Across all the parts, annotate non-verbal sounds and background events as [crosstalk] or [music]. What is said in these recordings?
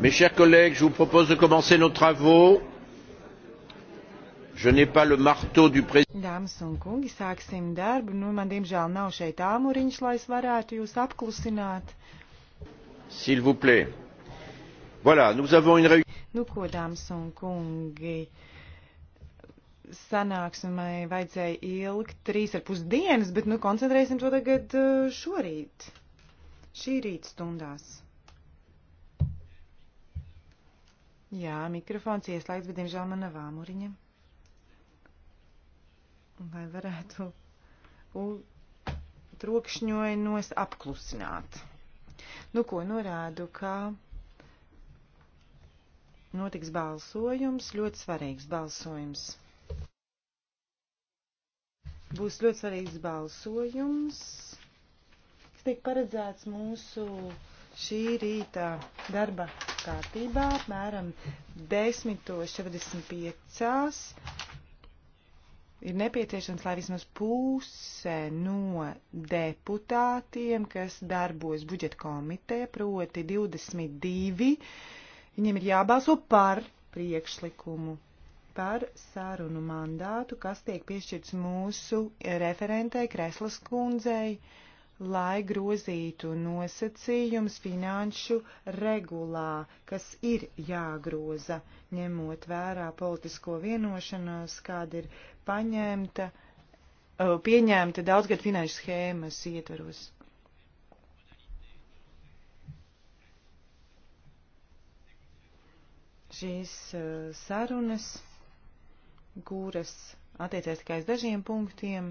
mes chers collègues je vous propose de commencer nos travaux je n'ai pas le marteau du président nu, s'il vous plaît voilà nous avons une réunion Nu, ko dāmas un kungi, sanāksmai vajadzēja ilgt trīs ar pus dienas, bet, nu, koncentrēsim to tagad uh, šorīt, šī rīt stundās. Jā, mikrofons ieslēgts, bet, diemžēl, man nav āmuriņa. Lai varētu trokšņojinos apklusināt. Nu, ko norādu, ka notiks balsojums, ļoti svarīgs balsojums. Būs ļoti svarīgs balsojums, kas tiek paredzēts mūsu šī rīta darba kārtībā, apmēram 10.45. Ir nepieciešams, lai vismaz puse no deputātiem, kas darbos budžeta komiteja, proti 22, Viņiem ir jābalso par priekšlikumu, par sarunu mandātu, kas tiek piešķirts mūsu referentei Kreslas kundzei, lai grozītu nosacījums finanšu regulā, kas ir jāgroza, ņemot vērā politisko vienošanos, kāda ir paņemta, uh, pieņemta daudzgad finanšu schēmas ietvaros. Šīs eh, sarunas gūras attiecēs tikai uz dažiem punktiem.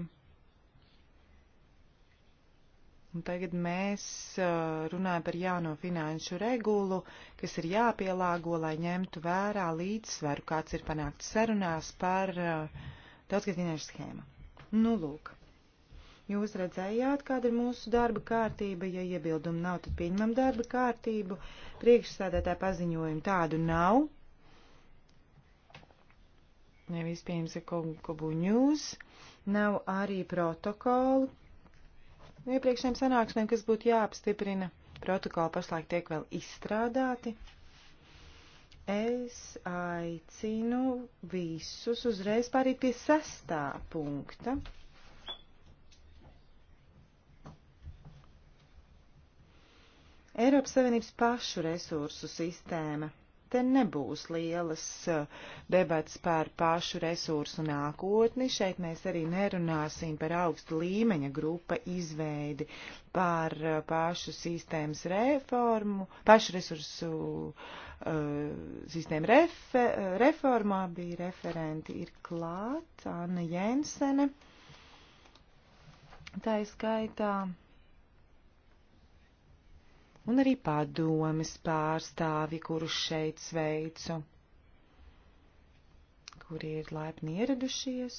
Un tagad mēs eh, runājam par jauno finanšu regulu, kas ir jāpielāgo, lai ņemtu vērā līdzsvaru, kāds ir panākts sarunās par eh, daudzgad finanšu schēmu. Nu, lūk. Jūs redzējāt, kāda ir mūsu darba kārtība. Ja iebildumi nav, tad pieņemam darba kārtību. Priekšsēdētāja paziņojumu tādu nav. Nevis, piemēram, Kobu News. Nav arī protokolu iepriekšējiem sanāksmēm, kas būtu jāapstiprina. Protokoli pašlaik tiek vēl izstrādāti. Es aicinu visus uzreiz pārīt pie sestā punkta. Eiropas Savienības pašu resursu sistēma. Te nebūs lielas eh, debats par pašu resursu nākotni. Šeit mēs arī nerunāsim par augsta līmeņa grupa izveidi, par eh, pašu sistēmas reformu, pašu resursu uh, sistēmu refe, reformā bija referenti ir klāt, Anna Jensene. Tā ir skaitā un arī padomes pārstāvi, kurus šeit sveicu, kuri ir laipni ieradušies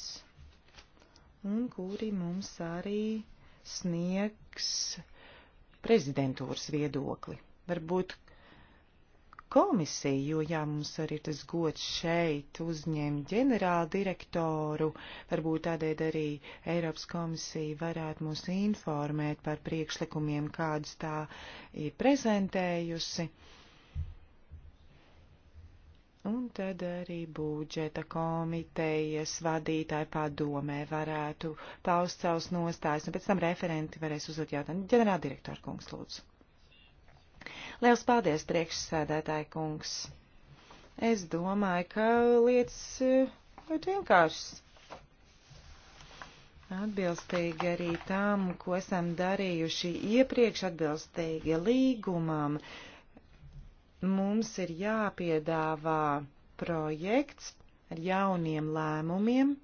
un kuri mums arī sniegs prezidentūras viedokli. Varbūt komisiju, jo jā, mums arī tas gods šeit uzņemt ģenerālu direktoru, varbūt tādēļ arī Eiropas komisija varētu mūs informēt par priekšlikumiem, kādus tā ir prezentējusi. Un tad arī budžeta komitejas vadītāja padomē varētu paust savus nostājus, un pēc tam referenti varēs uzdot jautājumu. Ģenerāldirektor kungs, lūdzu. Liels paldies, priekšsēdētāji kungs. Es domāju, ka lietas eh, ļoti vienkāršas. Atbilstīgi arī tam, ko esam darījuši iepriekš, atbilstīgi līgumam, mums ir jāpiedāvā projekts ar jauniem lēmumiem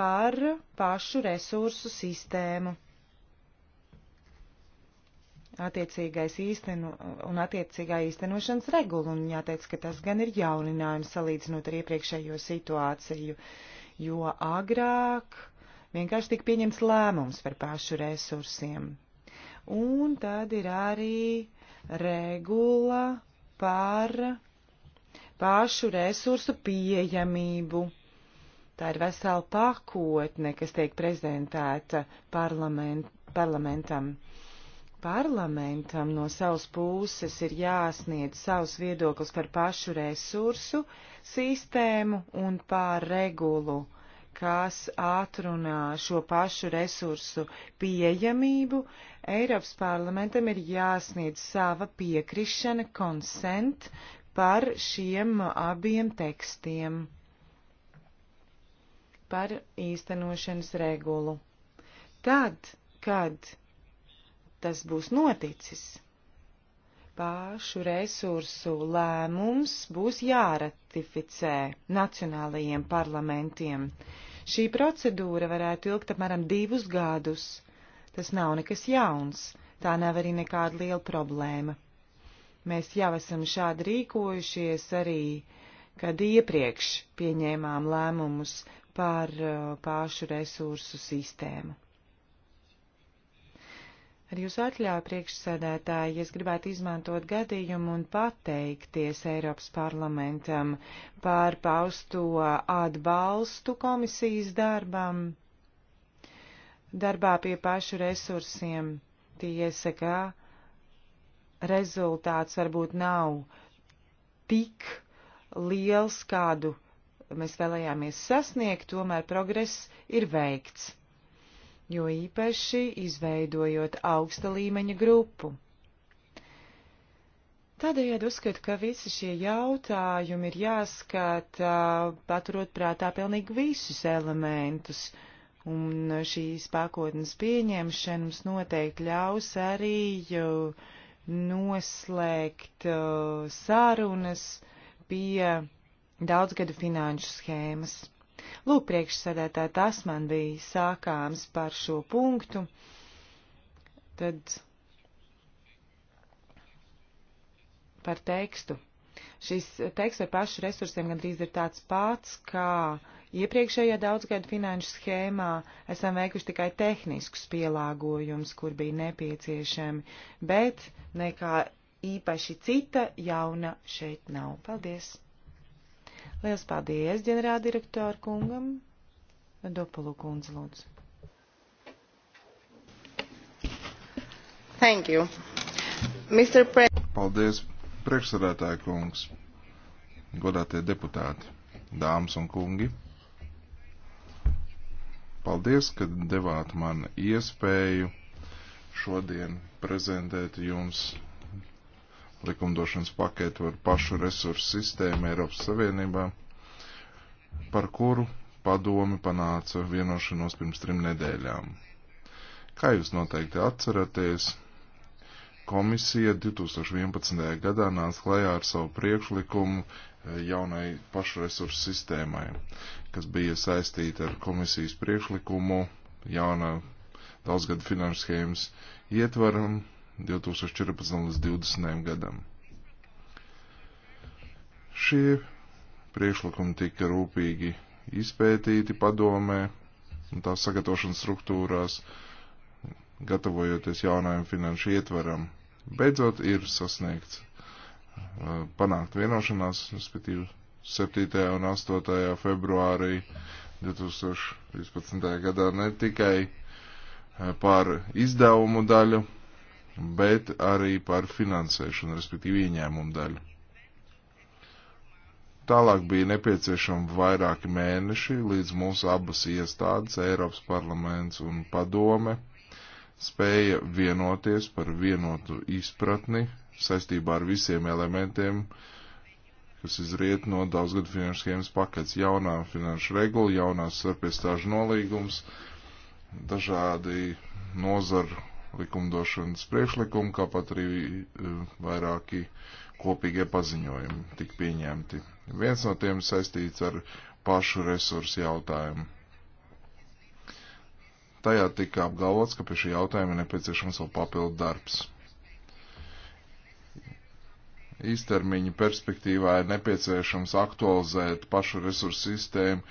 par pašu resursu sistēmu attiecīgais īstenu un attiecīgā īstenošanas regula, un jāteic, ka tas gan ir jauninājums salīdzinot ar iepriekšējo situāciju, jo agrāk vienkārši tika pieņemts lēmums par pašu resursiem. Un tad ir arī regula par pašu resursu pieejamību. Tā ir vesela pakotne, kas tiek prezentēta parlament, parlamentam. Uh, Parlamentam no savas puses ir jāsniedz savs viedoklis par pašu resursu sistēmu un par regulu, kas atrunā šo pašu resursu pieejamību. Eiropas parlamentam ir jāsniedz sava piekrišana, konsent par šiem abiem tekstiem par īstenošanas regulu. Tad, kad tas būs noticis. Pašu resursu lēmums būs jāratificē nacionālajiem parlamentiem. Šī procedūra varētu ilgt apmēram divus gadus. Tas nav nekas jauns, tā nav arī nekāda liela problēma. Mēs jau esam šādi rīkojušies arī, kad iepriekš pieņēmām lēmumus par uh, pašu resursu sistēmu. Ar jūsu atļauju priekšsēdētāji, es gribētu izmantot gadījumu un pateikties Eiropas parlamentam par pausto atbalstu komisijas darbam, darbā pie pašu resursiem. Tiesa, ka rezultāts varbūt nav tik liels, kādu mēs vēlējāmies sasniegt, tomēr progress ir veikts jo īpaši izveidojot augsta līmeņa grupu. Tādējādi uzskatu, ka visi šie jautājumi ir jāskata, paturot prātā pilnīgi visus elementus, un šīs pakotnes pieņemšana mums noteikti ļaus arī noslēgt uh, sarunas pie daudzgadu finanšu schēmas. Lūk, priekšsēdētāji, tas man bija sākāms par šo punktu. Tad par tekstu. Šis teksts ar pašu resursiem gandrīz ir tāds pats, kā iepriekšējā daudzgadu finanšu schēmā esam veikuši tikai tehniskus pielāgojumus, kur bija nepieciešami, bet nekā īpaši cita jauna šeit nav. Paldies! Liels paldies ģenerāldirektoru kungam. Dopulu kundze, lūdzu. Thank you. Mr. Pre paldies, priekšsēdētāja kungs, godātie deputāti, dāmas un kungi. Paldies, ka devāt man iespēju šodien prezentēt jums likumdošanas paketu ar pašu resursu sistēmu Eiropas Savienībā, par kuru padomi panāca vienošanos pirms trim nedēļām. Kā jūs noteikti atceraties, komisija 2011. gadā nāca klajā ar savu priekšlikumu eh, jaunai pašresursu sistēmai, kas bija saistīta ar komisijas priekšlikumu jauna daudzgada finanšu schēmas ietvaram 2014 līdz 2020 gadam. Šie priekšlikumi tika rūpīgi izpētīti padomē un tās sagatavošanas struktūrās, gatavojoties jaunajam finanšu ietveram. Beidzot ir sasniegts panākt vienošanās, respektīvi 7. un 8. februārī 2013. gadā ne tikai par izdevumu daļu, bet arī par finansēšanu, respektīvi ieņēmumu daļu. Tālāk bija nepieciešami vairāki mēneši, līdz mūsu abas iestādes, Eiropas parlaments un padome, spēja vienoties par vienotu izpratni saistībā ar visiem elementiem, kas izriet no daudzgadu finanšu schēmas pakets, jaunā finanšu regula, jaunās sarpiestāžu nolīgums, dažādi nozaru likumdošanas priekšlikumu, kāpat arī e, vairāki kopīgie paziņojumi tika pieņemti. Viens no tiem saistīts ar pašu resursu jautājumu. Tajā tika apgalvots, ka pie šī jautājuma nepieciešams vēl papildu darbs. Īstermiņa perspektīvā ir nepieciešams aktualizēt pašu resursu sistēmu,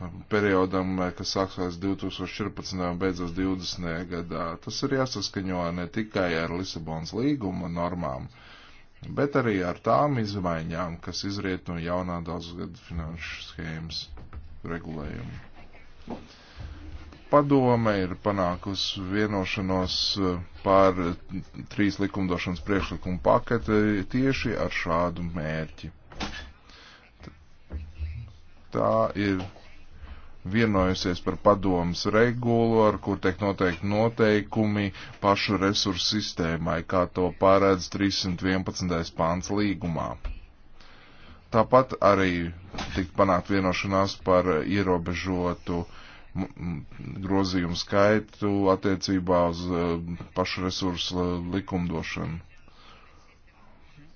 Um, periodam, kas sāksies 2014. un beidzas 20. gadā. Tas ir jāsaskaņo ne tikai ar Lisabonas līguma normām, bet arī ar tām izmaiņām, kas izriet no jaunā daudzgadu finanšu schēmas regulējuma. Padome ir panākusi vienošanos uh, par trīs likumdošanas priekšlikumu paketi tieši ar šādu mērķi. Tā ir vienojusies par padomas regulu, ar kur tiek noteikti noteikumi pašu resursu sistēmai, kā to pārēdz 311. pāns līgumā. Tāpat arī tika panākt vienošanās par ierobežotu grozījumu skaitu attiecībā uz e, pašu resursu e, likumdošanu.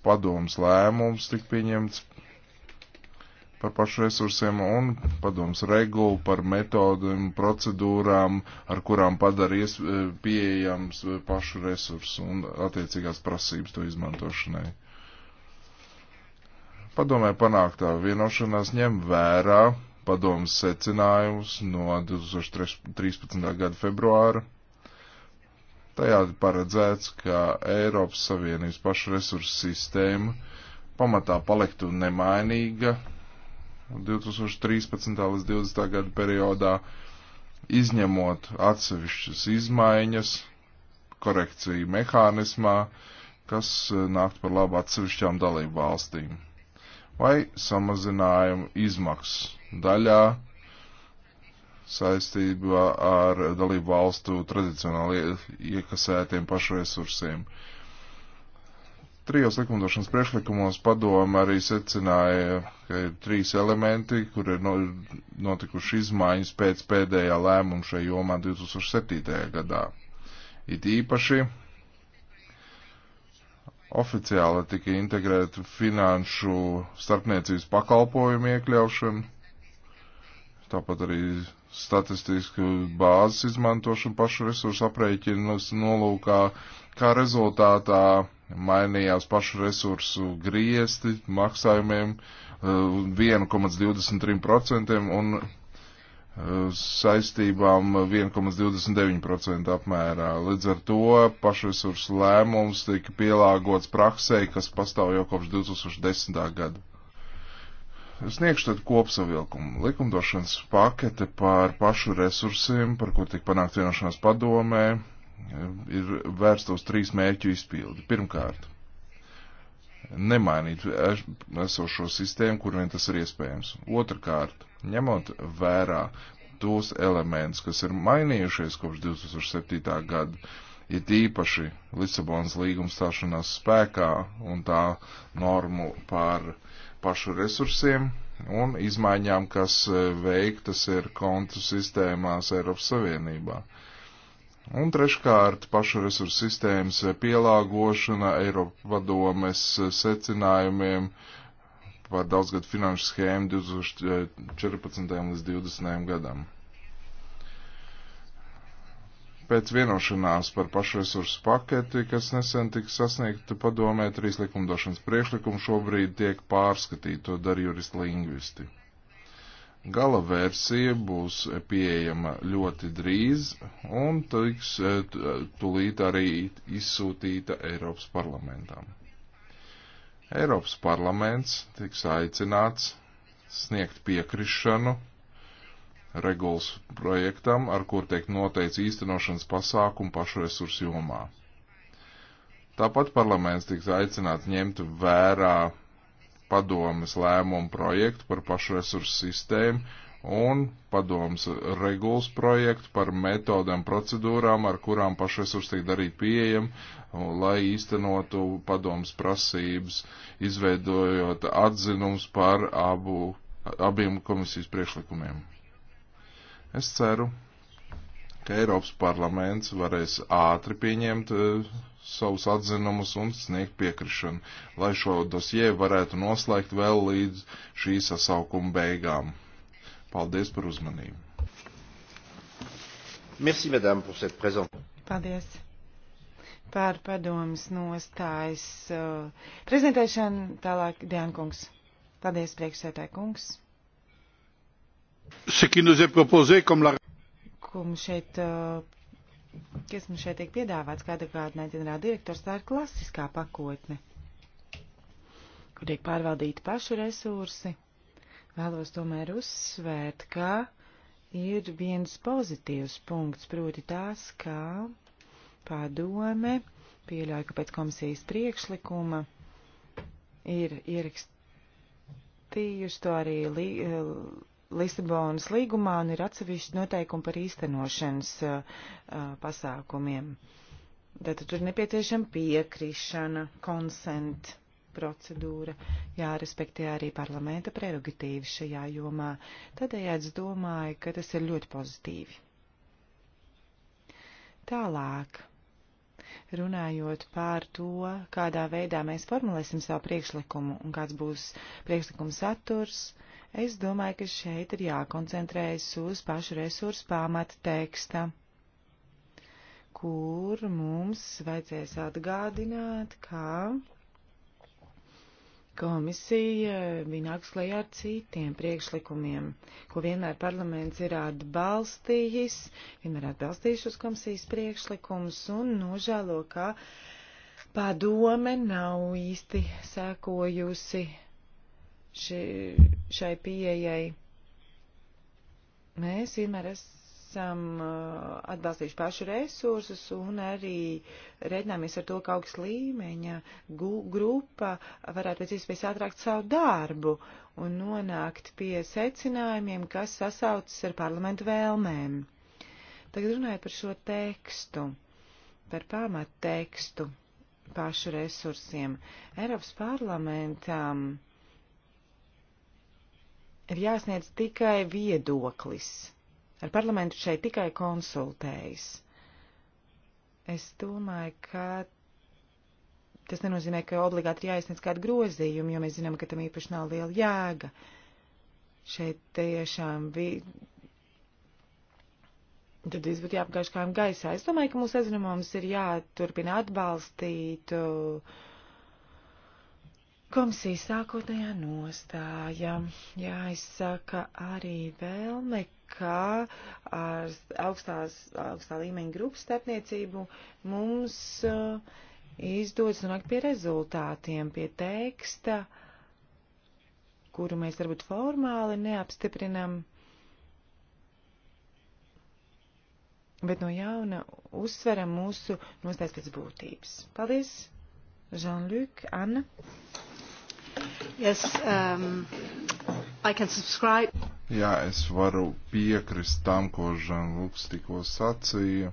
Padomas lēmums tika pieņemts par pašresursiem un padoms regulu par metodiem, procedūrām, ar kurām padarīs e, pieejams e, pašu resursu un attiecīgās prasības to izmantošanai. Padomē panāktā vienošanās ņem vērā padomas secinājumus no 2013. gada februāra. Tajā paredzēts, ka Eiropas Savienības pašresursu sistēma pamatā paliktu nemainīga, 2013. līdz 2020. gada periodā, izņemot atsevišķas izmaiņas, korekciju mehānismā, kas e, nākt par labu atsevišķām dalību valstīm, vai samazinājumu izmaksu daļā saistībā ar dalību valstu tradicionāli iekasētiem pašresursiem. resursiem Trijos likumdošanas priekšlikumos padoma arī secināja, ka ir trīs elementi, kur ir notikuši izmaiņas pēc pēdējā lēmuma šajā jomā 2007. gadā. It īpaši oficiāli tika integrēta finanšu starpniecības pakalpojumu iekļaušana, tāpat arī statistisku bāzes izmantošanu pašu resursu aprēķinu nolūkā, kā rezultātā mainījās pašu resursu griesti maksājumiem 1,23% uh, un uh, saistībām 1,29% apmērā. Līdz ar to pašresursu lēmums tika pielāgots praksē, kas pastāv jau kopš 2010. gada. Es sniegšu tad kopsavilkumu. Likumdošanas pakete par pašu resursiem, par ko tika panākt vienošanās padomē, ir vērsta uz trīs mērķu izpildi. Pirmkārt, nemainīt esošo sistēmu, kur vien tas ir iespējams. Otrakārt, ņemot vērā tos elementus, kas ir mainījušies kopš 2007. gada, ir īpaši Lisabonas līguma stāšanās spēkā un tā normu pār pašu resursiem un izmaiņām, kas eh, veiktas ir kontu sistēmās Eiropas Savienībā. Uh, Un treškārt, pašu resursu sistēmas pielāgošana Eiropa padomes secinājumiem par daudzgadu finanšu schēmu 2014. līdz 2020. gadam. Pēc vienošanās par pašresursu paketi, kas nesen tika sasniegta padomē, trīs likumdošanas priekšlikumi šobrīd tiek pārskatīti, to dara juristi lingvisti. Gala versija būs pieejama ļoti drīz un tiks e, tulīt e, arī izsūtīta Eiropas parlamentam. Eiropas parlaments tiks aicināts sniegt piekrišanu regulas projektam, ar kur tiek noteikts īstenošanas pasākumu pašresursu jomā. Tāpat parlaments tiks aicināts ņemt vērā padomas lēmumu projektu par pašresursu sistēmu un padomas regulas projektu par metodēm, procedūrām, ar kurām pašresursi tiek darīt pieejam, lai īstenotu padomas prasības, izveidojot atzinums par abu, abiem komisijas priekšlikumiem. Es ceru, ka Eiropas parlaments varēs ātri pieņemt uh, savus atzinumus un sniegt piekrišanu, lai šo dosie varētu noslēgt vēl līdz šī sasaukuma beigām. Paldies par uzmanību. Merci, madame, pour cette présent. Paldies par padomas nostājas uh, prezentēšanu. Tālāk, Diankungs. Paldies, priekšsētāji kungs. Ce qui nous est proposé comme la. Comme šeit uh, kas mums nu šeit tiek piedāvāts, kāda kārdinē ģenerāla direktors, tā ir klasiskā pakotne, kur tiek pārvaldīti pašu resursi. Vēlos tomēr uzsvērt, ka ir viens pozitīvs punkts, proti tās, kā padome pieļauj, ka pēc komisijas priekšlikuma ir ierakstījuši to arī Lisabonas līgumā un ir atsevišķi noteikumi par īstenošanas pasākumiem. Tātad tur nepieciešama piekrišana, konsent procedūra, jārespektē arī parlamenta prerogatīvas šajā jomā. Tādējādi es domāju, ka tas ir ļoti pozitīvi. Tālāk, runājot par to, kādā veidā mēs formulēsim savu priekšlikumu un kāds būs priekšlikuma saturs, uh, Es domāju, ka šeit ir jākoncentrējas uz pašu resursu pamata teksta, kur mums vajadzēs atgādināt, ka komisija vienāks lejā ar citiem priekšlikumiem, ko vienmēr parlaments ir atbalstījis, vienmēr atbalstījušus komisijas priekšlikumus un nožēlo, ka padome nav īsti sēkojusi šī šai pieejai. Mēs vienmēr esam uh, atbalstījuši pašu resursus un arī rēķināmies ar to, ka augsts līmeņa grupa varētu pēc iespējas ātrāk savu darbu un nonākt pie secinājumiem, kas sasaucas ar parlamentu vēlmēm. Tagad runājot par šo tekstu, par pamattekstu pašu resursiem. Eiropas parlamentam um, ir jāsniedz tikai viedoklis. Ar parlamentu šeit tikai konsultējas. Es domāju, ka tas nenozīmē, ka obligāti jāiesniedz kādu grozījumu, jo mēs zinām, ka tam īpaši nav liela jēga. Šeit tiešām bija. Tad viss būtu jāapgāž kājām gaisā. Es domāju, ka mūsu aizņēmums ir jāturpina atbalstīt. Uh, Komisijas sākotnējā nostāja jāizsaka arī vēlme, ka ar augstās, augstā līmeņa grupas starpniecību mums uh, izdodas nonākt pie rezultātiem, pie teksta, kuru mēs varbūt formāli neapstiprinam, bet no jauna uzsveram mūsu nostājas pēc būtības. Paldies, Žanluk, Anna. Yes, um, I can subscribe. Jā, es varu piekrist tam, ko Žanluks tikko sacīja.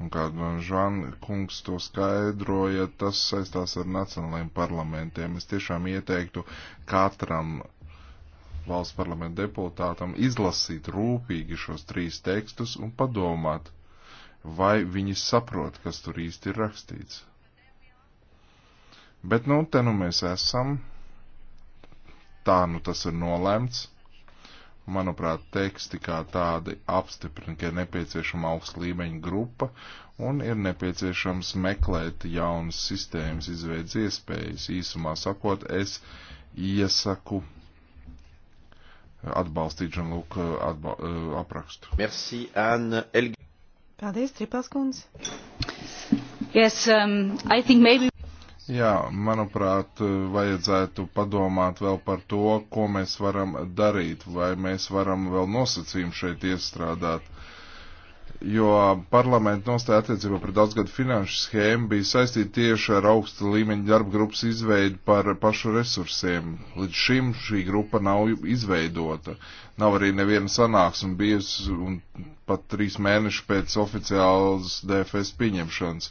Un kā Žan kungs to skaidroja, tas saistās ar nacionālajiem parlamentiem. Es tiešām ieteiktu katram valsts parlamenta deputātam izlasīt rūpīgi šos trīs tekstus un padomāt, vai viņi saprot, kas tur īsti ir rakstīts. Bet nu, te nu mēs esam, tā nu tas ir nolēmts. Manuprāt, teksti kā tādi apstiprina, ka ir nepieciešama augsta līmeņa grupa un ir nepieciešams meklēt jaunas sistēmas izveidas iespējas. Īsumā sakot, es iesaku atbalstīt Žanluka atba eh, aprakstu. Merci, Anne Elgi. Paldies, Tripelskundz. Yes, um, I think maybe. Jā, manuprāt, vajadzētu padomāt vēl par to, ko mēs varam darīt, vai mēs varam vēl nosacījumu šeit iestrādāt jo parlamenta nostāja attiecībā pret daudzgadu finanšu schēmu bija saistīta tieši ar augsta līmeņa darba grupas izveidu par pašu resursiem. Līdz šim šī grupa nav izveidota. Nav arī neviena sanāksme bijusi un pat trīs mēneši pēc oficiālas DFS pieņemšanas.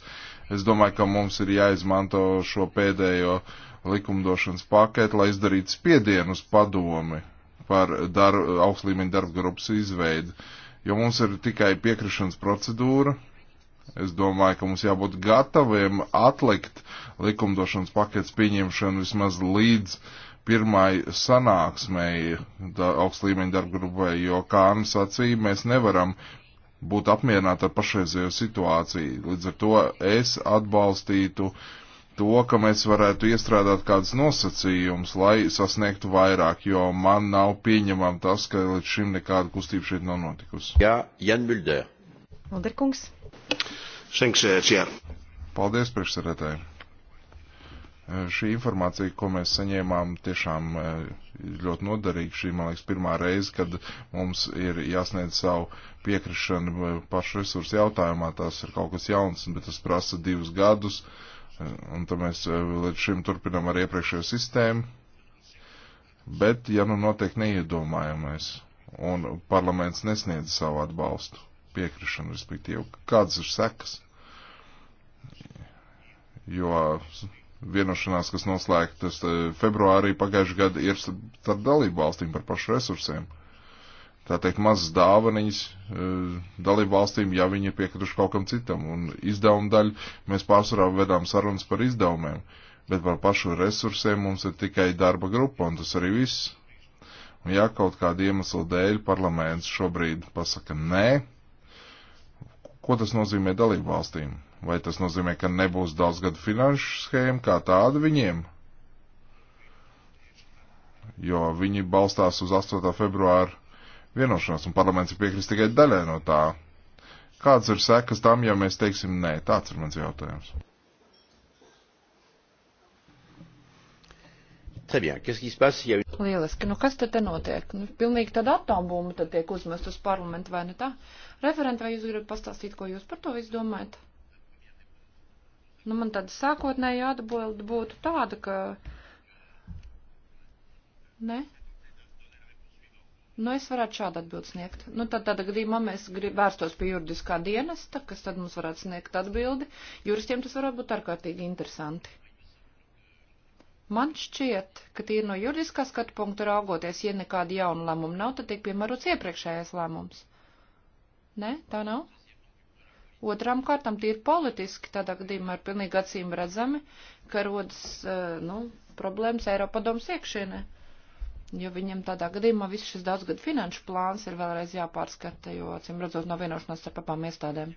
Es domāju, ka mums ir jāizmanto šo pēdējo likumdošanas paketu, lai izdarītu spiedienu uz padomi par dar, augstlīmeņa darba grupas izveidu. Uh, jo mums ir tikai piekrišanas procedūra. Es domāju, ka mums jābūt gataviem atlikt likumdošanas paketes pieņemšanu vismaz līdz pirmai sanāksmei augsts līmeņa darbgrupai, jo, kā Anna sacīja, mēs nevaram būt apmierināti ar pašreizējo situāciju. Līdz ar to es atbalstītu uh, to, ka mēs varētu iestrādāt kādus nosacījumus, lai sasniegtu vairāk, jo man nav pieņemam tas, ka līdz šim nekāda kustība šeit nav notikusi. Jā, Jan Bilder. Mulderkungs. Šenksēts, jā. Uh, Paldies, priekšsarētāji. Uh, šī informācija, ko mēs saņēmām, tiešām uh, ļoti noderīga. Šī, man liekas, pirmā reize, kad mums ir jāsniedz savu piekrišanu pašu resursu jautājumā. Tas ir kaut kas jauns, bet tas prasa divus gadus. Uh, Un tad mēs eh, līdz šim turpinām ar iepriekšējo sistēmu. Bet, ja nu notiek neiedomājamies, un parlaments nesniedz savu atbalstu, piekrišanu, respektīvi, kādas ir sekas? Jo vienošanās, kas noslēgtas eh, februārī pagājušajā gadā, ir starp dalību valstīm par pašu resursiem tā teikt, mazas dāvaniņas e, dalību valstīm, ja viņi ir piekrituši kaut kam citam. Un izdevuma daļa mēs pārsvarā vedām sarunas par izdevumiem, bet par pašu resursiem mums ir tikai darba grupa, un tas arī viss. Un ja kaut kāda iemesla dēļ parlaments šobrīd pasaka nē, ko tas nozīmē dalību valstīm? Vai tas nozīmē, ka nebūs daudz gadu finanšu schēma kā tāda viņiem? Jo viņi balstās uz 8. februāru vienošanos, un parlaments ir piekrist tikai daļai no tā. Kāds ir sekas tam, ja mēs teiksim nē? Tāds ir mans jautājums. Lieliski, nu kas tad te notiek? Nu, pilnīgi tāda atombumba tad tiek uzmest uz parlamentu, vai ne nu tā? Referenti, vai jūs gribat pastāstīt, ko jūs par to visu domājat? Nu, man tāda sākotnēja atbilde būtu tāda, ka. Ne? Nu, es varētu šādu atbildi sniegt. Nu, tad tādā gadījumā mēs grib, vērstos pie juridiskā dienesta, kas tad mums varētu sniegt atbildi. Juristiem tas varētu būt ārkārtīgi interesanti. Man šķiet, ka tīri no juridiskā skatu punkta raugoties, ja nekāda jauna lēmuma nav, tad tiek piemērots iepriekšējais lēmums. Nē, tā nav. Otrām kārtām tīri politiski, tādā gadījumā ir pilnīgi acīm redzami, ka rodas, eh, nu, problēmas Eiropadoms iekšienē jo viņam tādā gadījumā viss šis daudzgadu finanšu plāns ir vēlreiz jāpārskata, jo, acīm redzot, nav vienošanās ar papām iestādēm.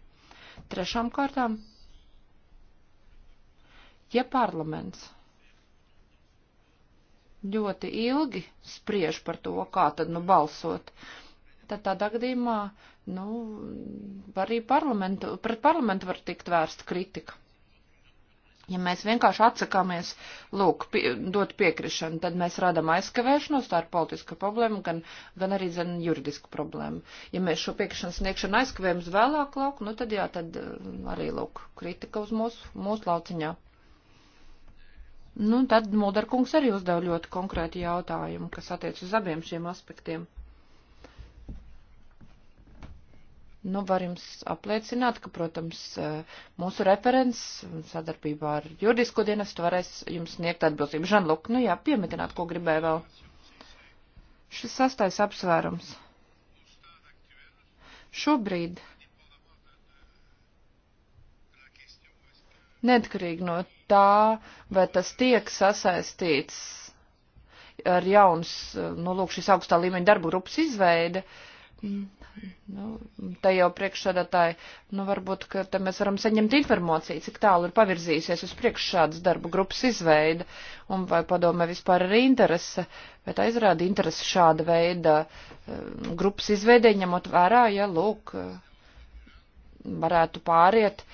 Trešām kārtām, ja parlaments ļoti ilgi spriež par to, kā tad nu balsot, tad tādā gadījumā, nu, arī parlamentu, pret parlamentu var tikt vērsta kritika. Ja mēs vienkārši atsakāmies, lūk, pie, dot piekrišanu, tad mēs radam aizkavēšanos, tā ir politiska problēma, gan, gan arī, zin, juridiska problēma. Ja mēs šo piekrišanu sniegšanu aizkavējam uz vēlāku lauku, nu tad jā, tad eh, arī, lūk, kritika uz mūsu, mūsu lauciņā. Nu, tad Mulderkungs arī uzdeva ļoti konkrēti jautājumu, kas attiec uz abiem šiem aspektiem. Nu, var jums apliecināt, ka, protams, eh, mūsu referents sadarbībā ar juridisko dienestu varēs jums sniegt atbildību. Žanluk, nu jā, piemetināt, ko gribēju vēl. Šis sastais apsvērums. Šobrīd, neatkarīgi no tā, vai tas tiek sasaistīts ar jauns, eh, nu, lūk, šis augstā līmeņa darbu grupas izveide, Nu, te jau priekšsēdētāji, nu varbūt, ka te mēs varam saņemt informāciju, cik tālu ir pavirzījusies uz priekš šādas darba grupas izveida, un vai padomē vispār ir interese, vai tā izrāda interese šāda veida eh, grupas izveidē, ņemot vērā, ja, lūk, eh, varētu pāriet,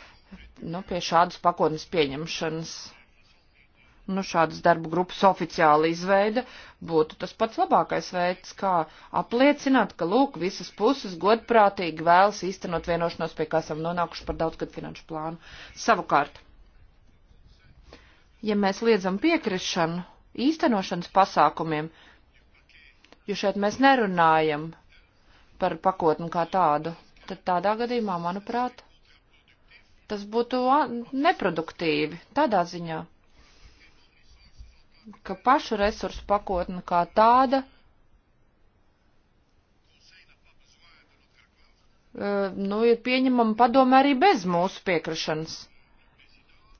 nu, pie šādas pakotnes pieņemšanas nu, šādas darbu grupas oficiāla izveida būtu tas pats labākais veids, kā apliecināt, ka, lūk, visas puses godprātīgi vēlas īstenot vienošanos, pie kā esam nonākuši par daudzgad finanšu plānu. Savukārt, ja mēs liedzam piekrišanu īstenošanas pasākumiem, jo šeit mēs nerunājam par pakotni kā tādu, tad tādā gadījumā, manuprāt, tas būtu neproduktīvi tādā ziņā ka pašu resursu pakotne kā tāda eh, nu, ir pieņemama padomē arī bez mūsu piekrišanas.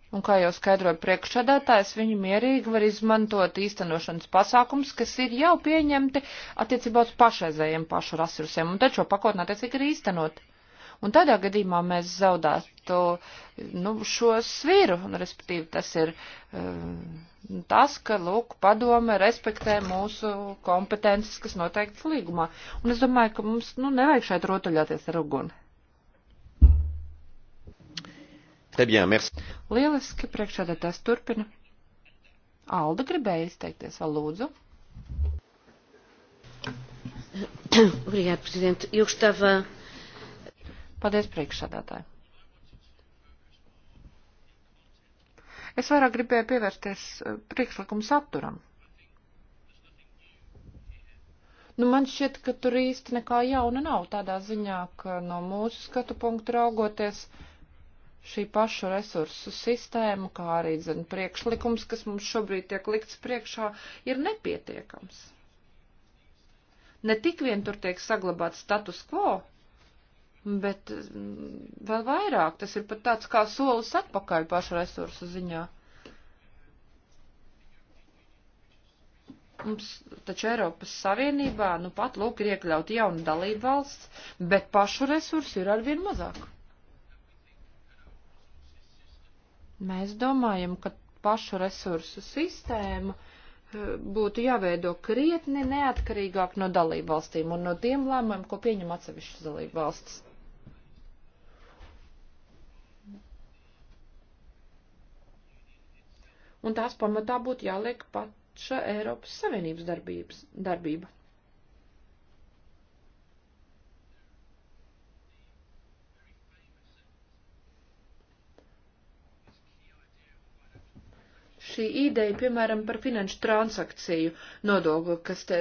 Un kā jau skaidroja priekšsēdētājs, viņi mierīgi var izmantot īstenošanas pasākums, kas ir jau pieņemti attiecībā uz pašreizējiem pašu resursiem, un taču pakotnē attiecīgi ir īstenot. Un tādā gadījumā mēs zaudētu nu, šo sviru, un, respektīvi tas ir eh, tas, ka, lūk, padome respektē mūsu kompetences, kas noteikts līgumā. Un es domāju, ka mums, nu, nevajag šeit rotaļāties ar uguni. Bien, Lieliski, priekšādātājs turpina. Alda gribēja izteikties, vēl lūdzu. Obrigada, Presidente. Eu gostava Paldies, priekšsādātāji. Es vairāk gribēju pievērsties eh, priekšlikumu saturam. Nu, man šķiet, ka tur īsti nekā jauna nav tādā ziņā, ka no mūsu skatu punktu raugoties šī pašu resursu sistēma, kā arī, zin, priekšlikums, kas mums šobrīd tiek likts priekšā, ir nepietiekams. Ne tik vien tur tiek saglabāts status quo, bet mm, vēl vairāk tas ir pat tāds kā solis atpakaļ pašu resursu ziņā. Mums taču Eiropas Savienībā, nu pat lūk, ir iekļauti jauna dalība valsts, bet pašu resursu ir arvien mazāk. Mēs domājam, ka pašu resursu sistēma eh, būtu jāveido krietni neatkarīgāk no dalību valstīm un no tiem lēmumiem, ko pieņem atsevišķas dalību valstis. un tās pamatā būtu jāliek paša Eiropas Savienības darbības, darbība. šī ideja, piemēram, par finanšu transakciju nodokli, kas te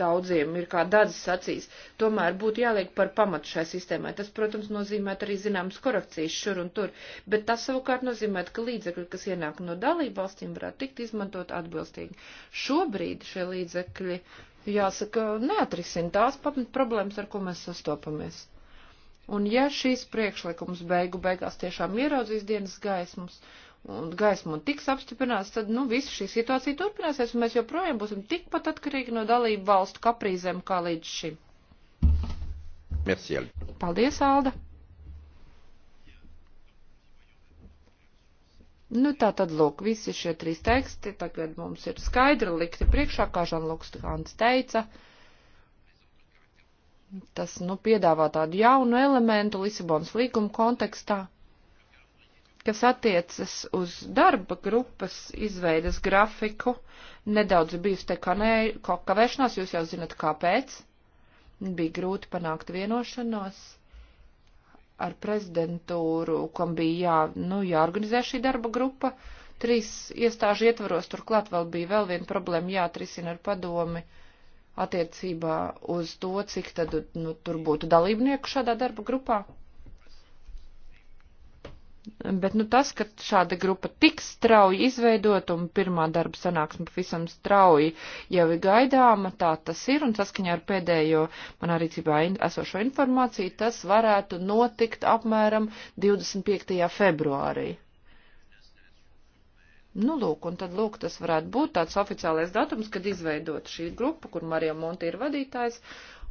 daudziem ir kā dadzis acīs, tomēr būtu jāliek par pamatu šai sistēmai. Tas, protams, nozīmē arī zināmas korekcijas šur un tur, bet tas savukārt nozīmē, ka līdzekļi, kas ienāk no dalību valstīm, varētu tikt izmantot atbilstīgi. Šobrīd šie līdzekļi, jāsaka, neatrisina tās problēmas, ar ko mēs sastopamies. Un ja šīs priekšlikums beigu beigās tiešām ieraudzīs dienas gaismas, uh, un gaismu un tiks apstiprināts, tad, nu, visa šī situācija turpināsies, un mēs joprojām būsim tikpat atkarīgi no dalību valstu kaprīzēm kā līdz šim. Merci, Alda. Paldies, Alda. Nu, tā tad, lūk, visi šie trīs teksti tagad mums ir skaidri likti priekšā, kā Žanluks Hans teica. Tas, nu, piedāvā tādu jaunu elementu Lisabonas līguma kontekstā kas attiecas uz darba grupas izveidas grafiku, nedaudz bijusi te kavēšanās, jūs jau zinat kāpēc. Bija grūti panākt vienošanos ar prezidentūru, kam bija jā, nu, jāorganizē šī darba grupa. Trīs iestāžu ietvaros turklāt vēl bija vēl viena problēma jāatrisina ar padomi attiecībā uz to, cik tad nu, tur būtu dalībnieku šādā darba grupā. Bet nu, tas, ka šāda grupa tik strauji izveidot un pirmā darba sanāksme pavisam strauji jau ir gaidāma, tā tas ir, un saskaņā ar pēdējo manā rīcībā esošo informāciju, tas varētu notikt apmēram 25. februārī. Nu, lūk, un tad, lūk, tas varētu būt tāds oficiālais datums, kad izveidot šī grupa, kur Marija Monti ir vadītājs,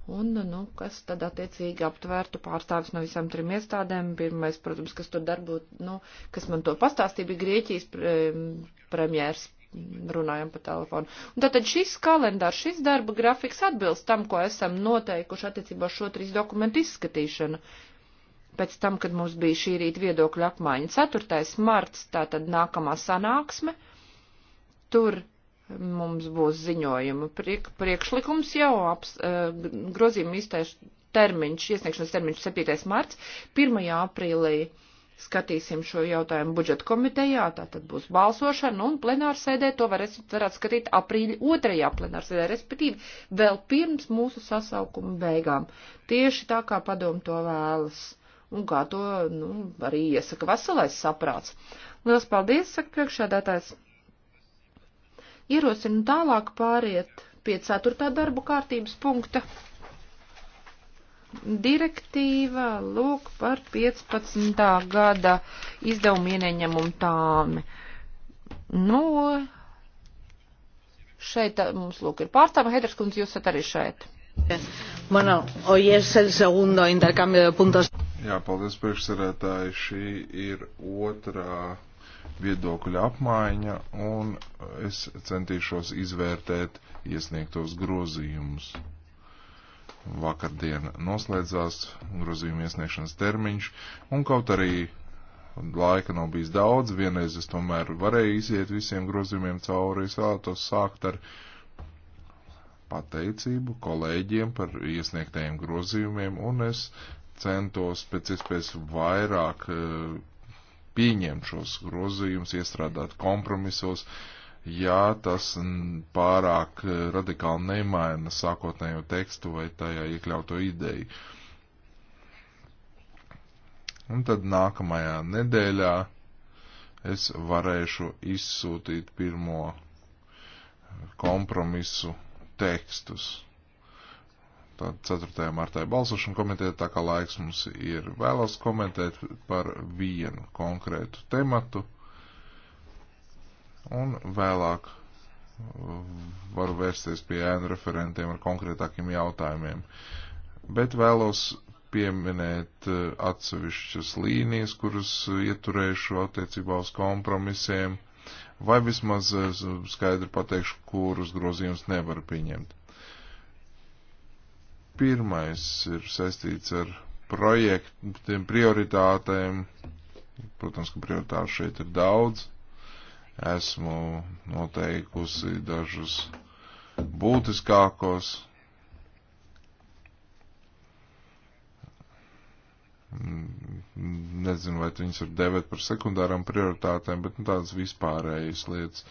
Un, nu, kas tad attiecīgi aptvērtu pārstāvis no visām trim iestādēm. Pirmais, protams, kas tur darbot, nu, kas man to pastāstīja, bija Grieķijas pre, premjērs. Runājam pa telefonu. Un tātad šis kalendārs, šis darba grafiks atbilst tam, ko esam noteikuši attiecībā šo trīs dokumentu izskatīšanu. Pēc tam, kad mums bija šī rīta viedokļa apmaiņa. 4. marts, tātad nākamā sanāksme. Tur mums būs ziņojuma priek, priekšlikums jau aps, e, grozījuma iztaiš termiņš, iesniegšanas termiņš 7. marts, 1. aprīlī skatīsim šo jautājumu budžeta komitejā, tā tad būs balsošana un plenārsēdē to varēs, varētu skatīt aprīļa otrajā plenārsēdē, respektīvi vēl pirms mūsu sasaukuma beigām. Tieši tā kā padomu to vēlas un kā to, nu, arī iesaka veselais saprāts. Lielas paldies, saka priekšādātājs. Ierosinu tālāk pāriet pie ceturtā darba kārtības punkta. Direktīva lūk par 15. gada izdevumu ieneņemumu tāmi. Nu, šeit mums lūk ir pārstāva Hedras kundze, jūs esat arī šeit. Bueno, hoy es el segundo intercambio de puntos. Jā, paldies priekšsarētāji. Šī ir otrā viedokļa apmaiņa, un es centīšos izvērtēt iesniegtos grozījumus. Vakardien noslēdzās grozījuma iesniegšanas termiņš, un kaut arī laika nav bijis daudz, vienreiz es tomēr varēju iziet visiem grozījumiem cauri, es vēlētos sākt ar pateicību kolēģiem par iesniegtajiem grozījumiem, un es centos pēc iespējas vairāk eh, pieņemt šos grozījumus, iestrādāt kompromisos, ja tas pārāk radikāli nemaina sākotnējo tekstu vai tajā iekļauto ideju. Un tad nākamajā nedēļā es varēšu izsūtīt pirmo kompromisu tekstus. Tad 4. martā ir balsošana komitēta, tā kā laiks mums ir vēlas komentēt par vienu konkrētu tematu. Un vēlāk varu vērsties pie ēnu referentiem ar konkrētākiem jautājumiem. Bet vēlos pieminēt eh, atsevišķas līnijas, kuras ieturēšu attiecībā uz kompromisiem, vai vismaz eh, skaidri pateikšu, kurus grozījumus nevaru pieņemt. Pirmais ir saistīts ar projektiem, prioritātēm. Protams, ka prioritāšu šeit ir daudz. Esmu noteikusi dažus būtiskākos. Nezinu, vai viņas var devēt par sekundārām prioritātēm, bet nu, tādas vispārējas lietas.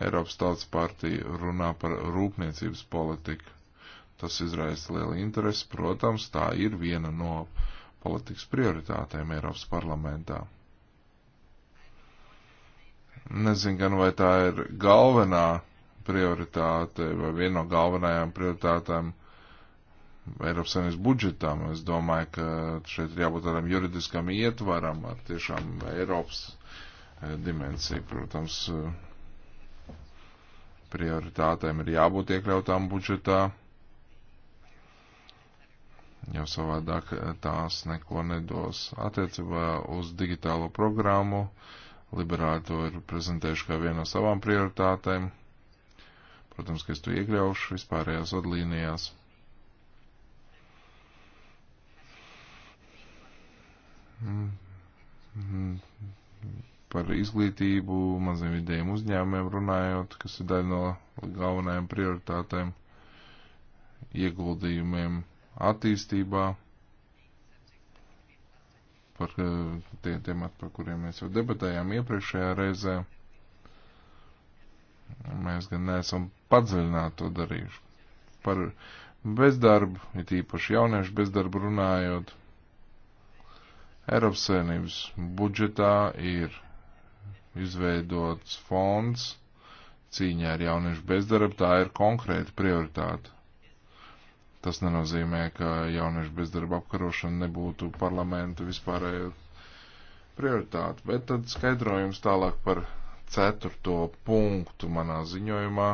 Eiropas Tautas partija runā par rūpniecības politiku. Tas izraisa lielu interesi, protams, tā ir viena no politikas prioritātēm Eiropas parlamentā. Nezinu gan, vai tā ir galvenā prioritāte vai viena no galvenajām prioritātēm Eiropas Savienības budžetām. Es domāju, ka šeit ir jābūt tādam juridiskam ietvaram ar tiešām Eiropas eh, dimensiju, protams, eh, prioritātēm ir jābūt iekļautām budžetā jo savādāk eh, tās neko nedos. Attiecībā uz digitālo programmu liberāļi to ir prezentējuši kā vienu no savām prioritātēm. Protams, ka es to iekļaušu vispārējās vadlīnijās. Mm, mm, par izglītību maziem vidējiem uzņēmumiem runājot, kas ir daļa no galvenajām prioritātēm, ieguldījumiem attīstībā, par eh, tie temati, par kuriem mēs jau debatējām iepriekšējā reizē. Mēs gan neesam padziļināti to darījuši. Par bezdarbu, it īpaši jauniešu bezdarbu runājot, Eiropas Savienības budžetā ir izveidots fonds cīņā ar jauniešu bezdarbu, tā ir konkrēta prioritāte. Tas nenozīmē, ka jauniešu bezdarba apkarošana nebūtu parlamentu vispārējo prioritāte, bet tad skaidrojums tālāk par ceturto punktu manā ziņojumā.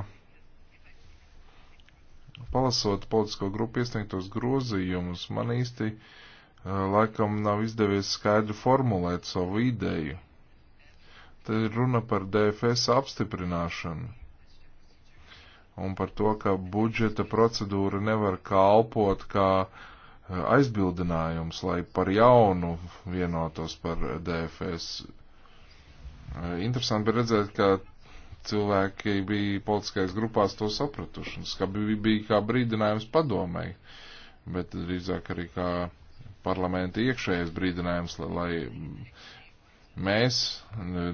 Palasot politisko grupu iesniegtos grozījumus, man īsti eh, laikam nav izdevies skaidri formulēt savu ideju. Te ir runa par DFS apstiprināšanu un par to, ka budžeta procedūra nevar kalpot kā eh, aizbildinājums, lai par jaunu vienotos par DFS. Eh, interesanti bija redzēt, ka cilvēki bija politiskais grupās to sapratuši, un tas bija, bija kā brīdinājums padomēji, bet drīzāk arī kā parlamenta iekšējais brīdinājums, lai, lai mēs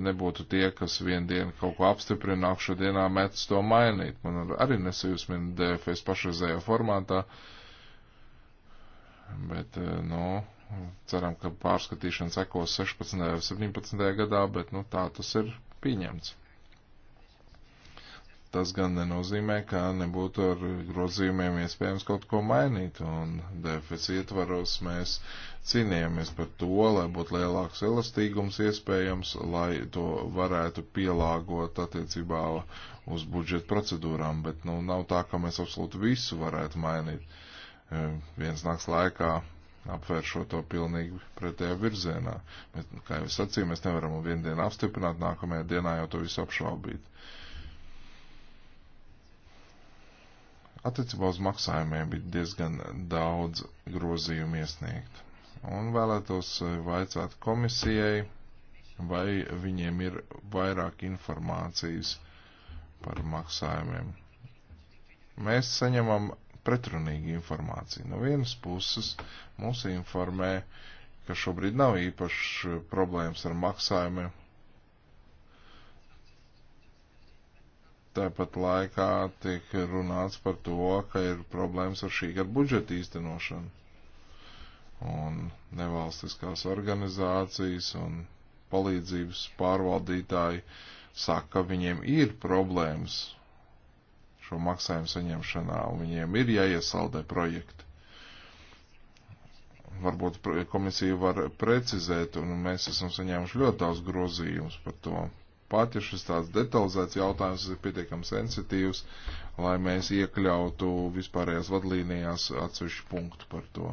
nebūtu tie, kas vienu dienu kaut ko apstiprina, nākšu dienā mētas to mainīt. Man arī nesajūsmina DFS pašreizējā formātā, bet, eh, nu, ceram, ka pārskatīšana sekos 16. vai 17. gadā, bet, nu, tā tas ir pieņemts tas gan nenozīmē, ka nebūtu ar grozījumiem iespējams kaut ko mainīt, un DFS ietvaros mēs cīnījāmies par to, lai būtu lielāks elastīgums iespējams, lai to varētu pielāgot attiecībā uz budžeta procedūrām, bet nu, nav tā, ka mēs absolūti visu varētu mainīt. E, viens nāks laikā apvēršot to pilnīgi pretējā virzienā. Bet, kā jau es sacīju, mēs nevaram vienu dienu apstiprināt, nākamajā dienā jau to visu apšaubīt. Uh, Attiecībā uz maksājumiem bija diezgan daudz grozījumu iesniegt. Un vēlētos eh, vaicāt komisijai, vai viņiem ir vairāk informācijas par maksājumiem. Mēs saņemam pretrunīgu informāciju. No vienas puses mūs informē, ka šobrīd nav īpašas eh, problēmas ar maksājumiem, Tāpat laikā tiek runāts par to, ka ir problēmas ar šī gada budžeta īstenošanu. Un nevalstiskās organizācijas un palīdzības pārvaldītāji saka, ka viņiem ir problēmas šo maksājumu saņemšanā, un viņiem ir jāiesaldē projekti. Varbūt komisija var precizēt, un mēs esam saņēmuši ļoti daudz grozījumus par to pat ja šis tāds detalizēts jautājums ir pietiekami sensitīvs, lai mēs iekļautu vispārējās vadlīnijās atsevišķu punktu par to.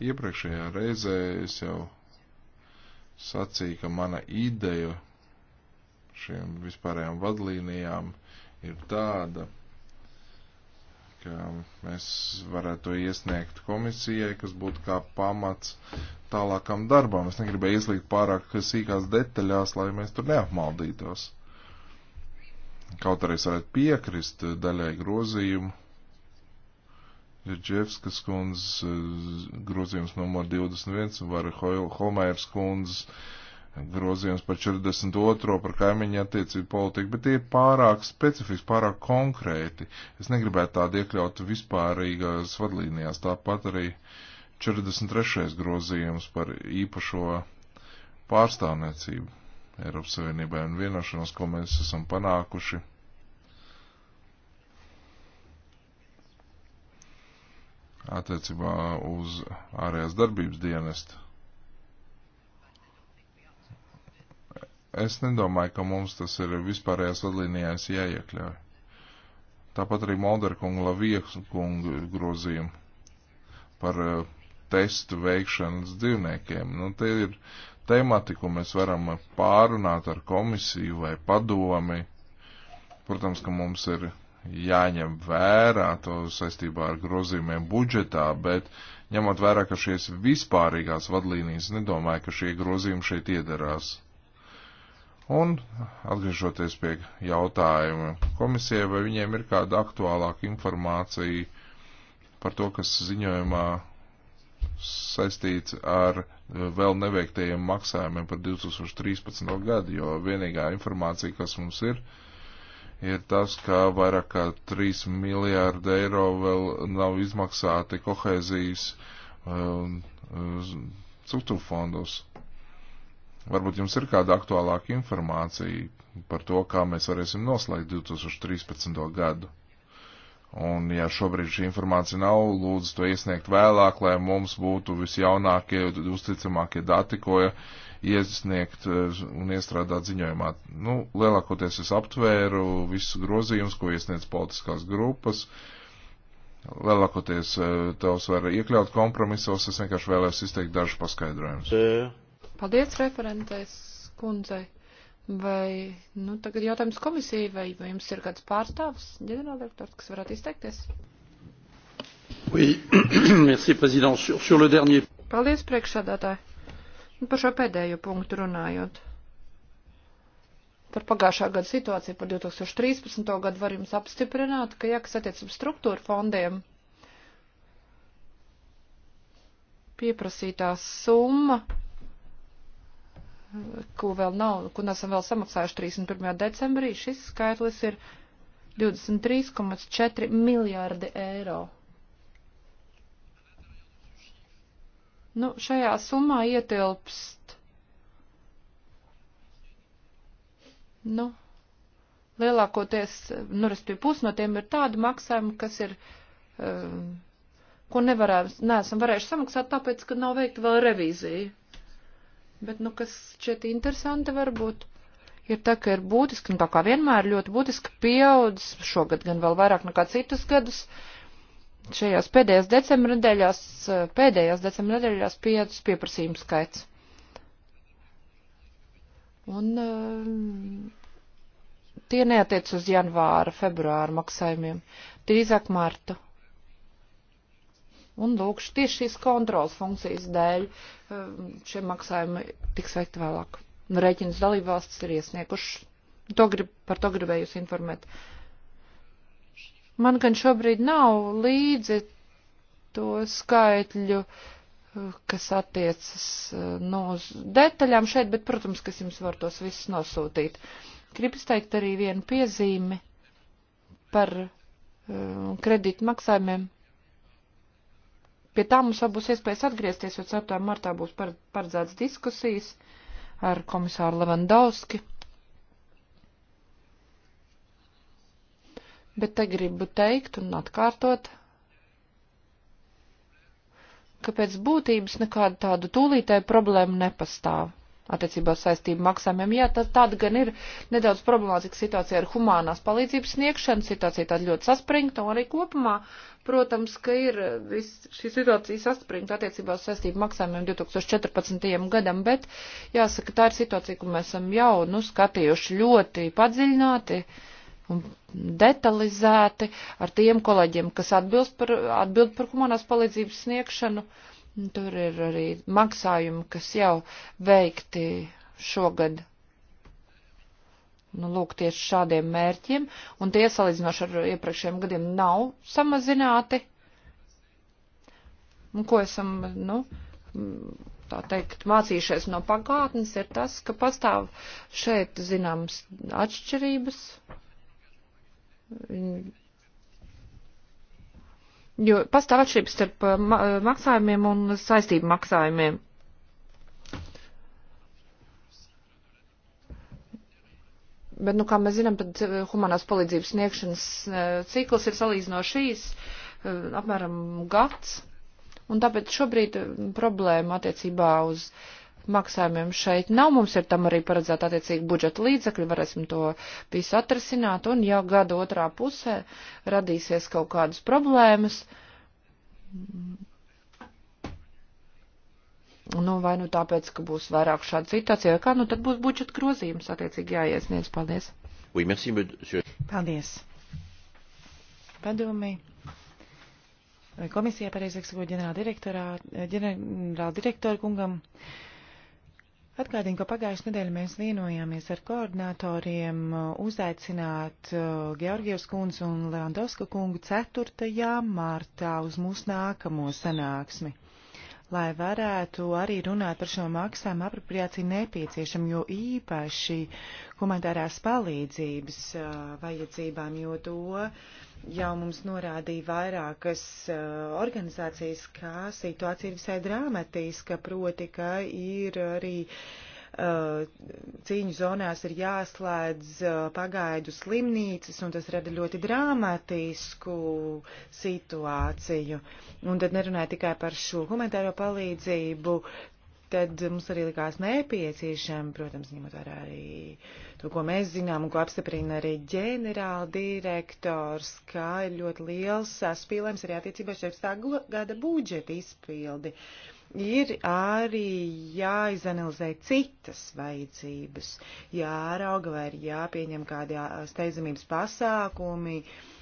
Iepriekšējā reizē es jau sacīju, ka mana ideja šiem vispārējām vadlīnijām ir tāda, ka mēs varētu to iesniegt komisijai, kas būtu kā pamats tālākam darbam. Es negribēju ieslīgt pārāk sīkās detaļās, lai mēs tur neapmaldītos. Kaut arī es varētu piekrist daļai grozījumu. Džefskas kundzes eh, grozījums numur 21 var Homērs kundzes grozījums par 42. par kaimiņu attiecību politiku, bet tie ir pārāk specifiski, pārāk konkrēti. Es negribētu tādu iekļaut vispārīgās vadlīnijās, tāpat arī 43. grozījums par īpašo pārstāvniecību Eiropas Savienībai un vienošanos, ko mēs esam panākuši. attiecībā uz ārējās darbības dienestu Es nedomāju, ka mums tas ir vispārējās vadlīnijās jāiekļauj. Tāpat arī Molderkunga Laviekunga grozījumu par eh, testu veikšanas dzīvniekiem. Nu, te ir temati, ko mēs varam pārunāt ar komisiju vai padomi. Protams, ka mums ir jāņem vērā to saistībā ar grozījumiem budžetā, bet ņemot vērā, ka šies vispārīgās vadlīnijas, nedomāju, ka šie grozījumi šeit iedarās. Un atgriežoties pie jautājuma komisijai, vai viņiem ir kāda aktuālāka informācija par to, kas ziņojumā saistīts ar eh, vēl neveiktajiem maksājumiem par 2013. gadu, jo vienīgā informācija, kas mums ir, ir tas, ka vairāk kā 3 miljārdi eiro vēl nav izmaksāti kohēzijas struktūra eh, fondos. Varbūt jums ir kāda aktuālāka informācija par to, kā mēs varēsim noslēgt 2013. gadu. Un, ja šobrīd šī informācija nav, lūdzu to iesniegt vēlāk, lai mums būtu visjaunākie, uzticamākie dati, ko iesniegt eh, un iestrādāt ziņojumā. Nu, lielākoties es aptvēru visus grozījumus, ko iesniedz politiskās grupas. Lielākoties eh, tos var iekļaut kompromisos, es vienkārši vēlēs izteikt dažu paskaidrojumus. Paldies referentēs kundzei. Vai, nu, tagad jautājums komisijai, vai, vai jums ir kāds pārstāvs, ģenerāldirektors, kas varētu izteikties? Oui, [coughs] merci, président, sur, sur le dernier. Paldies, priekšsādātāji. Nu, par šo pēdējo punktu runājot. Par pagājušā gada situāciju, par 2013. gadu var jums apstiprināt, ka, ja kas attiec uz struktūru fondiem, pieprasītā summa ko vēl nav, ko nesam vēl samaksājuši 31. decembrī, šis skaitlis ir 23,4 miljārdi eiro. Nu, šajā summā ietilpst, nu, lielākoties, nu, respektīvi, pus no tiem ir tādi maksājumi, kas ir, um, ko nevarējām, neesam varējuši samaksāt, tāpēc, ka nav veikta vēl revīzija. Bet, nu, kas šeit interesanti varbūt ir tā, ka ir būtiski, un tā kā vienmēr ļoti būtiski pieaudzis, šogad gan vēl vairāk nekā citus gadus, šajās pēdējās decembra nedēļās, eh, pēdējās decembra nedēļās pieaudzis pieprasījums skaits. Un uh, tie neatiec uz janvāra, februāra maksājumiem, drīzāk marta. Un lūk, tieši šīs kontrolas funkcijas dēļ um, šie maksājumi tiks veikti vēlāk. Rēķinus dalībvalstis ir iesnieguši. To grib, par to gribēju jūs informēt. Man gan šobrīd nav līdzi to skaitļu, uh, kas attiecas uh, nu, uz detaļām šeit, bet, protams, kas jums var tos visus nosūtīt. Gribu izteikt arī vienu piezīmi par uh, kredītu maksājumiem Pie tā mums vēl būs iespējas atgriezties, jo 7. martā būs paredzēts diskusijas ar komisāru Levandovski. Bet te gribu teikt un atkārtot, ka pēc būtības nekādu tādu tūlītēju problēmu nepastāv attiecībā uz saistību maksājumiem. Jā, tad tāda gan ir nedaudz problemātiska situācija ar humānās palīdzības sniegšanu, situācija tāda ļoti saspringta un arī kopumā, protams, ka ir eh, vis, šī situācija saspringta attiecībā uz saistību maksājumiem 2014. gadam, bet jāsaka, tā ir situācija, ko mēs esam jau, nu, skatījuši ļoti padziļināti un detalizēti ar tiem kolēģiem, kas atbild par, atbild par humanās palīdzības sniegšanu. Uh, Tur ir arī maksājumi, kas jau veikti šogad. Nu, lūk, tieši šādiem mērķiem, un tie salīdzinoši ar iepriekšējiem gadiem nav samazināti. Un ko esam, nu, tā teikt, mācījušies no pagātnes, ir tas, ka pastāv šeit zināmas atšķirības jo pastāv atšķirības starp uh, uh, maksājumiem un saistību maksājumiem. Bet, nu, kā mēs zinām, tad uh, humanās palīdzības sniegšanas cikls ir salīdzinoši šīs apmēram gads, un tāpēc šobrīd problēma attiecībā uz uh, maksājumiem šeit nav. Mums ir tam arī paredzēta attiecīgi budžeta līdzekļi, varēsim to visu atrasināt, un ja gada otrā pusē radīsies kaut kādas problēmas, nu, vai nu tāpēc, ka būs vairāk šāda situācija, vai kā, nu, tad būs budžeta grozījums attiecīgi jāiesniedz. Paldies. Oui, merci, monsieur. Paldies. Padomī. Komisijā, pareizāk sakot, ģenerāldirektorā, ģenerāldirektora kungam. Uh, Atgādīju, ka pagājušajā nedēļā mēs vienojāmies ar koordinatoriem uh, uzaicināt uh, Georgijus kundz un Leandovska kungu 4. martā uz mūsu nākamo sanāksmi, lai varētu arī runāt par šo maksājumu apropriāciju nepieciešam, jo īpaši humanitārās palīdzības uh, vajadzībām, jo to jau mums norādīja vairākas uh, organizācijas, kā situācija ir visai dramatiska, proti, ka ir arī uh, cīņu zonās ir jāslēdz uh, pagaidu slimnīcas, un tas rada ļoti dramatisku situāciju. Un tad nerunāja tikai par šo humanitāro palīdzību, tad mums arī likās nepieciešama, protams, ņemot vērā arī to, ko mēs zinām un ko apstiprina arī ģenerāla direktors, kā ir ļoti liels saspīlējums arī attiecībā 16. gada budžeta izpildi. Ir arī jāizanalizē citas vajadzības, jārauga vai ir jāpieņem kādi steidzamības pasākumi. Uh,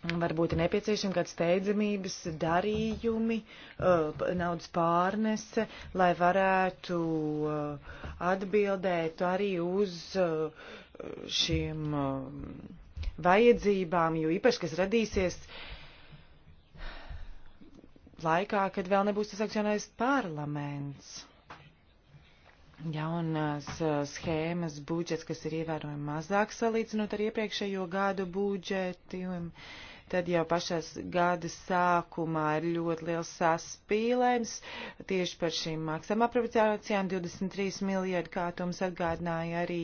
varbūt ir nepieciešami kāds steidzamības darījumi, uh, naudas pārnese, lai varētu uh, atbildēt arī uz uh, šīm vajadzībām, jo īpaši, kas radīsies laikā, kad vēl nebūs tas akcionais parlaments. Jaunās schēmas budžets, kas ir ievērojami mazāk salīdzinot ar iepriekšējo gadu budžeti. Un, uh, tad jau pašās gada sākumā ir ļoti liels saspīlējums tieši par šīm maksām apropriācijām. 23 miljardi, kā tums atgādināja arī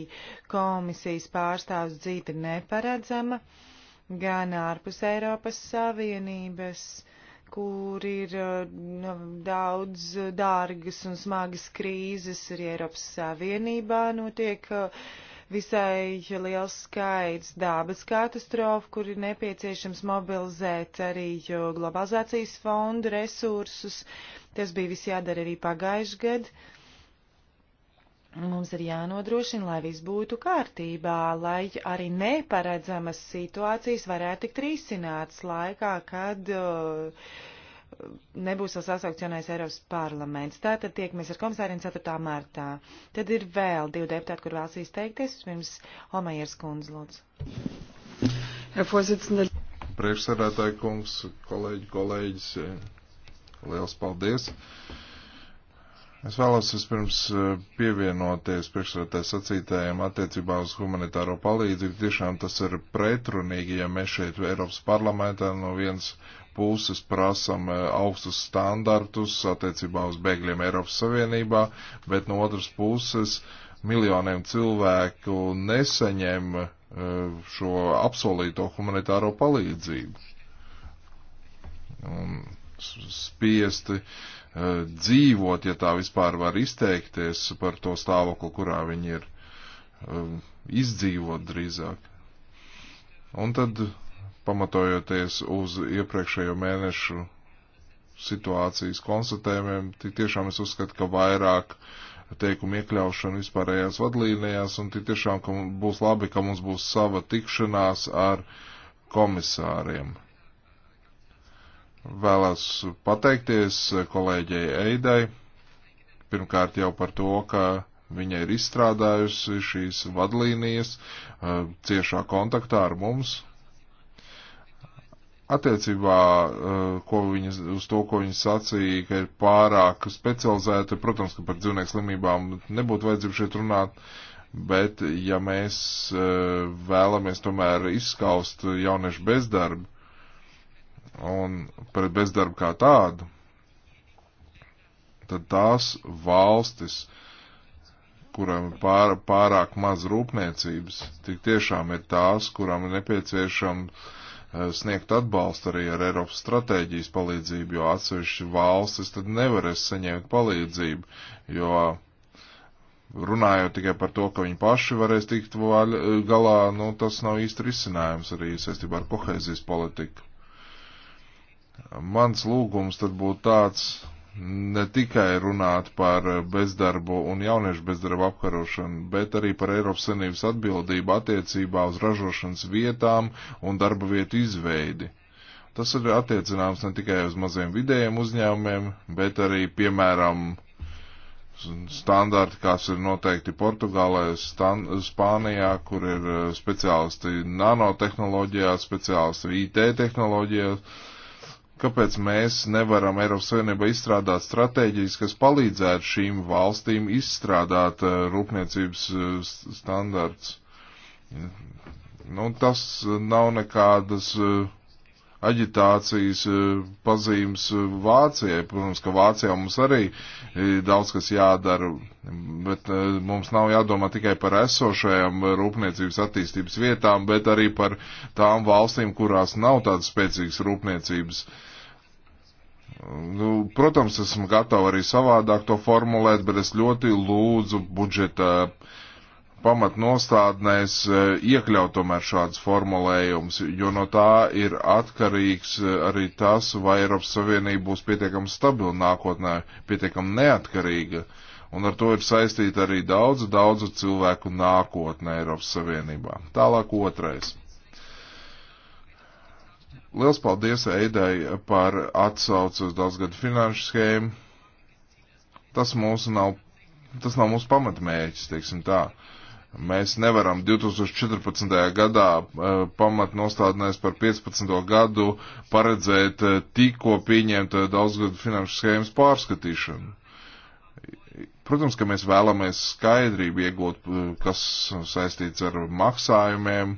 komisijas pārstāvs dzīve, ir neparedzama gan ārpus Eiropas Savienības kur ir nu, daudz dārgas un smagas krīzes, arī Eiropas Savienībā notiek uh, visai liels skaits dabas katastrofu, kur ir nepieciešams mobilizēt arī globalizācijas fondu resursus. Tas bija viss jādara arī pagājuši gadu. Mums ir jānodrošina, lai viss būtu kārtībā, lai arī neparedzamas situācijas varētu tikt risināts laikā, kad uh, nebūs vēl sasaukcionējis Eiropas parlaments. Tātad tiekamies ar komisāriem 4. martā. Tad ir vēl divi deputāti, kur vēlas izteikties. Pirms Homajers kundze, lūdzu. Priekšsēdētāji kungs, kolēģi, kolēģis, liels paldies. Es vēlos vispirms e, pievienoties priekšsēdētāju sacītājiem attiecībā uz humanitāro palīdzību. Tiešām tas ir pretrunīgi, ja mēs šeit Eiropas parlamentā no vienas puses prasam eh, augstus standartus attiecībā uz bēgļiem Eiropas Savienībā, bet no otras puses miljoniem cilvēku nesaņem eh, šo apsolīto humanitāro palīdzību. Un spiesti eh, dzīvot, ja tā vispār var izteikties par to stāvokli, kurā viņi ir izdzīvot drīzāk. Un tad pamatojoties uz iepriekšējo mēnešu situācijas konstatējumiem, tik tiešām es uzskatu, ka vairāk teikumu iekļaušana vispārējās vadlīnijās, un tik tiešām, ka būs labi, ka mums būs sava tikšanās ar komisāriem. Vēlos pateikties kolēģei Eidai, pirmkārt jau par to, ka viņa ir izstrādājusi šīs vadlīnijas eh, ciešā kontaktā ar mums, attiecībā eh, ko viņas, uz to, ko viņas sacīja, ka ir pārāk specializēta, protams, ka par dzīvnieku slimībām nebūtu vajadzību šeit runāt, bet ja mēs eh, vēlamies tomēr izskaust jauniešu bezdarbu un pret bezdarbu kā tādu, tad tās valstis, kurām ir pār, pārāk maz rūpniecības, tik tiešām ir tās, kurām ir nepieciešams Eh, sniegt atbalstu arī ar Eiropas stratēģijas palīdzību, jo atsevišķi valstis tad nevarēs saņemt palīdzību, jo runājot tikai par to, ka viņi paši varēs tikt vaļ, eh, galā, nu tas nav īsti risinājums arī saistībā ar kohēzijas politiku. Mans lūgums tad būtu tāds, ne tikai runāt par bezdarbu un jauniešu bezdarbu apkarošanu, bet arī par Eiropas Savienības atbildību attiecībā uz ražošanas vietām un darba vietu izveidi. Tas ir attiecināms ne tikai uz maziem vidējiem uzņēmumiem, bet arī, piemēram, standarti, kas ir noteikti Portugālē, Stan Spānijā, kur ir eh, speciālisti nanotehnoloģijā, speciālisti IT tehnoloģijās Kāpēc mēs nevaram Eiropas Savienībā izstrādāt stratēģijas, kas palīdzētu šīm valstīm izstrādāt eh, rūpniecības eh, standarts? Nu, tas nav nekādas uh, aģitācijas eh, pazīmes eh, Vācijai. Protams, ka Vācijā mums arī eh, daudz kas jādara, bet mums nav jādomā tikai par esošajām rūpniecības attīstības vietām, bet arī par tām valstīm, kurās nav tādas spēcīgas rūpniecības. Nu, protams, esmu gatava arī savādāk to formulēt, bet es ļoti lūdzu budžeta uh, pamatnostādnēs eh, iekļaut tomēr šādas formulējumus, jo no tā ir atkarīgs eh, arī tas, vai Eiropas Savienība būs pietiekami stabila nākotnē, pietiekami neatkarīga. Un ar to ir saistīta arī daudzu, daudzu cilvēku nākotnē Eiropas Savienībā. Tālāk otrais. Liels paldies Eidai par atsaucu uz daudzgadu finanšu schēmu. Tas mūsu nav, tas nav mūsu pamatmērķis, teiksim tā. Uh, Mēs nevaram 2014. gadā eh, pamatnostādnēs par 15. gadu paredzēt eh, tikko pieņemta eh, daudzgadu finanšu schēmas pārskatīšanu. Protams, ka mēs vēlamies skaidrību iegūt, kas saistīts ar maksājumiem,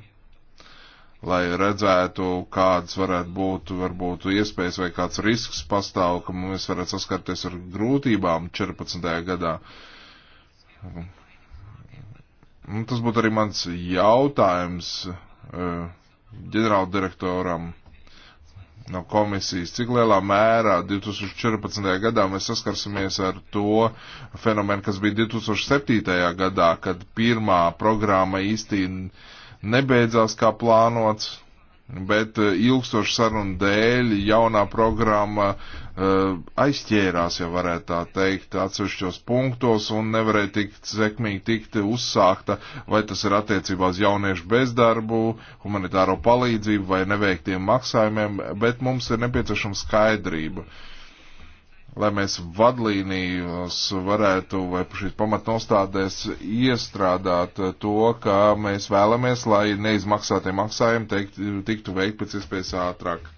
lai redzētu, kādas varētu būt varbūt iespējas vai kāds risks pastāv, ka mēs varētu saskarties ar grūtībām 14. gadā Un nu, tas būtu arī mans jautājums e, ģenerāldirektoram no komisijas, cik lielā mērā 2014. gadā mēs saskarsimies ar to fenomenu, kas bija 2007. gadā, kad pirmā programma īsti nebeidzās kā plānots, bet eh, ilgstošu sarunu dēļ jaunā programma uh, aizķērās, ja varētu tā teikt, atsevišķos punktos un nevarēja tikt sekmīgi tikt uzsākta, vai tas ir attiecībā uz jauniešu bezdarbu, humanitāro palīdzību vai neveiktiem maksājumiem, bet mums ir nepieciešama skaidrība. Uh, lai mēs vadlīnijos varētu vai šīs pamatnostādēs iestrādāt to, ka mēs vēlamies, lai neizmaksātie maksājumi teikt, tiktu veikt pēc iespējas ātrāk.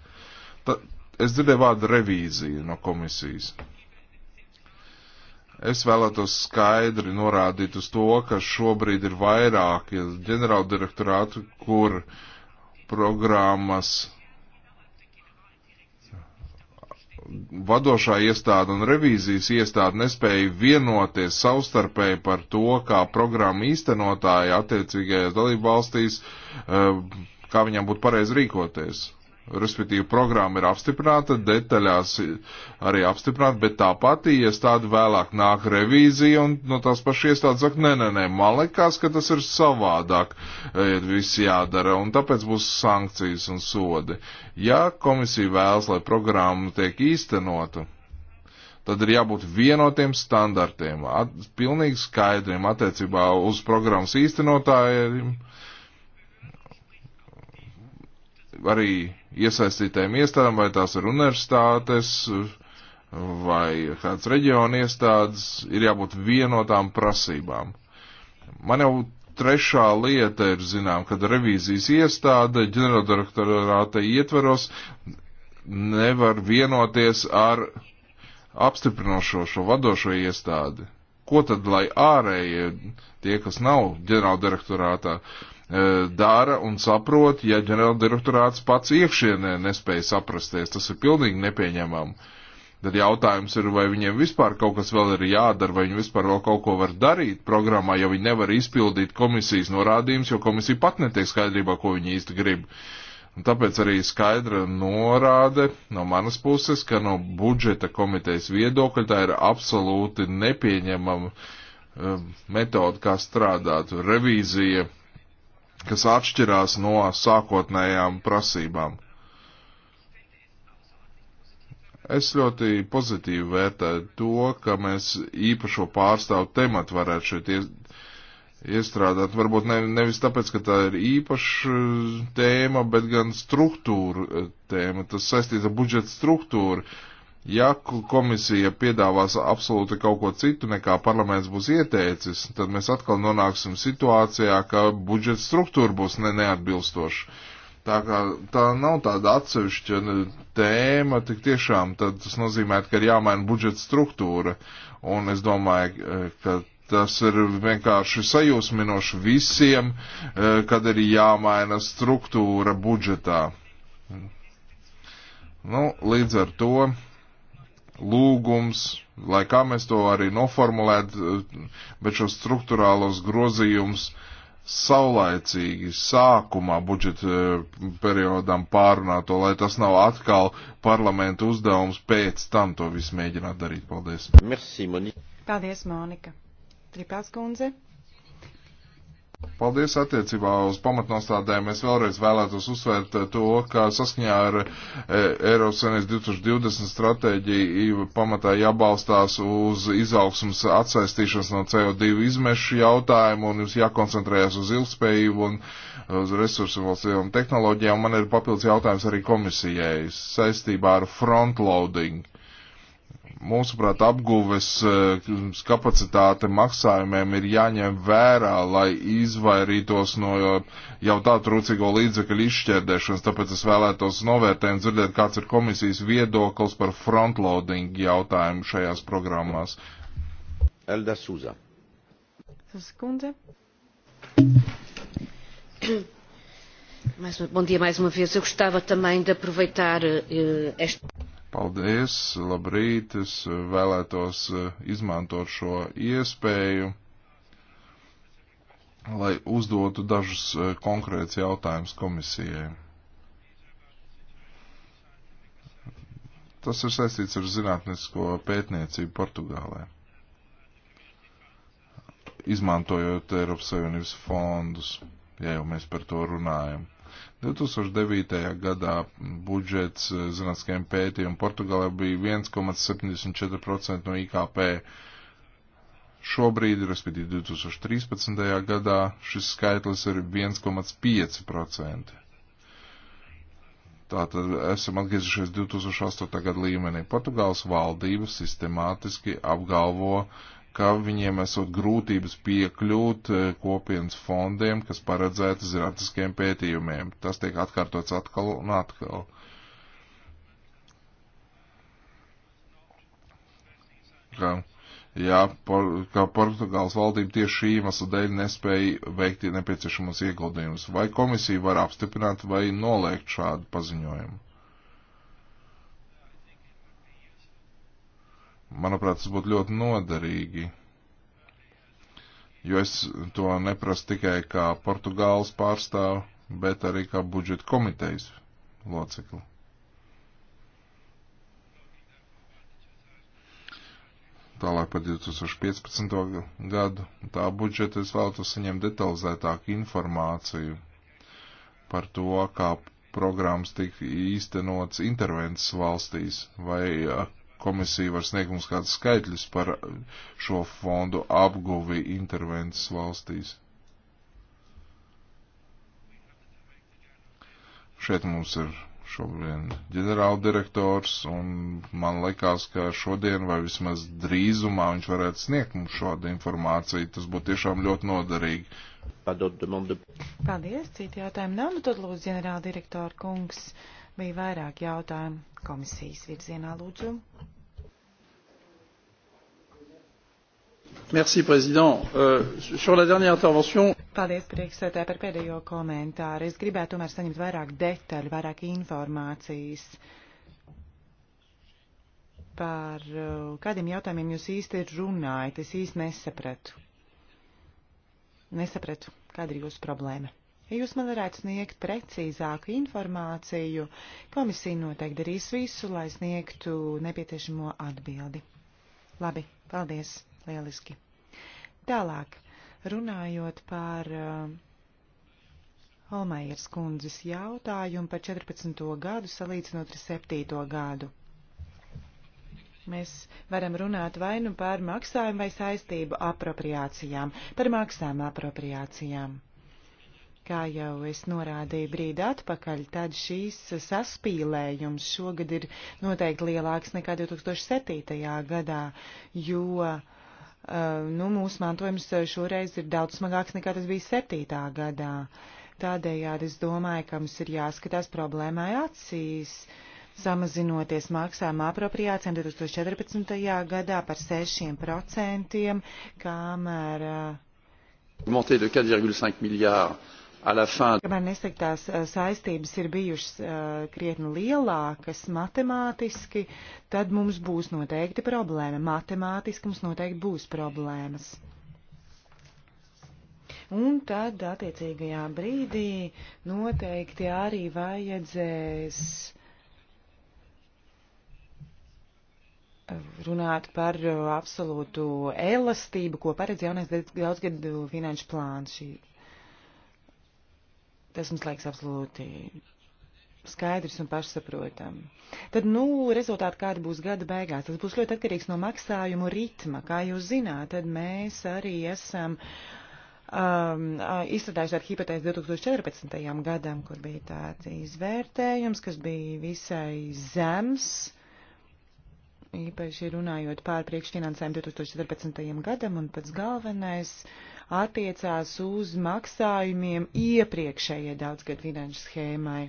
Ta, es dzirdēju vārdu revīzija no komisijas. Es vēlētos skaidri norādīt uz to, ka šobrīd ir vairāki ģenerāldirektorāti, kur programmas vadošā iestāde un revīzijas iestāde nespēja vienoties savstarpēji par to, kā programma īstenotāja attiecīgajās dalību valstīs, eh, kā viņam būtu pareizi rīkoties respektīvi programma ir apstiprināta, detaļās arī apstiprināta, bet tā pati iestāde ja vēlāk nāk revīzija un no tās pašas iestādes saka, nē, nē, nē, man liekas, ka tas ir savādāk, e, viss jādara, un tāpēc būs sankcijas un sodi. Ja komisija vēlas, lai programma tiek īstenota, tad ir jābūt vienotiem standartiem, at, pilnīgi skaidriem attiecībā uz programmas īstenotājiem arī iesaistītēm iestādēm, vai tās ir universitātes vai kāds reģiona iestādes, ir jābūt vienotām prasībām. Man jau trešā lieta ir, zinām, kad revīzijas iestāde ģenerāldirektorāta ietveros nevar vienoties ar apstiprinošo šo vadošo iestādi. Ko tad, lai ārējie, tie, kas nav ģenerāldirektorātā, uh, E, dara un saprot, ja ģenerāldirektorāts pats iekšienē nespēja saprasties. Tas ir pilnīgi nepieņemami. Tad jautājums ir, vai viņiem vispār kaut kas vēl ir jādara, vai viņi vispār vēl kaut ko var darīt programmā, ja viņi nevar izpildīt komisijas norādījumus, jo komisija pat netiek skaidrībā, ko viņi īsti grib. Un tāpēc arī skaidra norāde no manas puses, ka no budžeta komitejas viedokļa tā ir absolūti nepieņemama uh, e, metoda, kā strādāt. Revīzija kas atšķirās no sākotnējām prasībām. Es ļoti pozitīvi vērtēju to, ka mēs īpašo pārstāvu tematu varētu šeit iestrādāt. Varbūt ne, nevis tāpēc, ka tā ir īpaša tēma, bet gan struktūra tēma. Tas saistīts ar budžeta struktūru. Uh, Ja komisija piedāvās absolūti kaut ko citu, nekā parlaments būs ieteicis, tad mēs atkal nonāksim situācijā, ka budžeta struktūra būs ne neatbilstoša. Tā kā tā nav tāda atsevišķa tēma, tik tiešām tad tas nozīmē, ka ir jāmaina budžeta struktūra. Un es domāju, e, ka tas ir vienkārši sajūsminoši visiem, e, kad ir jāmaina struktūra budžetā. Nu, līdz ar to lūgums, lai kā mēs to arī noformulētu, bet šos struktūrālos grozījumus saulaicīgi sākumā budžeta eh, periodam pārunāto, lai tas nav atkal parlamenta uzdevums pēc tam to visu mēģināt darīt. Paldies. Merci, Monika. Paldies, Monika. Tripās kundze. Paldies attiecībā uz pamatnostādēm. Es vēlreiz vēlētos uzsvērt eh, to, ka saskaņā ar eh, Eiropas Savienības 2020 stratēģiju pamatā jābalstās uz izaugsmas atsaistīšanas no CO2 izmešu jautājumu un jums jākoncentrējas uz ilgspējību un eh, uz resursu valstīm tehnoloģijām. Man ir papildus jautājums arī komisijai saistībā ar frontloading mūsuprāt, apguves e, kapacitāte maksājumiem ir jāņem vērā, lai izvairītos no e, jau tā trūcīgo līdzekļu izšķērdēšanas. Tāpēc es vēlētos novērtēt un dzirdēt, kāds ir komisijas viedoklis par frontloading jautājumu šajās programmās. Elda Suza. Skundze. [coughs] Mais, um bom dia mais uma vez. Eu gostava também de aproveitar uh, eh, esta. Paldies, labrīt, es vēlētos eh, izmantot šo iespēju, lai uzdotu dažus eh, konkrēts jautājumus komisijai. Tas ir saistīts ar zinātnisko pētniecību Portugālē. Izmantojot Eiropas Savienības fondus, ja jau mēs par to runājam. 2009. gadā budžets eh, zinātniskajiem pētījumiem Portugālē bija 1,74% no IKP. Šobrīd, respektīvi 2013. gadā, šis skaitlis ir 1,5%. Tātad esam atgriezušies 2008. gada līmenī. Portugāles valdība sistemātiski apgalvo, uh, ka viņiem esot grūtības piekļūt eh, kopienas fondiem, kas paredzēti zinātniskiem pētījumiem. Tas tiek atkārtots atkal un atkal. Ka, jā, por, ka Portugāles valdība tieši šī iemesla dēļ nespēja veikt nepieciešamos ieguldījumus. Vai komisija var apstiprināt vai noliegt šādu paziņojumu? Manuprāt, tas būtu ļoti noderīgi. Jo es to neprasu tikai kā Portugāles pārstāvu, bet arī kā budžeta komitejas locekli. Tālāk par 2015. gadu tā budžeta es vēlētos saņemt detalizētāku informāciju par to, kā programmas tika īstenots intervences valstīs vai uh, komisija var sniegt mums kādus skaitļus par šo fondu apguvi intervences valstīs. Šeit mums ir šobrīd ģenerāldirektors, un man liekas, ka šodien vai vismaz drīzumā viņš varētu sniegt mums šādu informāciju. Tas būtu tiešām ļoti noderīgi. Paldies, citi jautājumi nav, nu tad lūdzu ģenerāldirektora kungs. Uh, Bija vairāk jautājumu komisijas virzienā lūdzu. Merci, Président. Euh, sur la dernière intervention. Paldies, priekšsētāji, par pēdējo komentāru. Es gribētu tomēr saņemt vairāk detaļu, vairāk informācijas par uh, kādiem jautājumiem jūs īsti runājat. Es īsti nesapratu. Nesapratu, kāda ir jūsu problēma. Ja jūs man varētu sniegt precīzāku informāciju, komisija noteikti darīs visu, lai sniegtu nepieciešamo atbildi. Labi, paldies, lieliski. Tālāk, runājot par uh, Olmaiers kundzes jautājumu par 14. gadu salīdzinot ar 7. gadu mēs varam runāt vai nu par maksājumu vai saistību apropriācijām, par maksājumu apropriācijām. Kā jau es norādīju brīdi atpakaļ, tad šīs saspīlējums šogad ir noteikti lielāks nekā 2007. gadā, jo nu, mūsu mantojums šoreiz ir daudz smagāks nekā tas bija 7. gadā. Tādējādi es domāju, ka mums ir jāskatās problēmai acīs. Samazinoties maksām apropriācijām 2014. gadā par 6%, kamēr. Augmenté de 4,5 miljārdu à la fin. Kamēr nesteigtās saistības ir bijušas krietni lielākas matemātiski, tad mums būs noteikti problēma. Matemātiski mums noteikti būs problēmas. Un tad attiecīgajā brīdī noteikti arī vajadzēs runāt par absolūtu elastību, ko paredz jaunais daudzgadu finanšu plāns. Šī Tas mums liekas absolūti skaidrs un pašsaprotam. Tad, nu, rezultāti kādi būs gada beigās, tas būs ļoti atkarīgs no maksājumu ritma. Kā jūs zināt, tad mēs arī esam um, izstrādājuši ar hipotēzi 2014. gadam, kur bija tāds izvērtējums, kas bija visai zems. Īpaši runājot pār priekšfinansējumu 2014. gadam, un pats galvenais attiecās uz maksājumiem iepriekšējai daudzgad finanšu schēmai.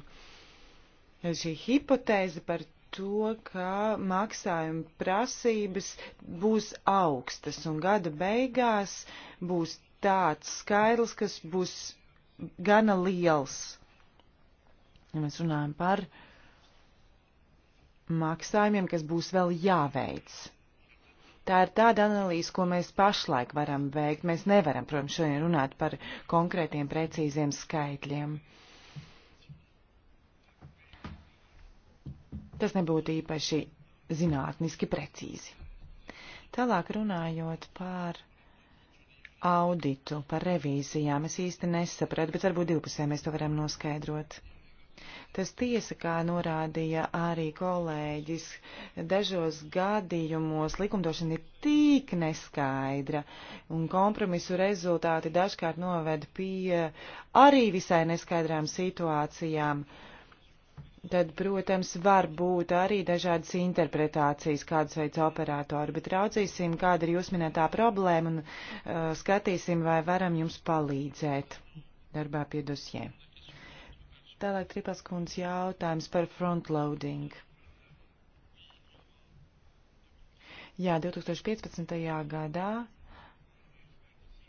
Šī hipotēze par to, ka maksājuma prasības būs augstas un gada beigās būs tāds skaidrs, kas būs gana liels. Ja mēs runājam par maksājumiem, kas būs vēl jāveic Tā ir tāda analīze, ko mēs pašlaik varam veikt. Mēs nevaram, protams, šodien runāt par konkrētiem precīziem skaitļiem. Tas nebūtu īpaši zinātniski precīzi. Tālāk runājot par auditu, par revīzijām, es īsti nesapratu, bet varbūt divpusē mēs to varam noskaidrot. Tas tiesa, kā norādīja arī kolēģis, dažos gadījumos likumdošana ir tik neskaidra, un kompromisu rezultāti dažkārt noved pie arī visai neskaidrām situācijām. Tad, protams, var būt arī dažādas interpretācijas, kādas veids operatori, bet raudzīsim, kāda ir jūs minētā problēma un uh, skatīsim, vai varam jums palīdzēt darbā pie dosjiem. Tālāk Tripaskunds jautājums par frontloading. Jā, 2015. gadā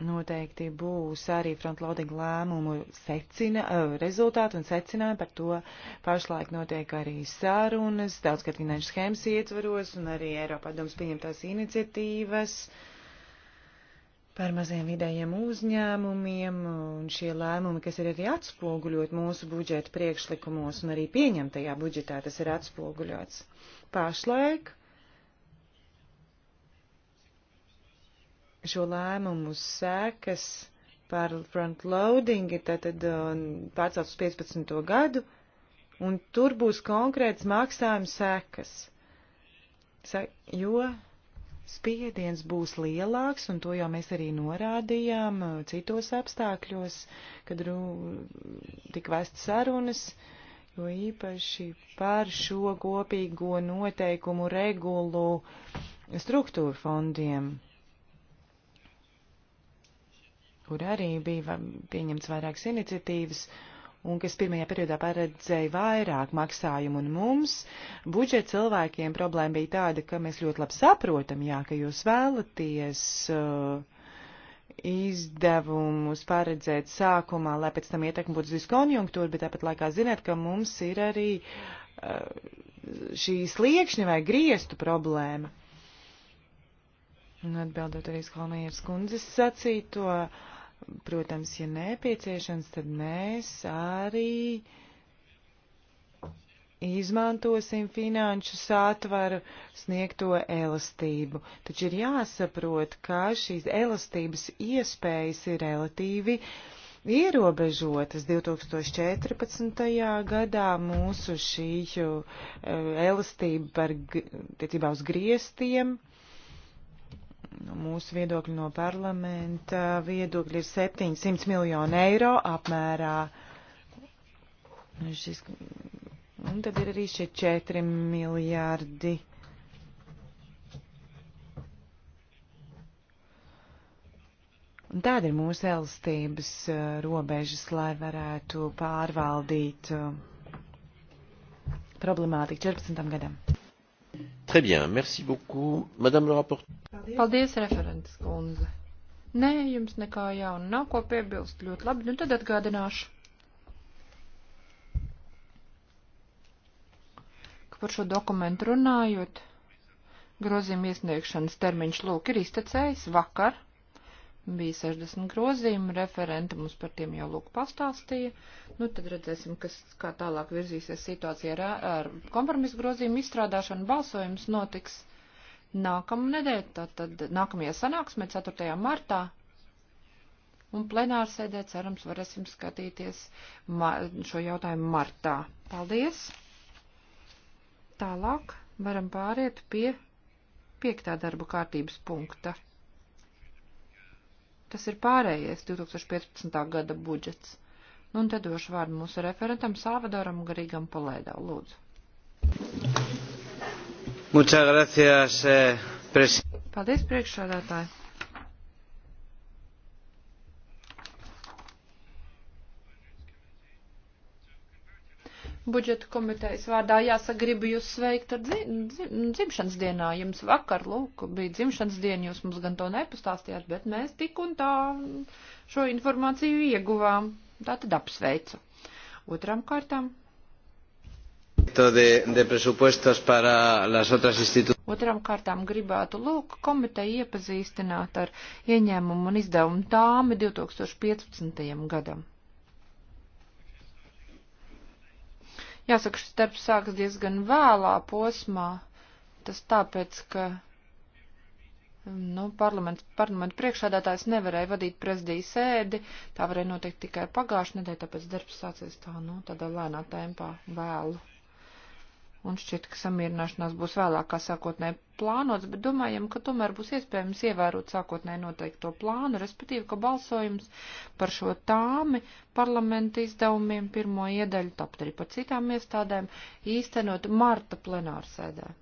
noteikti būs arī frontloading lēmumu secina, eh, rezultāti un secinājumi par to. Pašlaik notiek arī sārunas, daudzkārt finanšu schēmas ietvaros un arī Eiropā domas pieņemtās iniciatīvas. Uh, par maziem vidējiem uzņēmumiem, un šie lēmumi, kas ir arī atspoguļot mūsu budžeta priekšlikumos un arī pieņemtajā budžetā, tas ir atspoguļots pašlaik. Šo lēmumu sekas par front loading ir tātad uh, pārcelt uz 15. gadu, un tur būs konkrēts maksājums sekas. Sek, jo spiediens būs lielāks, un to jau mēs arī norādījām uh, citos apstākļos, kad tika vest sarunas, jo īpaši par šo kopīgo noteikumu regulu struktūru fondiem, kur arī bija pieņemts vairākas iniciatīvas. Uh, un kas pirmajā periodā paredzēja vairāk maksājumu, un mums budžeta cilvēkiem problēma bija tāda, ka mēs ļoti labi saprotam, jā, ka jūs vēlaties uh, izdevumus paredzēt sākumā, lai pēc tam ietekmi būtu uz konjunktūru, bet tāpat laikā zināt, ka mums ir arī uh, šī sliekšņa vai griestu problēma. Un atbildot arī Skalmējas kundzes sacīto, uh, Protams, ja nepieciešams, tad mēs arī izmantosim finanšu sātvaru sniegto elastību. Taču ir jāsaprot, ka šīs elastības iespējas ir relatīvi ierobežotas. 2014. gadā mūsu šī eh, elastība par, tiecībā uz griestiem mūsu viedokļi no parlamenta viedokļi ir 700 miljonu eiro apmērā. Šis, un tad ir arī šie 4 miljārdi. Un tāda ir mūsu elastības uh, robežas, lai varētu pārvaldīt uh, problemātiku 14. gadam. Très bien, merci beaucoup, madame le rapport. Paldies, Paldies referents kundze. Nē, jums nekā jauna nav ko piebilst. Ļoti labi, nu tad atgādināšu. Ka par šo dokumentu runājot, grozījuma iesniegšanas termiņš lūk ir iztecējis vakar. Bija 60 grozījumi, referenta mums par tiem jau lūk pastāstīja. Nu, tad redzēsim, kas, kā tālāk virzīsies situācija ar, ar kompromisu grozījumu izstrādāšanu. Balsojums notiks nākamnedēļ, tātad nākamajā sanāksmē 4. martā un plenārsēdē cerams varēsim skatīties šo jautājumu martā. Paldies! Tālāk varam pāriet pie piektā darba kārtības punkta. Tas ir pārējais 2015. gada budžets. Nu, un te došu vārdu mūsu referentam Salvadoram Garīgam Palēdā, lūdzu. Muchas gracias, eh, Paldies, priekšsādātāji. budžeta komitejas vārdā jāsaka, gribu jūs sveikt ar dzi dzi dzimšanas dienā. Jums vakar, lūk, bija dzimšanas diena, jūs mums gan to nepastāstījāt, bet mēs tik un tā šo informāciju ieguvām. Tā tad apsveicu. Otram kārtām. De, de Otram kārtām gribētu lūk komiteju iepazīstināt ar ieņēmumu un izdevumu tāmi 2015. gadam. Jāsaka, šis darbs sāks diezgan vēlā posmā. Tas tāpēc, ka Nu, parlaments, parlamenta priekšsādātājs nevarēja vadīt prezidijas sēdi, tā varēja notikt tikai pagājušajā nedēļā, tāpēc darbs sācies tā, nu, tādā lēnā tempā vēlu un šķiet, ka samierināšanās būs vēlāk kā sākotnēji plānots, bet domājam, ka tomēr būs iespējams ievērot sākotnēji noteikto plānu, respektīvi, ka balsojums par šo tāmi parlamenta izdevumiem pirmo iedaļu, tāpat arī par citām iestādēm, īstenot marta plenārsēdē.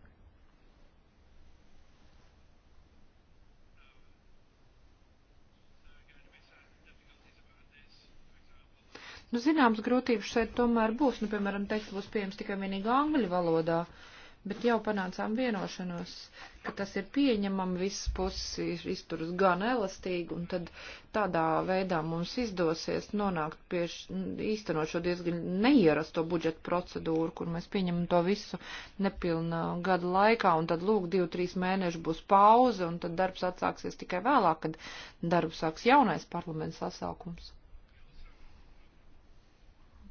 Nu, zināms, grūtības šeit tomēr būs, nu, piemēram, teksts būs pieejams tikai vienīgi angļu valodā, bet jau panācām vienošanos, ka tas ir pieņemami, visas puses izturas gan elastīgi, un tad tādā veidā mums izdosies nonākt pie īstenot šo diezgan neierasto budžetu procedūru, kur mēs pieņemam to visu nepilnā gada laikā, un tad lūk, divi, trīs mēneši būs pauze, un tad darbs atsāksies tikai vēlāk, kad darbu sāks jaunais parlaments sasaukums.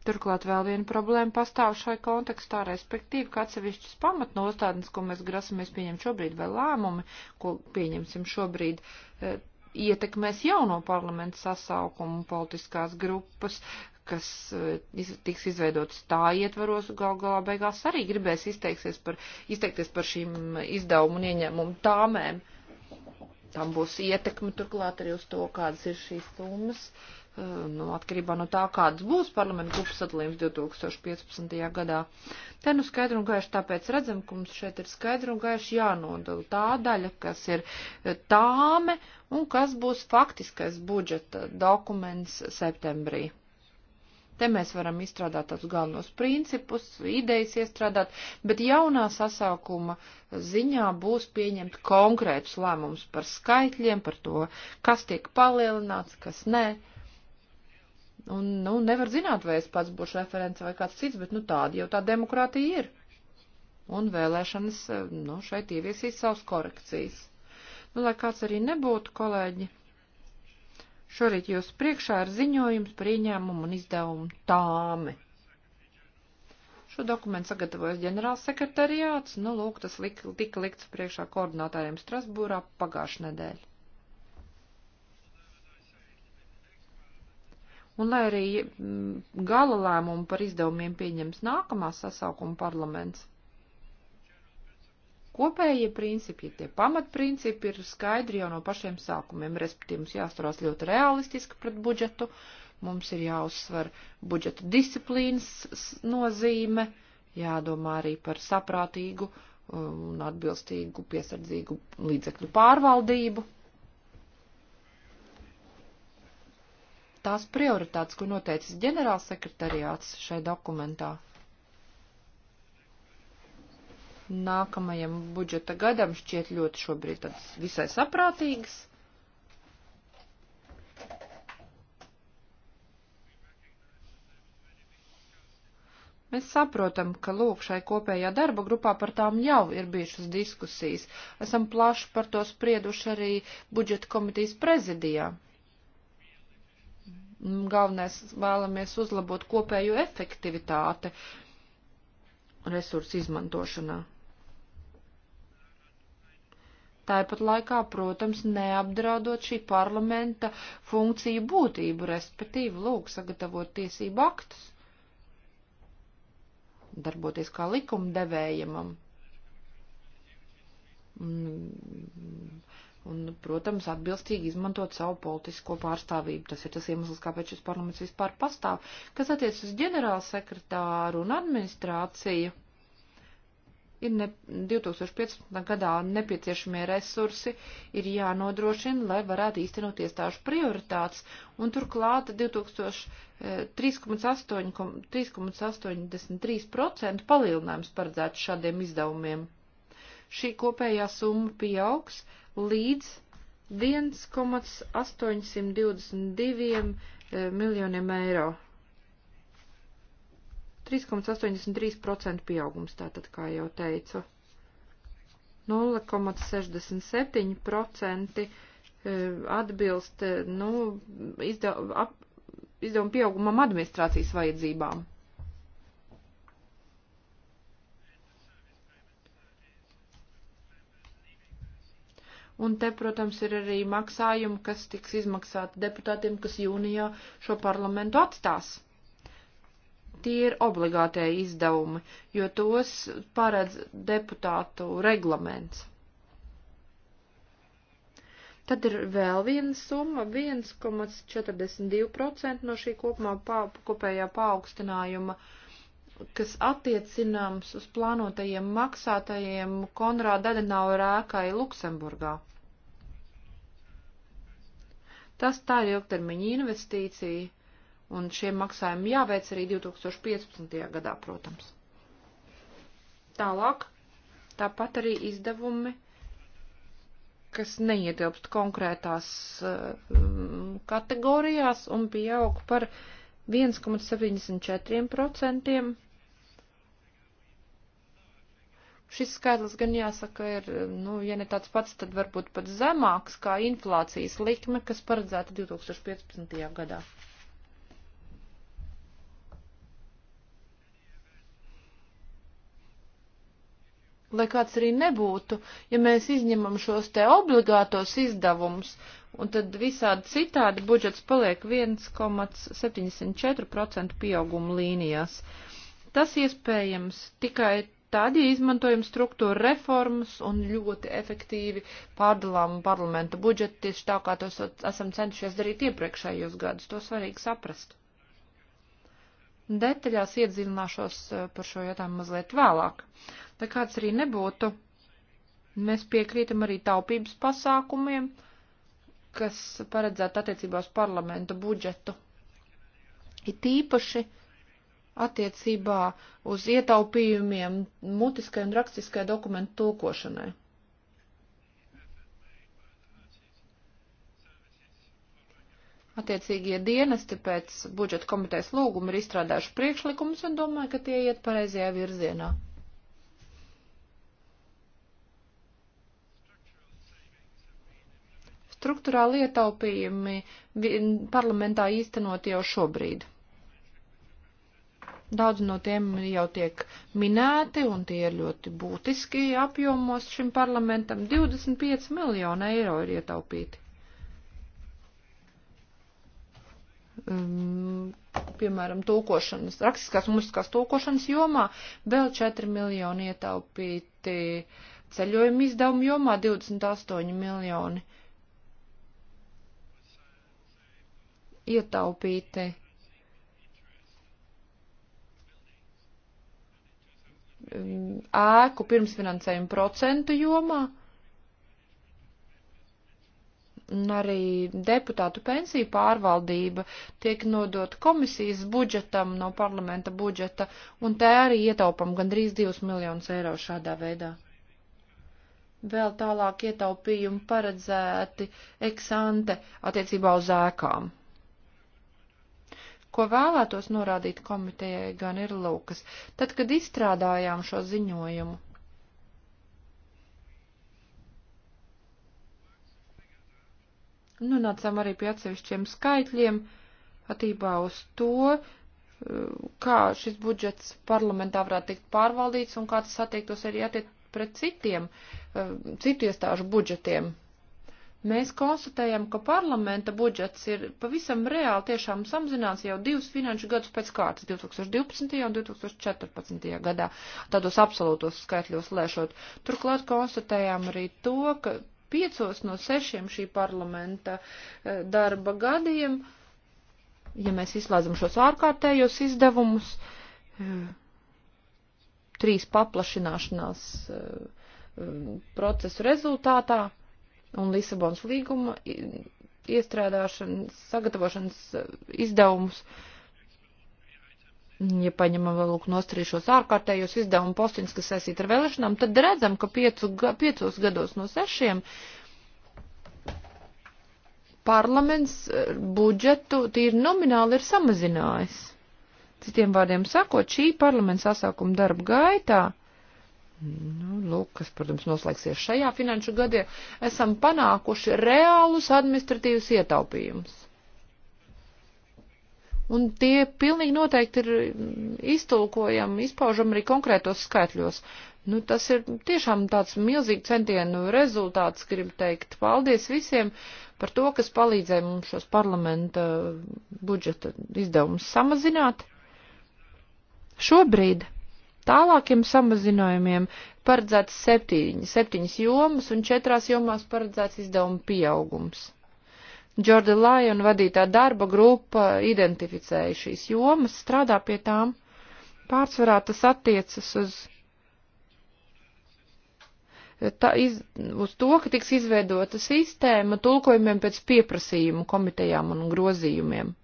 Turklāt vēl viena problēma pastāv šai kontekstā, respektīvi, ka atsevišķas pamatnostādnes, ko mēs grasamies pieņemt šobrīd, vai lēmumi, ko pieņemsim šobrīd, e, ietekmēs jauno parlamentu sasaukumu politiskās grupas, kas e, tiks izveidotas tā ietvaros, gal galā beigās arī gribēs izteikties par, izteikties par šīm izdevumu un ieņēmumu tāmēm. Tam būs ietekme turklāt arī uz to, kādas ir šīs summas. Uh, nu, atkarībā no tā, kādas būs parlamenta grupas atlīmes 2015. gadā. Te nu skaidri un gaiši tāpēc redzam, ka mums šeit ir skaidri un gaiši jānodala tā daļa, kas ir tāme un kas būs faktiskais budžeta dokuments septembrī. Te mēs varam izstrādāt tādus galvenos principus, idejas iestrādāt, bet jaunā sasaukuma ziņā būs pieņemt konkrētus lēmumus par skaitļiem, par to, kas tiek palielināts, kas nē. Ne Un, nu, nevar zināt, vai es pats būšu referents vai kāds cits, bet, nu, tāda jau tā demokrātija ir. Un vēlēšanas, eh, nu, šeit ieviesīs savas korekcijas. Nu, lai kāds arī nebūtu, kolēģi, šorīt jūs priekšā ir ziņojums par ieņēmumu un izdevumu tāmi. Šo dokumentu sagatavojas ģenerāls sekretariāts, nu, lūk, tas lika, tika likts priekšā koordinātāriem Strasbūrā pagājušajā nedēļā. Un lai arī mm, gala lēmumu par izdevumiem pieņems nākamā sasaukuma parlaments, kopējie principi, tie pamatprincipi ir skaidri jau no pašiem sākumiem, respektīvi mums jāsturās ļoti realistiski pret budžetu, mums ir jāuzsver budžeta disciplīnas nozīme, jādomā arī par saprātīgu um, un atbilstīgu piesardzīgu līdzekļu pārvaldību. tās prioritātes, ko noteicis ģenerālsekretariāts šai dokumentā. Nākamajam budžeta gadam šķiet ļoti šobrīd tāds visai saprātīgs. Mēs saprotam, ka lūk šai kopējā darba grupā par tām jau ir bijušas diskusijas. Esam plaši par to sprieduši arī budžeta komitejas prezidijā. Mm, galvenais vēlamies uzlabot kopēju efektivitāti resursu izmantošanā. Tāpat laikā, protams, neapdraudot šī parlamenta funkciju būtību, respektīvi, lūk, sagatavot tiesību aktus, darboties kā likumdevējamam. Mm un, protams, atbilstīgi izmantot savu politisko pārstāvību. Tas ir tas iemesls, kāpēc šis parlaments vispār pastāv. Kas attiec uz ģenerālsekretāru un administrāciju, ir ne, 2015. gadā nepieciešamie resursi ir jānodrošina, lai varētu īstenot iestāžu prioritātes, un turklāt 3,83% eh, palielinājums paredzēts šādiem izdevumiem. Šī kopējā summa pieaugs, uh, līdz 1,822 eh, miljoniem eiro. 3,83% pieaugums, tātad, kā jau teicu. 0,67% eh, atbilst eh, nu, izdev, ap, izdevumu pieaugumam administrācijas vajadzībām. Un te, protams, ir arī maksājumi, kas tiks izmaksāti deputātiem, kas jūnijā šo parlamentu atstās. Tie ir obligātie izdevumi, jo tos paredz deputātu reglaments. Tad ir vēl viena summa - 1,42% no šī kopumā pā, kopējā paaugstinājuma uh, kas attiecināms uz plānotajiem maksātajiem Konrāda Adenauer ēkai Luksemburgā. Tas tā ir ilgtermiņa investīcija, un šie maksājumi jāveic arī 2015. gadā, protams. Tālāk, tāpat arī izdevumi, kas neietilpst konkrētās um, kategorijās un pieaug par 1,74% Šis skaitlis gan jāsaka ir, nu, ja ne tāds pats, tad varbūt pat zemāks kā inflācijas likme, kas paredzēta 2015. gadā. lai kāds arī nebūtu, ja mēs izņemam šos te obligātos izdevumus, un tad visādi citādi budžets paliek 1,74% pieauguma līnijās. Tas iespējams tikai Tad, ja izmantojam struktūra reformas un ļoti efektīvi pārdalām parlamenta budžetu, tieši tā kā tos esam centušies darīt iepriekšējos gadus, to svarīgi saprast. Detaļās iedzināšos eh, par šo jautājumu mazliet vēlāk. Lai kāds arī nebūtu, mēs piekrītam arī taupības pasākumiem, kas paredzētu attiecībā uz parlamenta budžetu. It īpaši attiecībā uz ietaupījumiem mutiskai un rakstiskai dokumentu tulkošanai. Attiecīgie dienesti pēc budžeta komitejas lūguma ir izstrādājuši priekšlikumus un domāju, ka tie iet pareizajā virzienā. Struktūrāli ietaupījumi parlamentā īstenot jau šobrīd. Daudz no tiem jau tiek minēti, un tie ir ļoti būtiski apjomos šim parlamentam. 25 miljonu eiro ir ietaupīti. Um, piemēram, tulkošanas, rakstiskās muzikas tulkošanas jomā vēl 4 miljoni ietaupīti, ceļojuma izdevumu jomā 28 miljoni ietaupīti ēku pirmsfinansējumu procentu jomā un arī deputātu pensiju pārvaldība tiek nodot komisijas budžetam no parlamenta budžeta, un te arī ietaupam gandrīz 2 miljonus eiro šādā veidā. Vēl tālāk ietaupījumi paredzēti eksante attiecībā uz ēkām. Ko vēlētos norādīt komitejai gan ir lūkas, tad, kad izstrādājām šo ziņojumu. Nonācām arī pie atsevišķiem skaitļiem atībā uz to, kā šis budžets parlamentā varētu tikt pārvaldīts un kā tas attiektos arī attiekt pret citiem, eh, citu iestāžu budžetiem. Mēs konstatējam, ka parlamenta budžets ir pavisam reāli tiešām samazināts jau divus finanšu gadus pēc kārtas, 2012. un 2014. gadā, tādos absolūtos skaitļos lēšot. Turklāt konstatējām arī to, ka piecos no sešiem šī parlamenta eh, darba gadiem, ja mēs izslēdzam šos ārkārtējos izdevumus, eh, trīs paplašināšanās eh, procesu rezultātā, un Lisabons līguma iestrādāšanas, sagatavošanas eh, izdevumus. Ja paņemam vēl lūk nostrīšos ārkārtējos izdevumu postiņus, kas saistīt ar vēlēšanām, tad redzam, ka piecu, piecos gados no sešiem parlaments eh, budžetu tīri nomināli ir samazinājis. Citiem vārdiem sakot, šī parlamenta sasākuma darba gaitā Nu, lūk, kas, protams, noslēgsies šajā finanšu gadē, esam panākuši reālus administratīvus ietaupījumus. Un tie pilnīgi noteikti ir mm, iztulkojami, izpaužam arī konkrētos skaitļos. Nu, tas ir tiešām tāds milzīgi centienu rezultāts, gribu teikt. Paldies visiem par to, kas palīdzēja mums šos parlamenta budžeta izdevumus samazināt. Šobrīd Tālākiem samazinājumiem paredzēts septiņi, septiņas jomas un četrās jomās paredzēts izdevuma pieaugums. Džorda Lajona vadītā darba grupa identificēja šīs jomas, strādā pie tām. Pārsvarā tas attiecas uz, ta, iz, uz to, ka tiks izveidota sistēma tulkojumiem pēc pieprasījumu komitejām un grozījumiem.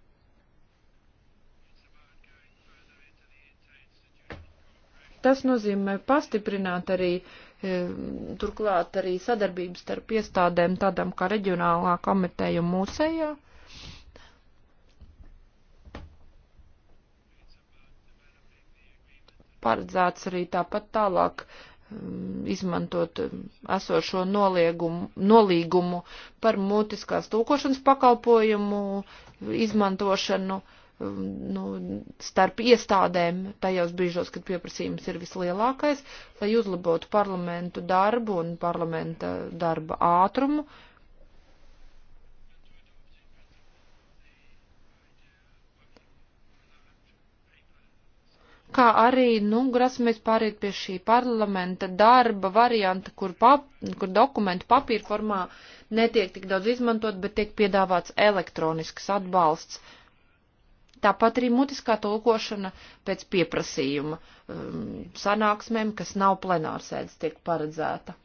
Tas nozīmē pastiprināt arī e, turklāt arī sadarbības starp iestādēm tādām kā reģionālā komiteja un mūsējā. Paredzēts arī tāpat tālāk mm, izmantot mm, esošo noliegumu, nolīgumu par mutiskās tūkošanas pakalpojumu izmantošanu uh, Um, nu, starp iestādēm tajos brīžos, kad pieprasījums ir vislielākais, lai uzlabotu parlamentu darbu un parlamenta darba ātrumu. Kā arī, nu, grasamies pāriet pie šī parlamenta darba varianta, kur, pap, kur dokumentu papīra formā netiek tik daudz izmantot, bet tiek piedāvāts elektronisks atbalsts uh, Tāpat arī mutiskā tulkošana pēc pieprasījuma um, sanāksmēm, kas nav plenārsēdes, tiek paredzēta.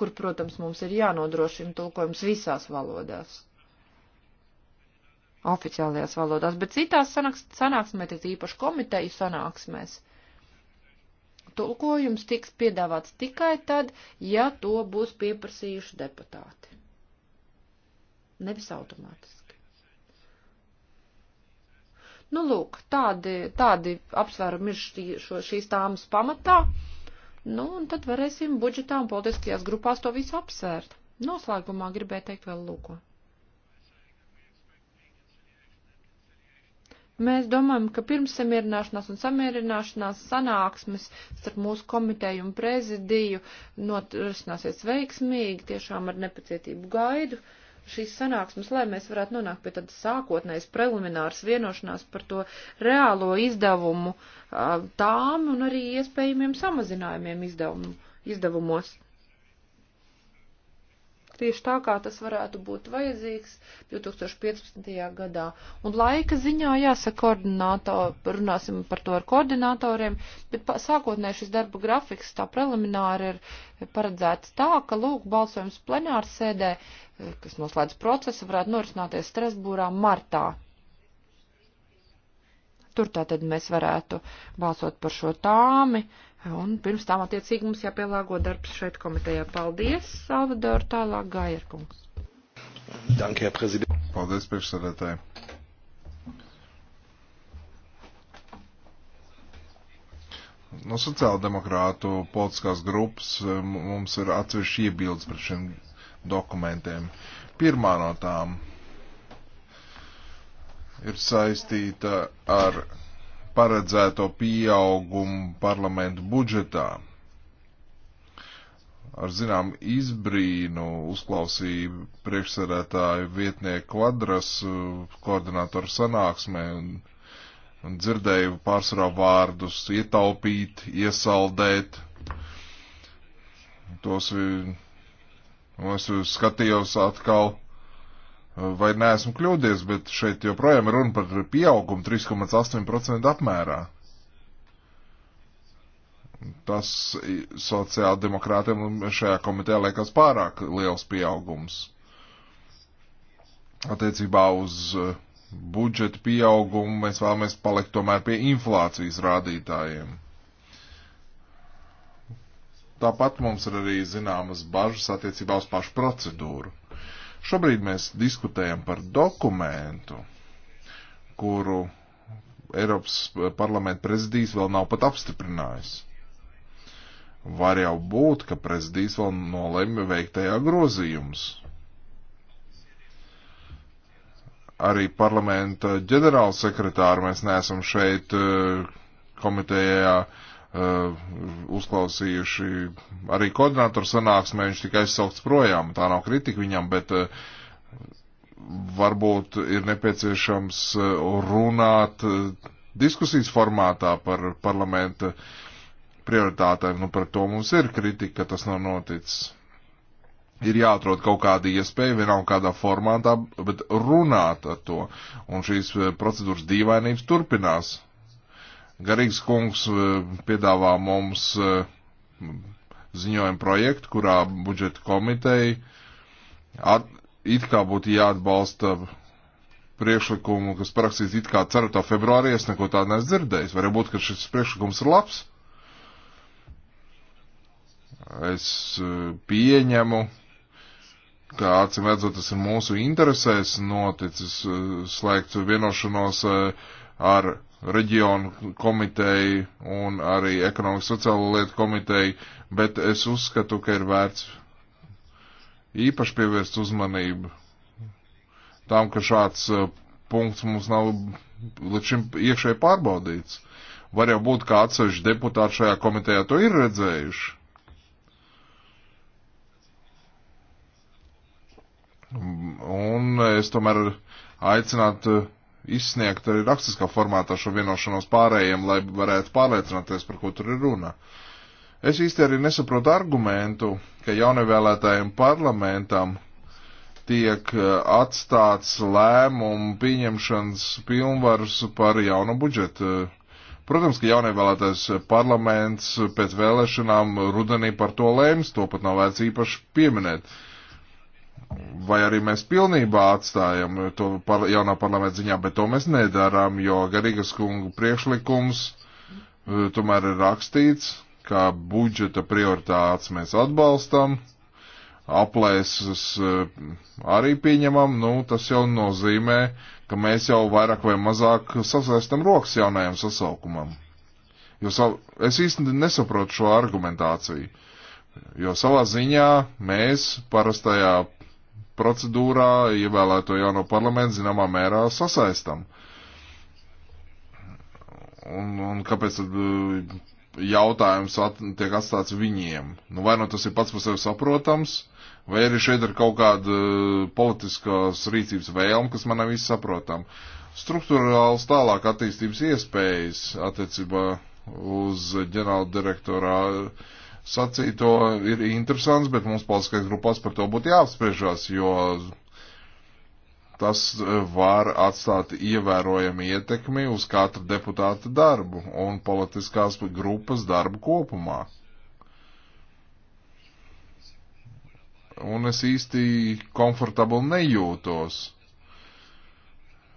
Kur, protams, mums ir jānodrošina tulkojums visās valodās. Oficiālajās valodās, bet citās sanāks, sanāksmēs, īpaši komiteju sanāksmēs tulkojums tiks piedāvāts tikai tad, ja to būs pieprasījuši deputāti nevis automātiski. Nu, lūk, tādi, tādi apsvērumi ir šī, šo, šīs tāmas pamatā, nu, un tad varēsim budžetā un politiskajās grupās to visu apsvērt. Noslēgumā gribēju teikt vēl lūko. Mēs domājam, ka pirms samierināšanās un samierināšanās sanāksmes starp mūsu komiteju un prezidiju norisināsies veiksmīgi, tiešām ar nepacietību gaidu. Uh, šīs sanāksmes, lai mēs varētu nonākt pie tādas sākotnējas prelimināras vienošanās par to reālo izdevumu tām un arī iespējamiem samazinājumiem izdevumu, izdevumos tieši tā, kā tas varētu būt vajadzīgs 2015. gadā. Un laika ziņā jāsaka koordinātori, runāsim par to ar koordinātoriem, bet sākotnēji šis darba grafiks tā preliminēri ir paredzēts tā, ka lūk balsojums plenārsēdē, kas noslēdz procesu, varētu norisināties Strasbūrā martā. Tur tātad mēs varētu balsot par šo tāmi, Un pirms tam attiecīgi mums jāpielāgo darbs šeit komitejā. Paldies, Salvador, tālāk Gairkungs. Danke, Herr Präsident. Paldies, priekšsēdētāji. No sociāldemokrātu politiskās grupas eh, mums ir atsevišķi iebildes pret šiem dokumentiem. Pirmā no tām ir saistīta ar paredzēto pieaugumu parlamentu budžetā. Ar zinām izbrīnu uzklausīju priekšsēdētāju vietnieku kvadras uh, koordinātoru sanāksmē un, un dzirdēju pārsvarā vārdus ietaupīt, iesaldēt. Tos un es skatījos atkal vai neesmu kļūdies, bet šeit joprojām ir runa par pieaugumu 3,8% apmērā. Tas sociāldemokrātiem šajā komitē liekas pārāk liels pieaugums. Attiecībā uz e, budžeta pieaugumu mēs vēlamies palikt tomēr pie inflācijas rādītājiem. Tāpat mums ir arī zināmas bažas attiecībā uz pašu procedūru Šobrīd mēs diskutējam par dokumentu, kuru Eiropas parlamenta prezidijas vēl nav pat apstiprinājis. Var jau būt, ka prezidijas vēl nolēma veiktajā grozījumus. Arī parlamenta ģenerālsekretāru mēs neesam šeit eh, komitejā uh, uh, uzklausījuši arī koordinatoru sanāksmē, viņš tika aizsaukts projām. Tā nav kritika viņam, bet uh, varbūt ir nepieciešams uh, runāt uh, diskusijas formātā par parlamenta prioritātēm. Nu, par to mums ir kritika, ka tas nav noticis. Ir jāatrod kaut kāda iespēja, vienalga kādā formātā, bet runāt ar to. Un šīs uh, procedūras dīvainības turpinās. Garīgs kungs e, piedāvā mums e, ziņojumu projektu, kurā budžeta komiteja at, it kā būtu jāatbalsta priekšlikumu, kas parakstīts it kā 4. februārī, es neko tādu nesdzirdēju. Varbūt, ka šis priekšlikums ir labs. Es e, pieņemu, ka acīm redzot, tas ir mūsu interesēs noticis slēgt vienošanos ar reģionu komiteju un arī ekonomikas sociālo lietu komiteju, bet es uzskatu, ka ir vērts īpaši pievērst uzmanību tam, ka šāds uh, punkts mums nav līdz šim iekšēji pārbaudīts. Var jau būt, ka atsevišķi deputāti šajā komitejā to ir redzējuši. Un es tomēr aicinātu izsniegt arī rakstiskā formātā šo vienošanos pārējiem, lai varētu pārliecināties, par ko tur ir runa. Es īsti arī nesaprotu argumentu, ka jaunievēlētājiem parlamentam tiek eh, atstāts lēmumu pieņemšanas pilnvars par jaunu budžetu. Protams, ka jaunievēlētais parlaments pēc vēlēšanām rudenī par to lēms, to pat nav vērts īpaši pieminēt. Uh, vai arī mēs pilnībā atstājam to par, jaunā parlamenta ziņā, bet to mēs nedarām, jo Garīgas kungu priekšlikums e, tomēr ir rakstīts, kā budžeta prioritātes mēs atbalstam, aplēses e, arī pieņemam, nu tas jau nozīmē, ka mēs jau vairāk vai mazāk sasaistam rokas jaunajam sasaukumam. Jo sav, es īstenībā nesaprotu šo argumentāciju. Jo savā ziņā mēs parastajā procedūrā ievēlēto jauno parlamentu zināmā mērā sasaistam. Un, un kāpēc tad uh, jautājums at, tiek atstāts viņiem? Nu, vai nu tas ir pats par sevi saprotams, vai arī šeit ir kaut kāda uh, politiskās rīcības vēlme, kas man nav īsti saprotama. Struktūrāls tālāk attīstības iespējas attiecībā uz ģenerāla direktorā uh, sacīto ir interesants, bet mums politiskais grupās par to būtu jāapspriežās, jo tas eh, var atstāt ievērojami ietekmi uz katra deputāta darbu un politiskās grupas darbu kopumā. Un es īsti komfortabli nejūtos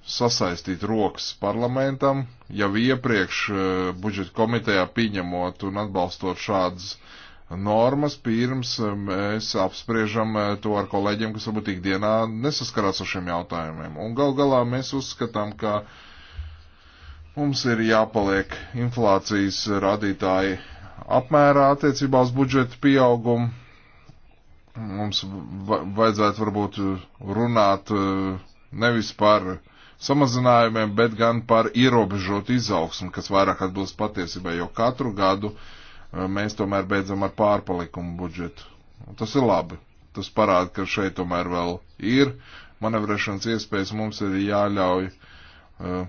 sasaistīt rokas parlamentam, jau iepriekš eh, budžeta komitejā pieņemot un atbalstot šādas uh, normas, pirms eh, mēs apspriežam eh, to ar kolēģiem, kas varbūt ikdienā nesaskarās ar šiem jautājumiem. Un gal galā mēs uzskatām, ka mums ir jāpaliek inflācijas rādītāji apmērā attiecībā uz budžeta pieaugumu. Mums vajadzētu varbūt runāt eh, nevis par samazinājumiem, bet gan par ierobežotu izaugsmu, kas vairāk atbilst patiesībai, jo katru gadu uh, Eh, mēs tomēr beidzam ar pārpalikumu budžetu. Tas ir labi. Tas parāda, ka šeit tomēr vēl ir manevrēšanas iespējas. Mums ir jāļauj uh,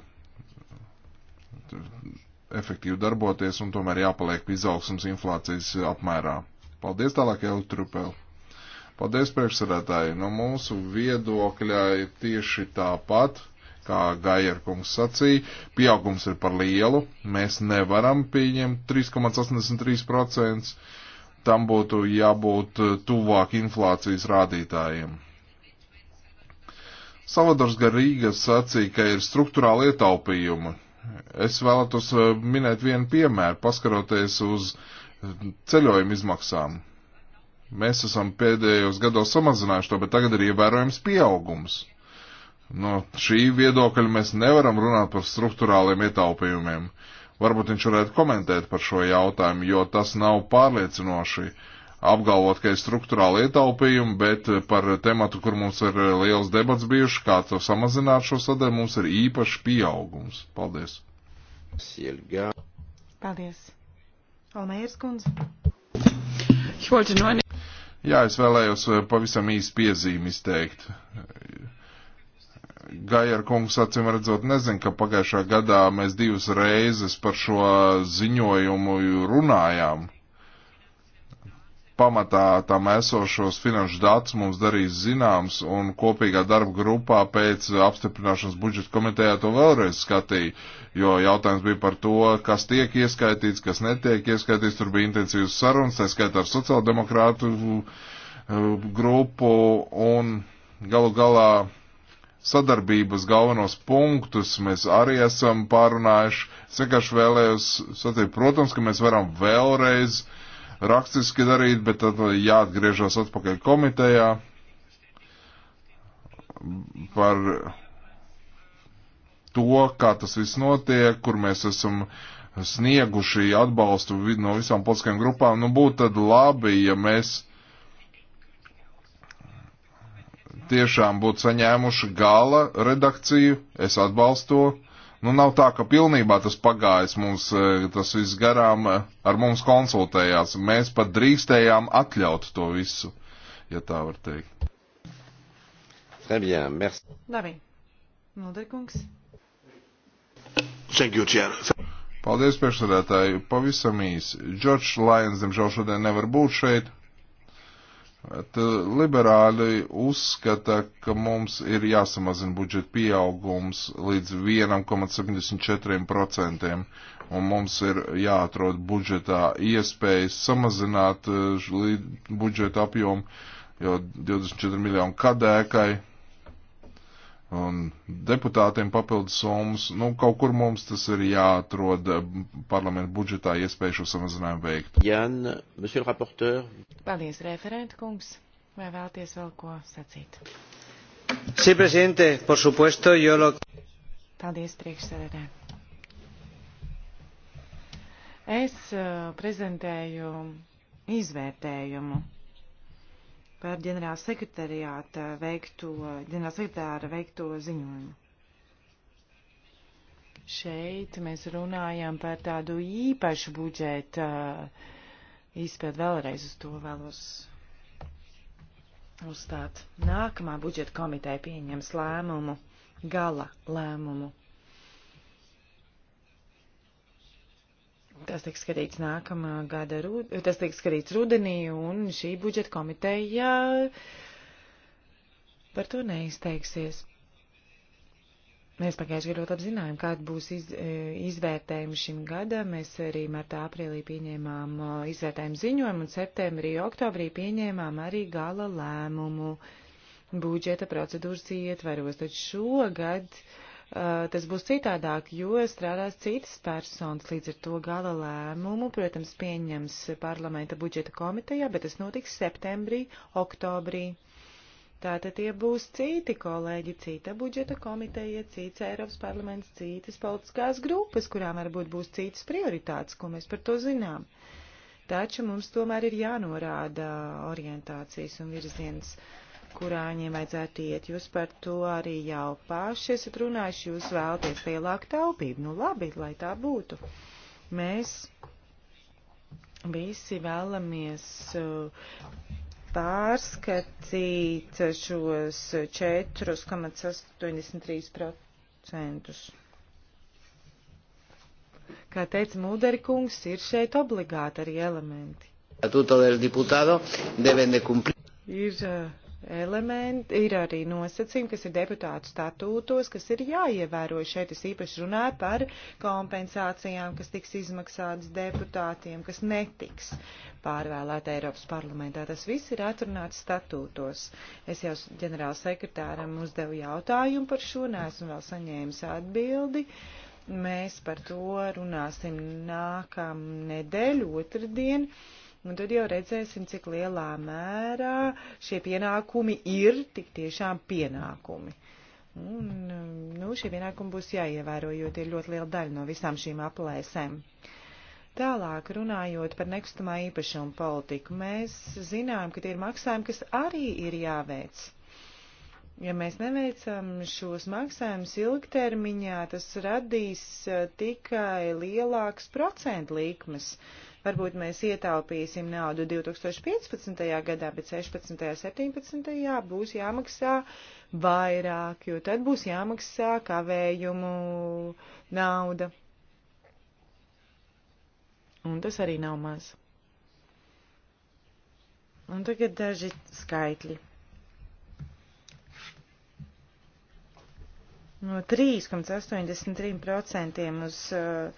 efektīvi darboties un tomēr jāpaliek izaugsmas inflācijas apmērā. Paldies tālāk, Eutrupēl. Paldies priekšsarētāji. No mūsu viedokļa ir tieši tāpat kā Gajer kungs sacīja, pieaugums ir par lielu, mēs nevaram pieņemt 3,83%, tam būtu jābūt eh, tuvāk inflācijas rādītājiem. Salvadors Garīga sacīja, ka ir struktūrāli ietaupījumi. Es vēlētos eh, minēt vienu piemēru, paskaroties uz eh, ceļojumu izmaksām. Mēs esam pēdējos gados samazinājuši to, bet tagad ir ievērojams pieaugums. No šī viedokļa mēs nevaram runāt par struktūrāliem ietaupījumiem. Varbūt viņš varētu komentēt par šo jautājumu, jo tas nav pārliecinoši apgalvot, ka ir struktūrāli ietaupījumi, bet par tematu, kur mums ir liels debats bijuši, kā to samazināt šo sadaļu, mums ir īpaši pieaugums. Paldies. Paldies. Almēras kundze. Jā, es vēlējos pavisam īsti piezīmi izteikt. Gajar kungs acīm redzot nezin, ka pagājušā gadā mēs divas reizes par šo ziņojumu runājām. Pamatā tam esošos finanšu datus mums darīs zināms, un kopīgā darba grupā pēc apstiprināšanas budžeta komitejā to vēlreiz skatīja, jo jautājums bija par to, kas tiek ieskaitīts, kas netiek ieskaitīts, tur bija intensīvas sarunas, tā skaitā ar sociāldemokrātu eh, grupu, un galu galā sadarbības galvenos punktus mēs arī esam pārunājuši. Es vienkārši vēlējos sacīt, protams, ka mēs varam vēlreiz rakstiski darīt, bet tad jāatgriežas atpakaļ komitejā par to, kā tas viss notiek, kur mēs esam snieguši atbalstu no visām politiskajām grupām. Nu, būtu tad labi, ja mēs tiešām būtu saņēmuši gala redakciju, es atbalstu to. Nu, nav tā, ka pilnībā tas pagājis mums, e, tas viss garām e, ar mums konsultējās. Mēs pat drīkstējām atļaut to visu, ja tā var teikt. Très bien, merci. Labi. Mulderkungs. Thank you, Chair. Paldies, priekšsēdētāji. Pavisam īsi. Džordžs Lajons, diemžēl, šodien nevar būt šeit. Uh, liberāļi uzskata, ka mums ir jāsamazina budžeta pieaugums līdz 1,74%, un mums ir jāatrod budžetā iespējas samazināt uh, budžeta apjomu, jo 24 miljonu kadēkai un deputātiem papildus summas. Nu, kaut kur mums tas ir jāatrod eh, parlamentu budžetā iespēju šo samazinājumu veikt. Jan, monsieur rapporteur. Paldies, referenta kungs. Vai vēlties vēl ko sacīt? Sí, presidente, por supuesto, yo lo... Paldies, priekšsēdētē. Es uh, prezentēju izvērtējumu par ģenerāla sekretariāta veikto, ģenerāla sekretāra veikto ziņojumu. Šeit mēs runājam par tādu īpašu budžetu uh, izpēt vēlreiz uz to vēlos uzstāt. Nākamā budžeta komiteja pieņems lēmumu, gala lēmumu Tas tiks skatīts nākamā gada, tas tiks skatīts rudenī, un šī budžeta komiteja par to neizteiksies. Mēs pagājušajā gadā ļoti apzinājām, kāda būs iz, e, izvērtējuma šim gadam. Mēs arī martā aprīlī pieņēmām e, izvērtējumu ziņojumu un septembrī, oktobrī pieņēmām arī gala lēmumu budžeta procedūras ietvaros. Tad šogad uh, Eh, tas būs citādāk, jo strādās citas personas. Līdz ar to gala lēmumu, protams, pieņems parlamenta budžeta komitejā, bet tas notiks septembrī, oktobrī. Tātad tie būs citi kolēģi, cita budžeta komiteja, cits Eiropas parlaments, citas politiskās grupas, kurām varbūt būs citas prioritātes, ko mēs par to zinām. Taču mums tomēr ir jānorāda orientācijas un virziens. Uh, kurā viņiem vajadzētu iet. Jūs par to arī jau paši esat runājuši, jūs vēlaties lielāku taupību. Nu labi, lai tā būtu. Mēs visi vēlamies uh, pārskatīt šos 4,83%. Kā teica Mūderikungs, ir šeit obligāti arī elementi. Ir uh, elementi, ir arī nosacījumi, kas ir deputātu statūtos, kas ir jāievēro. Šeit es īpaši runāju par kompensācijām, kas tiks izmaksātas deputātiem, kas netiks pārvēlēta Eiropas parlamentā. Tas viss ir atrunāts statūtos. Es jau ģenerāla sekretāram uzdevu jautājumu par šo, neesmu vēl saņēmis atbildi. Mēs par to runāsim nākamnedēļ, otrdien. Uh, Un tad jau redzēsim, cik lielā mērā šie pienākumi ir tik tiešām pienākumi. Un, nu, šie pienākumi būs jāievēro, jo tie ir ļoti liela daļa no visām šīm aplēsēm. Tālāk runājot par nekustamā īpašuma politiku, mēs zinām, ka tie ir maksājumi, kas arī ir jāveic. Ja mēs neveicam šos maksājumus ilgtermiņā, tas radīs e, tikai lielākas procentu likmes. Varbūt mēs ietaupīsim naudu 2015. gadā, bet 16. un 17. būs jāmaksā vairāk, jo tad būs jāmaksā kavējumu nauda. Un tas arī nav maz. Un tagad daži skaitļi. no 3,83% uz 1,7%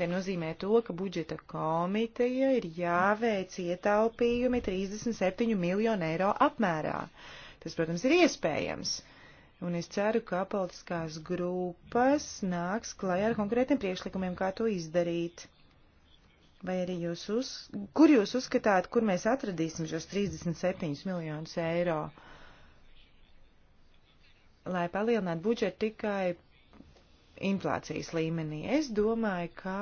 eh, nozīmē to, ka budžeta komiteja ir jāveic ietaupījumi 37 miljonu eiro apmērā. Tas, protams, ir iespējams. Un es ceru, ka politiskās grupas nāks klajā ar konkrētiem priekšlikumiem, kā to izdarīt. Vai arī jūs, uz, kur jūs uzskatāt, kur mēs atradīsim šos 37 miljonus eiro? Uh, lai palielinātu budžetu tikai inflācijas līmenī. Es domāju, ka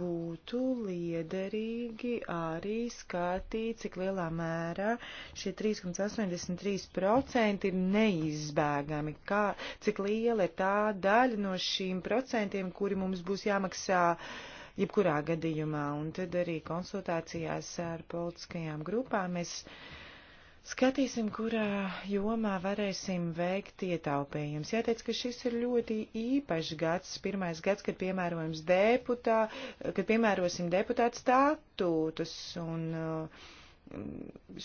būtu liederīgi arī skatīt, cik lielā mērā šie 3,83% ir neizbēgami, kā, cik liela ir tā daļa no šīm procentiem, kuri mums būs jāmaksā jebkurā gadījumā. Un tad arī konsultācijās ar politiskajām grupām mēs. Es Skatīsim, kurā jomā varēsim veikt ietaupījums. Jāteic, ka šis ir ļoti īpašs gads, pirmais gads, kad piemērojams deputā, kad piemērosim deputātu statūtus, un uh,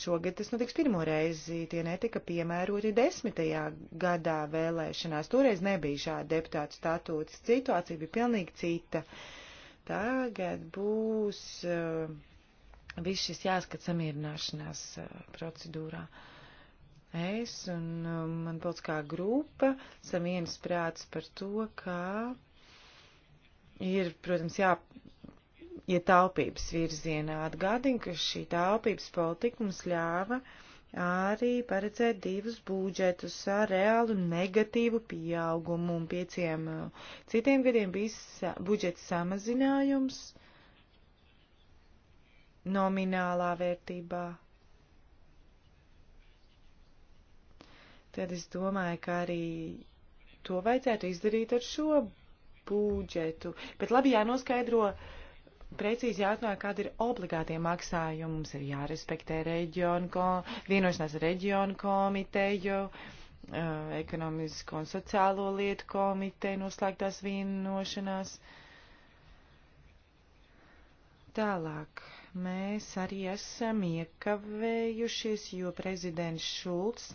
šogad tas notiks pirmo reizi, tie netika piemēroti desmitajā gadā vēlēšanās. Toreiz nebija šāda deputātu statūtas, situācija bija pilnīgi cita. Tagad būs. Uh, viss šis jāskat samierināšanās eh, procedūrā. Es un um, man būtu kā grupa, esam viens prāts par to, ka ir, protams, jā, ietaupības ja virzienā atgādina, ka šī taupības politika mums ļāva arī paredzēt divus budžetus ar reālu negatīvu pieaugumu un pieciem uh, citiem gadiem bija budžeta samazinājums nominālā vērtībā. Tad es domāju, ka arī to vajadzētu izdarīt ar šo budžetu. Bet labi jānoskaidro, precīzi jāatnāk, kāda ir obligātie maksājumi. Mums ir jārespektē reģionu, kom... vienošanās reģionu komiteju, ekonomisko un sociālo lietu komiteju noslēgtās vienošanās. Tālāk Mēs arī esam iekavējušies, jo prezidents Šulcs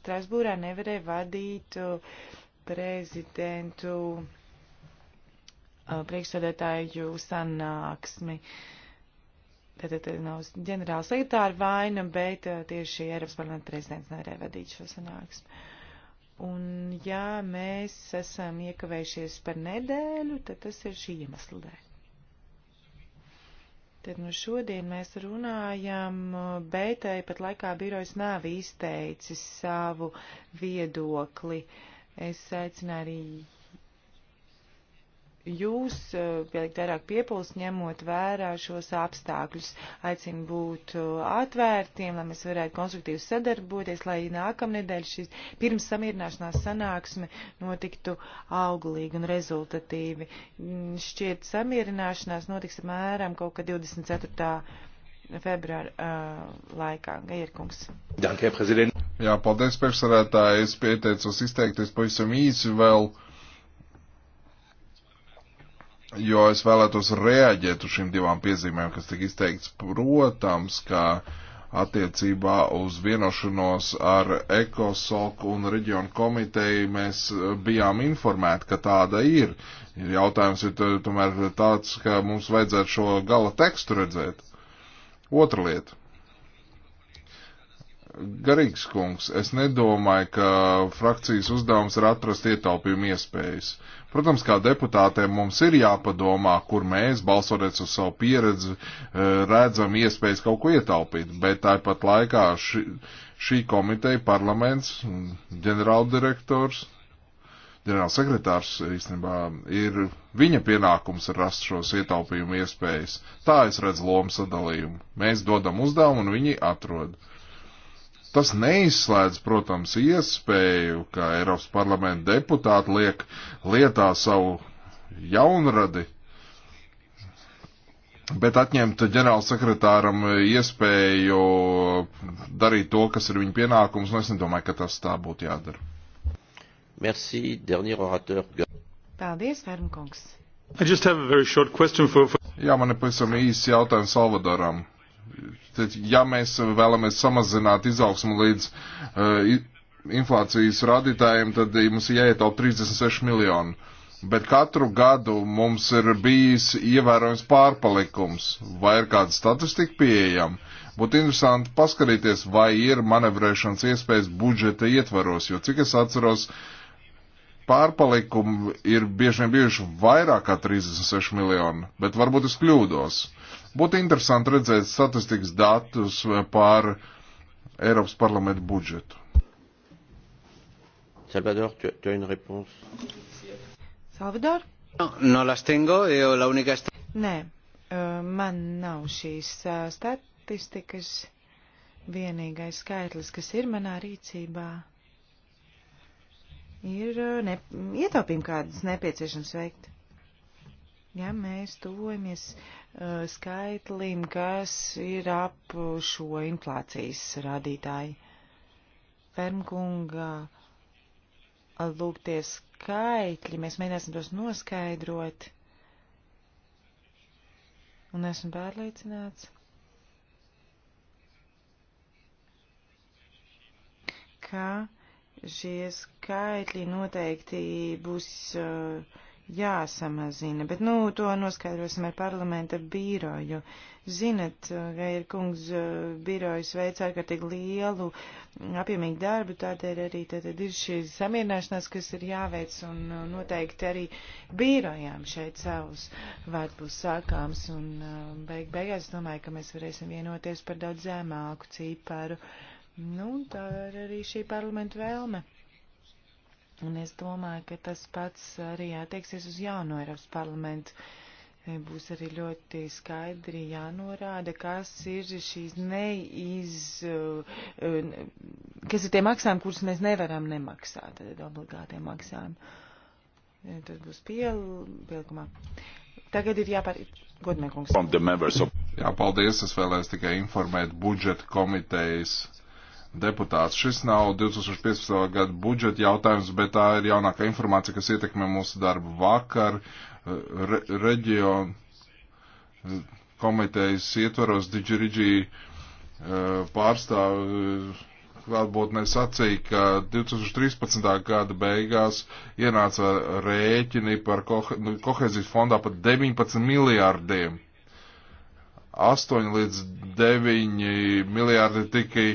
Strasbūrā nevarēja vadīt uh, prezidentu uh, priekšsēdētāju sanāksmi. Tātad uh, nav ģenerāla sekretāra vaina, bet tieši Eiropas parlamenta prezidents nevarēja vadīt šo sanāksmi. Un ja mēs esam iekavējušies par nedēļu, tad tas ir šī iemesla dēļ. Tad nu šodien mēs runājam, bet pat laikā birojs nav izteicis savu viedokli. Es aicinu arī jūs eh, pielikt vairāk piepūles, ņemot vērā šos apstākļus. Aicinu būt eh, atvērtiem, lai mēs varētu konstruktīvi sadarboties, lai nākamnedēļ šis pirms samierināšanās sanāksme notiktu auglīgi un rezultatīvi. Mm, šķiet, samierināšanās notiks apmēram kaut kā 24. februāra uh, laikā. Gairkungs. Dankie, prezident. Jā, paldies, priekšsarētāji. Es pieteicos izteikties pavisam īsi vēl. Uh, jo es vēlētos reaģēt uz šīm divām piezīmēm, kas tika izteikts. Protams, ka attiecībā uz vienošanos ar ECOSOC un reģionu komiteju mēs bijām informēti, ka tāda ir. Jautājums ir tomēr tāds, ka mums vajadzētu šo gala tekstu redzēt. Otra lieta. Garīgs kungs, es nedomāju, ka frakcijas uzdevums ir atrast ietaupījumu iespējas. Protams, kā deputātiem mums ir jāpadomā, kur mēs, balsoties uz savu pieredzi, eh, redzam iespējas kaut ko ietaupīt, bet tāpat laikā šī, šī komiteja, parlaments, ģenerāldirektors, ģenerālsekretārs īstenībā ir viņa pienākums rast šos ietaupījumu iespējas. Tā es redzu lomu sadalījumu. Mēs dodam uzdevumu un viņi atrod. Tas neizslēdz, protams, iespēju, ka Eiropas parlamenta deputāti liek lietā savu jaunradi, bet atņemt ģenerālsekretāram iespēju darīt to, kas ir viņa pienākums, nu es nedomāju, ka tas tā būtu jādara. Merci, dernier orateur. Paldies, Fermkungs. For... Jā, man ir pavisam īsts jautājums Salvadoram ja mēs vēlamies samazināt izaugsmu līdz uh, inflācijas rādītājiem, tad mums ir jāietaup 36 miljoni. Bet katru gadu mums ir bijis ievērojams pārpalikums, vai ir kāda statistika pieejama. Būtu interesanti paskatīties, vai ir manevrēšanas iespējas budžeta ietvaros, jo cik es atceros, pārpalikumi ir bieži vien bijuši vairāk kā 36 miljoni, bet varbūt es kļūdos. Uh, Būtu interesanti redzēt statistikas datus par Eiropas parlamentu budžetu. Salvador, tu, tu as une réponse Salvador? No, no las tengo, yo la única... Nē, uh, man nav šīs uh, statistikas. Vienīgais skaitlis, kas ir manā rīcībā, ir uh, ne, ietaupījumi kādas nepieciešams veikt. Ja mēs tuvojamies uh, Eh, skaitlim, kas ir ap šo inflācijas rādītāju. Fermkunga eh, lūgties skaitļi, mēs mēģināsim tos noskaidrot. Un esmu pārliecināts, ka šie skaitļi noteikti būs uh, jāsamazina, bet, nu, to noskaidrosim ar parlamenta bīroju. Zinat, ka ir kungs eh, bīrojas veic ārkārtīgi lielu mm, apjomīgu darbu, tādēļ arī tātad ir šīs samierināšanās, kas ir jāveic, un eh, noteikti arī bīrojām šeit savus vārds būs sākāms, un eh, beig beigās domāju, ka mēs varēsim vienoties par daudz zemāku ciparu. Nu, tā ir arī šī parlamenta vēlme. Un es domāju, ka tas pats arī attieksies uz jauno Eiropas parlamentu. Būs arī ļoti skaidri jānorāda, kas ir šīs neiz, eh, kas ir tie maksājumi, kurus mēs nevaram nemaksāt, tad obligātie maksājumi. Eh, tas būs pielikumā. Tagad ir jāpār, godmēr kungs. Jā, paldies, es vēlēs tikai informēt budžeta komitejas deputāts. Šis nav 2015. gada budžeta jautājums, bet tā ir jaunākā informācija, kas ietekmē mūsu darbu vakar. Re, reģionu eh, komitejas ietvaros Digirigi eh, pārstāv eh, klātbūtnē sacīja, ka 2013. gada beigās ienāca rēķini par kohezijas nu, fondā pat 19 miljārdiem. 8 līdz 9 miljārdi tikai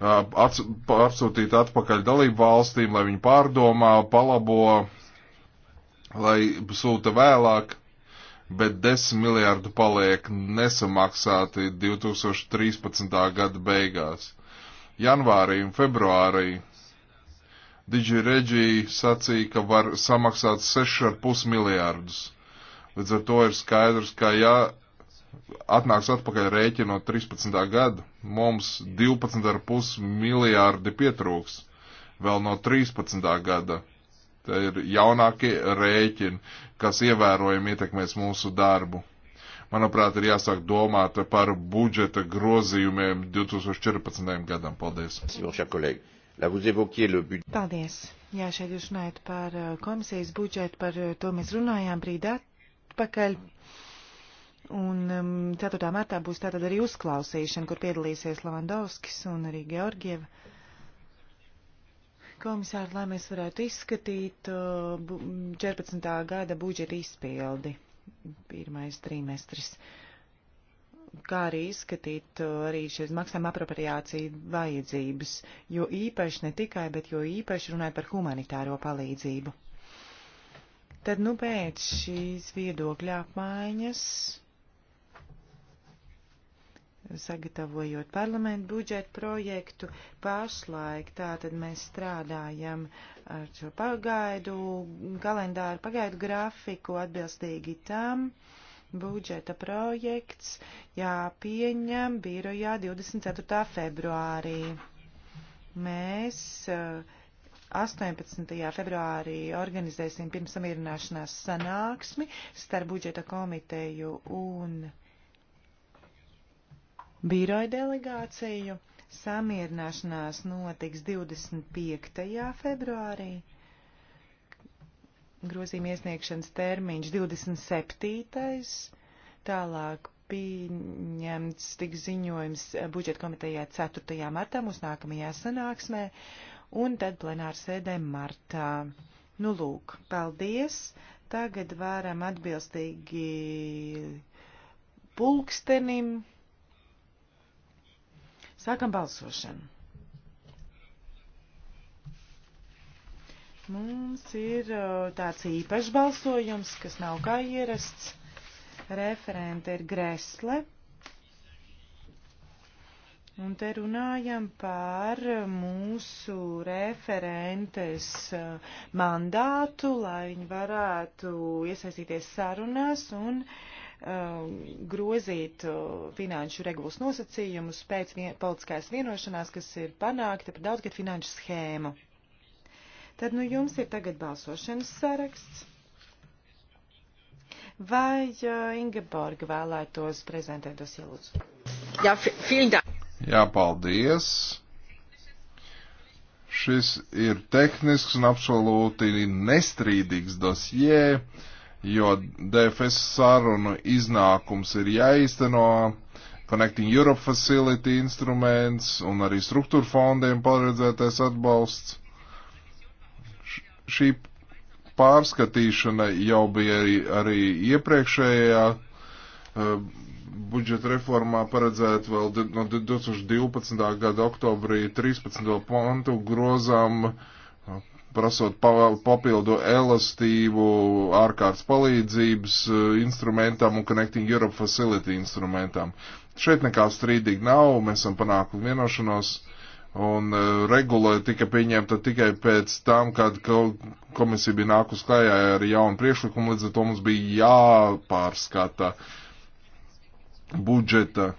ats, apsūtīt atpakaļ dalību valstīm, lai viņi pārdomā, palabo, lai sūta vēlāk, bet 10 miljārdu paliek nesamaksāti 2013. gada beigās. Janvārī un februārī DigiRegi sacīja, ka var samaksāt 6,5 miljārdus. Līdz ar to ir skaidrs, ka ja atnāks atpakaļ rēķinot 13. gadu, mums 12,5 miljārdi pietrūks vēl no 13. gada. Te ir jaunākie rēķini, kas ievērojami ietekmēs mūsu darbu. Manuprāt, ir jāsāk domāt par budžeta grozījumiem 2014. gadam. Paldies! Paldies! Jā, šeit jūs runājat par eh, komisijas budžetu, par eh, to mēs runājām brīdi atpakaļ. Uh, Un 4. Um, martā būs tātad arī uzklausīšana, kur piedalīsies Lavandovskis un arī Georgieva. Komisāri, lai mēs varētu izskatīt 14. Uh, gada budžeta izpildi, pirmais trimestris, kā arī izskatīt uh, arī šīs maksājuma apropriācija vajadzības, jo īpaši ne tikai, bet jo īpaši runāja par humanitāro palīdzību. Tad, nu, pēc šīs viedokļa apmaiņas sagatavojot parlamentu budžetu projektu pašlaik. Tātad mēs strādājam ar šo pagaidu kalendāru, pagaidu grafiku atbilstīgi tam. Budžeta projekts jāpieņem birojā 24. februārī. Mēs 18. Eh, februārī organizēsim pirmsamierināšanās sanāksmi starp budžeta komiteju un biroja delegāciju. Samierināšanās notiks 25. februārī. Grozījuma iesniegšanas termiņš 27. Tālāk pieņemts tik ziņojums budžeta komitejā 4. martā mūsu nākamajā sanāksmē un tad plenārsēdē martā. Nu lūk, paldies. Tagad varam atbilstīgi pulkstenim. Sākam balsošanu. Mums ir uh, tāds īpašs balsojums, kas nav kā ierasts. Referente ir Gresle. Un te runājam par mūsu referentes uh, mandātu, lai viņi varētu iesaistīties sarunās un uh, Um, grozīt uh, finanšu regulas nosacījumus pēc vien, politiskās vienošanās, kas ir panākta par daudzgad finanšu schēmu. Tad nu jums ir tagad balsošanas saraksts. Vai uh, Ingeborga vēlētos prezentēt dosie lūdzu? Jā, ja, Jā, paldies. Šis ir tehnisks un absolūti nestrīdīgs dosie. Uh, jo DFS sarunu iznākums ir jāīsteno, Connecting Europe Facility instruments un arī struktūra fondiem paredzētais atbalsts. Šī pārskatīšana jau bija arī, arī iepriekšējā uh, budžeta reformā paredzēt vēl no 2012. gada oktobrī 13. pantu grozām uh, prasot papildu elastību ārkārtas palīdzības eh, instrumentam un Connecting Europe Facility instrumentam. Šeit nekā strīdīgi nav, mēs esam panākuši vienošanos un eh, regula tika pieņemta tikai pēc tam, kad komisija bija nākus klājā ar jaunu priekšlikumu, līdz ar to mums bija jāpārskata budžeta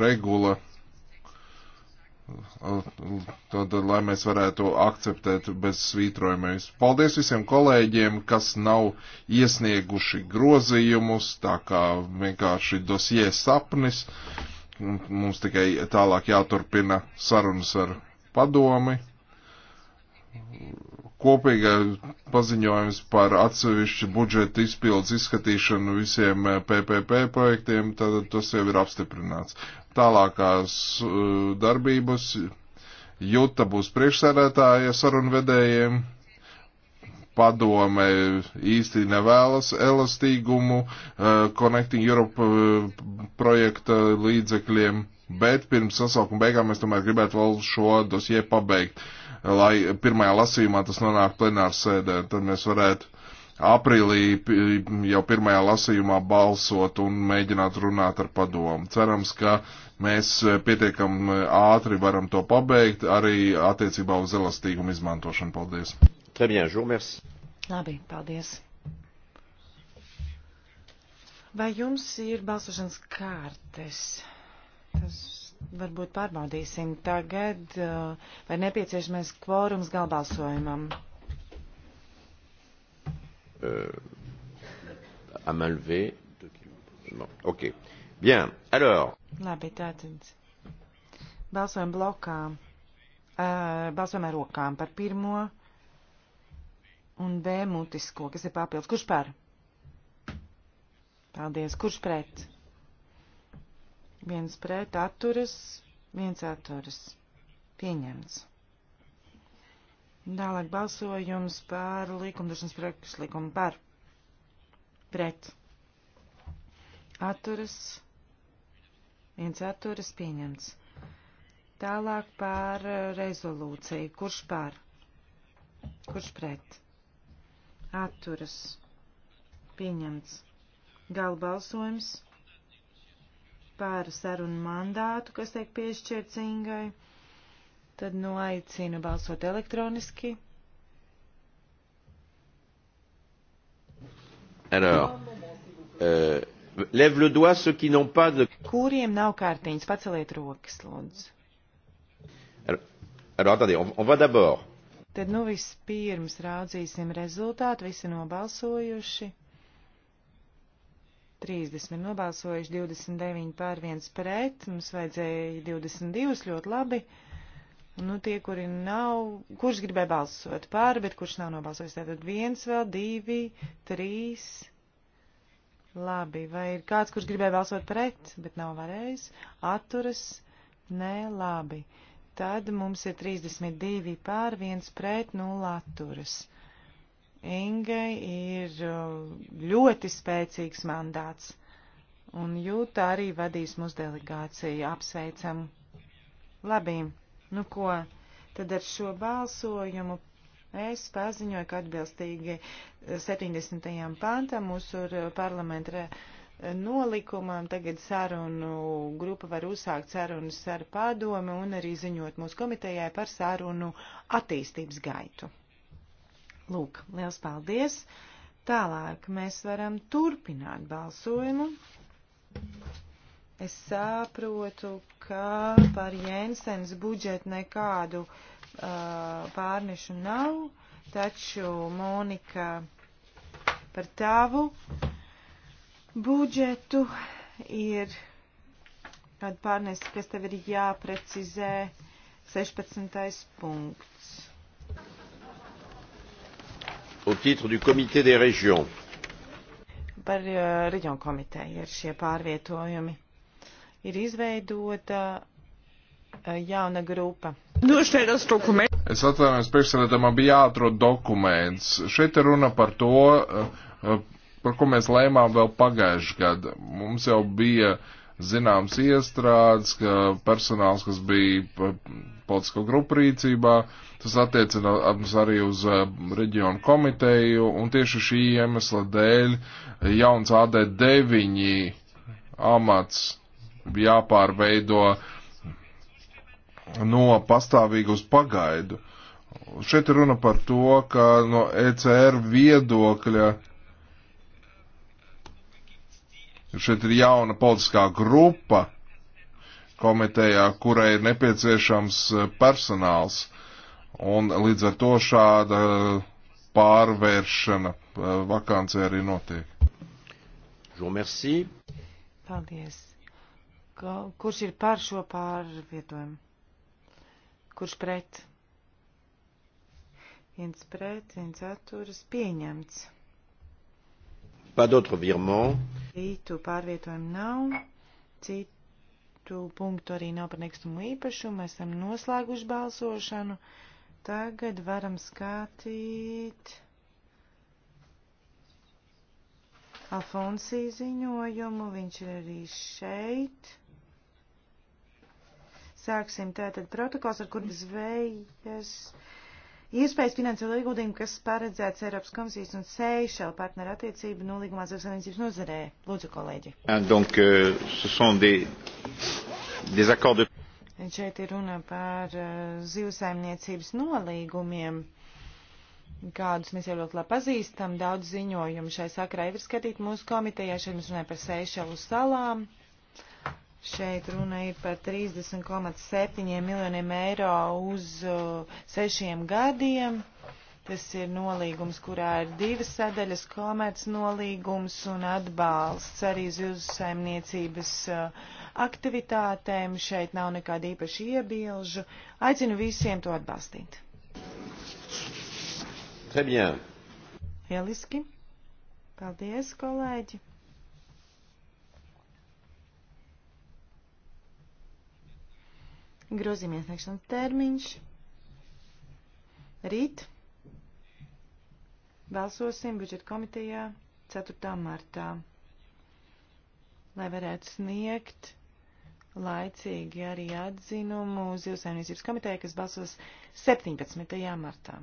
regula tad, lai mēs varētu akceptēt bez svītrojumais. Paldies visiem kolēģiem, kas nav iesnieguši grozījumus, tā kā vienkārši dosie sapnis. Mums tikai tālāk jāturpina sarunas ar padomi. Kopīgā paziņojums par atsevišķu budžeta izpildus izskatīšanu visiem PPP eh, projektiem, tad tas jau ir apstiprināts tālākās uh, darbības. Juta būs priekšsēdētāja sarunvedējiem, padome īsti nevēlas elastīgumu uh, Connecting Europe uh, projekta līdzekļiem, bet pirms sasaukuma beigām es tomēr gribētu vēl šo dosie pabeigt, lai pirmajā lasījumā tas nonāk plenārs sēdē, tad mēs varētu aprīlī jau pirmajā lasījumā balsot un mēģināt runāt ar padomu. Cerams, ka mēs pietiekam ātri varam to pabeigt arī attiecībā uz elastīgumu izmantošanu. Paldies! Très bien, jour, merci. Labi, paldies. Vai jums ir balsošanas kārtas? Tas varbūt pārbaudīsim tagad, eh, vai nepieciešamais kvorums galbalsojumam euh, à main levée. Bon, ok. Bien. Alors. Labi, tātad. Balsojam blokā. Uh, balsojam ar rokām par pirmo un B mutisko, kas ir papildus. Kurš par? Paldies. Kurš pret? Viens pret atturas, viens atturas. Pieņemts. Tālāk balsojums par likumdošanas priekšlikumu par pret. Atturas. Viens atturas pieņemts. Tālāk par rezolūciju. Kurš par? Kurš pret? Atturas. Pieņemts. Gala balsojums par sarunu mandātu, kas tiek piešķirts Ingai. Tad nu aicinu balsot elektroniski. Alors, euh, lève le doigt ceux qui n'ont pas de. Kuriem nav kārtiņas, paceliet rokas, lūdzu. Alors, alors attendez, on, on va d'abord. Tad nu vispirms raudzīsim rezultātu, visi nobalsojuši. 30 nobalsojuši, 29 pār 1 pret, mums vajadzēja 22 ļoti labi. Uh, Nu, tie, kuri nav, kurš gribēja balsot pār, bet kurš nav nobalsojis, tātad viens vēl, divi, trīs. Labi, vai ir kāds, kurš gribēja balsot pret, bet nav varējis, atturas, nē, labi. Tad mums ir 32 pār, viens pret, nulle atturas. Ingai ir uh, ļoti spēcīgs mandāts, un jūta arī vadīs mūsu delegāciju. Apsveicam! Labi! Nu ko, tad ar šo balsojumu es paziņoju, ka atbilstīgi 70. pantam mūsu parlamenta nolikumam tagad sarunu grupa var uzsākt sarunas ar padomi un arī ziņot mūsu komitejai par sarunu attīstības gaitu. Lūk, liels paldies! Tālāk mēs varam turpināt balsojumu. Thank you. Es saprotu, ka par Jensens budžetu nekādu uh, pārnešu nav, taču Monika par tavu budžetu ir kāda pārnesta, kas tev ir jāprecizē 16. punkts. Au titre du comité des régions. Par uh, reģionu komiteju ir šie pārvietojumi ir izveidota eh, jauna grupa. Es atvainojos, priekšsēdētājumā bija jāatrod dokuments. Šeit ir runa par to, eh, eh, par ko mēs lēmām vēl pagājušajā gadā. Mums jau bija zināms iestrādes, ka personāls, kas bija politisko grupu rīcībā, tas attiecinās arī uz reģionu komiteju, un tieši šī iemesla dēļ jauns AD9 amats jāpārveido no pastāvīgu uz pagaidu. Šeit ir runa par to, ka no ECR viedokļa šeit ir jauna politiskā grupa komitejā, kurai ir nepieciešams personāls. Un līdz ar to šāda pārvēršana eh, vakancē arī notiek. Paldies ka, kurš ir par šo pārvietojumu? Kurš pret? Viens pret, viens atturas pieņemts. Pas d'autres virements. Citu pārvietojumu nav, citu punktu arī nav par nekustamo īpašumu, esam noslēguši balsošanu. Tagad varam skatīt Alfonsī ziņojumu, viņš ir arī šeit. Sāksim tātad protokols, ar kur zvejas iespējas finansiālo ieguldījumu, kas paredzēts Eiropas komisijas un Seišela partneru attiecību nolīgumā zivsainības nozarē. Lūdzu, kolēģi. Ah, donc, euh, des, des de... Šeit ir runa par uh, zivsaimniecības nolīgumiem kādus mēs jau ļoti labi pazīstam. Daudz ziņojumu šai sakrā ir skatīt mūsu komitejā. Šeit mēs runājam par Seišelu salām. Šeit runa ir par 30,7 miljoniem eiro uz uh, sešiem gadiem. Tas ir nolīgums, kurā ir divas sadaļas - komerc nolīgums un atbalsts arī zivsaimniecības uh, aktivitātēm. Šeit nav nekāda īpaša iebilžu. Aicinu visiem to atbalstīt. Très bien. Lieliski. Paldies, kolēģi. Grozījuma iesniegšanas termiņš. Rīt. Balsosim budžeta komitejā 4. martā, lai varētu sniegt laicīgi arī atzinumu zivsaimniecības komitejai, kas balsos 17. martā.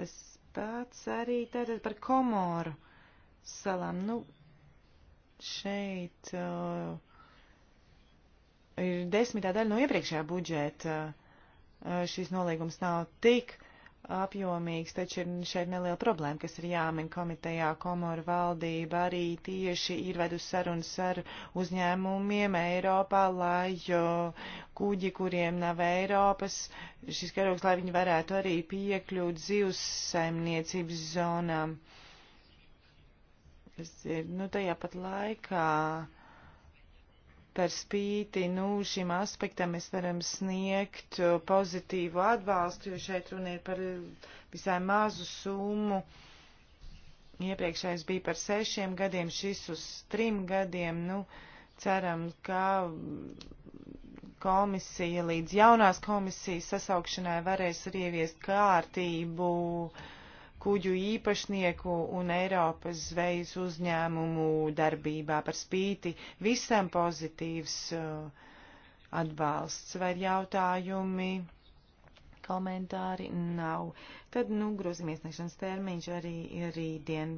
Tas pats arī tātad par Komoru salām. Nu, šeit uh, ir desmitā daļa no iepriekšējā budžeta. Eh, šis nolīgums nav tik apjomīgs, taču ir šeit neliela problēma, kas ir jāmin komitejā. Komoru valdība arī tieši ir vedusi sarunas ar uzņēmumiem Eiropā, lai kuģi, kuriem nav Eiropas, šis karoks, lai viņi varētu arī piekļūt zivs saimniecības zonām. Tas ir, nu, tajā pat laikā. Uh, par spīti nu, šim aspektam mēs varam sniegt uh, pozitīvu atbalstu, jo šeit runa ir par visai mazu summu. Iepriekšējais bija par sešiem gadiem, šis uz trim gadiem. Nu, ceram, ka komisija līdz jaunās komisijas sasaukšanai varēs arī ieviest kārtību. Uh, kuģu īpašnieku un Eiropas zvejas uzņēmumu darbībā par spīti visam pozitīvs uh, atbalsts vai jautājumi. Komentāri nav. Tad, nu, grozīmiesniešanas termiņš arī ir rītdien,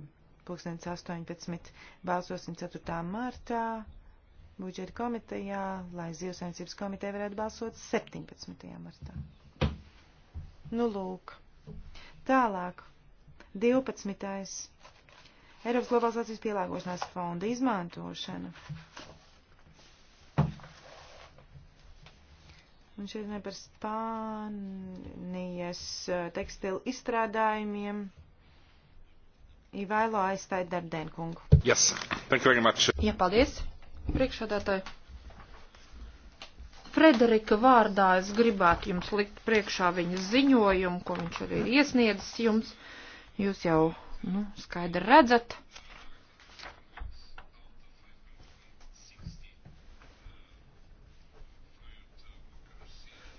2018. balsosim 4. martā budžeta komitejā, lai zivsainicības komiteja varētu balsot 17. martā. Nu, lūk. Tālāk 12. Eiropas globalizācijas pielāgošanās fonda izmantošana. Un šeit runāja par Spānijas eh, tekstilu izstrādājumiem. Ivailo aizstāja Dardēnkungu. Yes, thank you very much. Jā, paldies, priekšādātāji. Frederika vārdā es gribētu jums likt priekšā viņa ziņojumu, ko viņš arī ir iesniedzis jums. Jūs jau nu, skaidri redzat.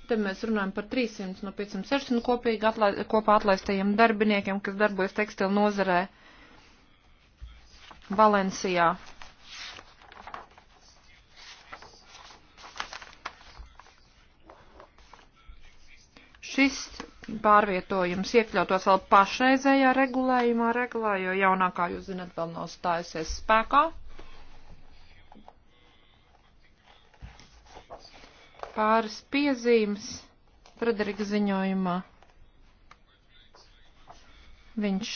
Te mēs runājam par 300 no 560 kopīgi atla kopā atlaistajiem darbiniekiem, kas darbojas tekstilu nozarē Valencijā. Šis pārvietojums iekļautos vēl pašreizējā regulējumā regulā, jo jaunākā, jūs zinat, vēl nav stājusies spēkā. Pāris piezīmes Frederika ziņojumā. Viņš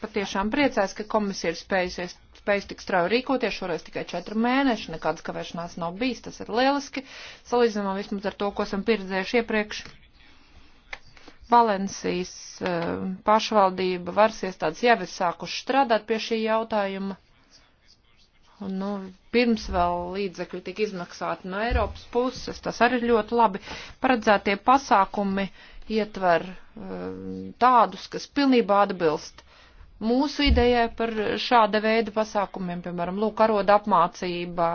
patiešām priecājas, ka komisija ir spējusies spējis tik strauji rīkoties, šoreiz tikai četri mēneši, nekādas kavēšanās nav bijis, tas ir lieliski, salīdzinām vismaz ar to, ko esam pieredzējuši iepriekš. Valencijas eh, pašvaldība varas iestādes jau ir sākuši strādāt pie šī jautājuma. Un, nu, pirms vēl līdzekļi tika izmaksāti no Eiropas puses, tas arī ir ļoti labi. Paredzētie pasākumi ietver eh, tādus, kas pilnībā atbilst mūsu idejai par šāda veida pasākumiem, piemēram, lūk, karoda apmācība,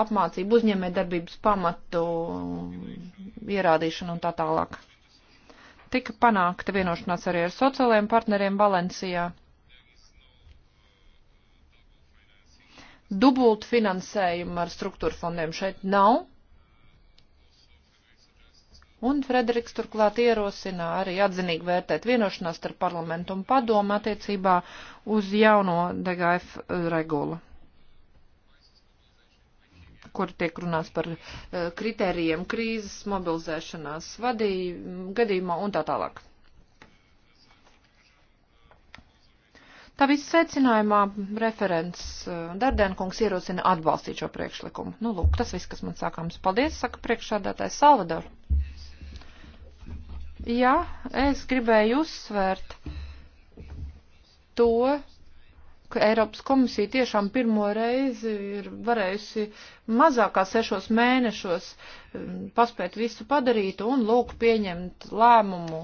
apmācība uzņēmē darbības pamatu ierādīšana un tā tālāk. Tika panākta vienošanās arī ar sociālajiem partneriem Valencijā. Dubult finansējumu ar struktūra fondiem šeit nav Un Frederiks turklāt ierosina arī atzinīgi vērtēt vienošanās ar parlamentu un padomu attiecībā uz jauno DGF eh, regulu kur tiek runāts par eh, kritērijiem krīzes mobilizēšanās vadī, gadījumā un tā tālāk. Tā viss secinājumā referents eh, Dardēnkungs ierosina atbalstīt šo priekšlikumu. Nu, lūk, tas viss, kas man sākāms. Paldies, saka priekšādātājs Salvador. Jā, es gribēju uzsvērt to, ka Eiropas komisija tiešām pirmo reizi ir varējusi mazākā sešos mēnešos uh, paspēt visu padarīt un lūk pieņemt lēmumu,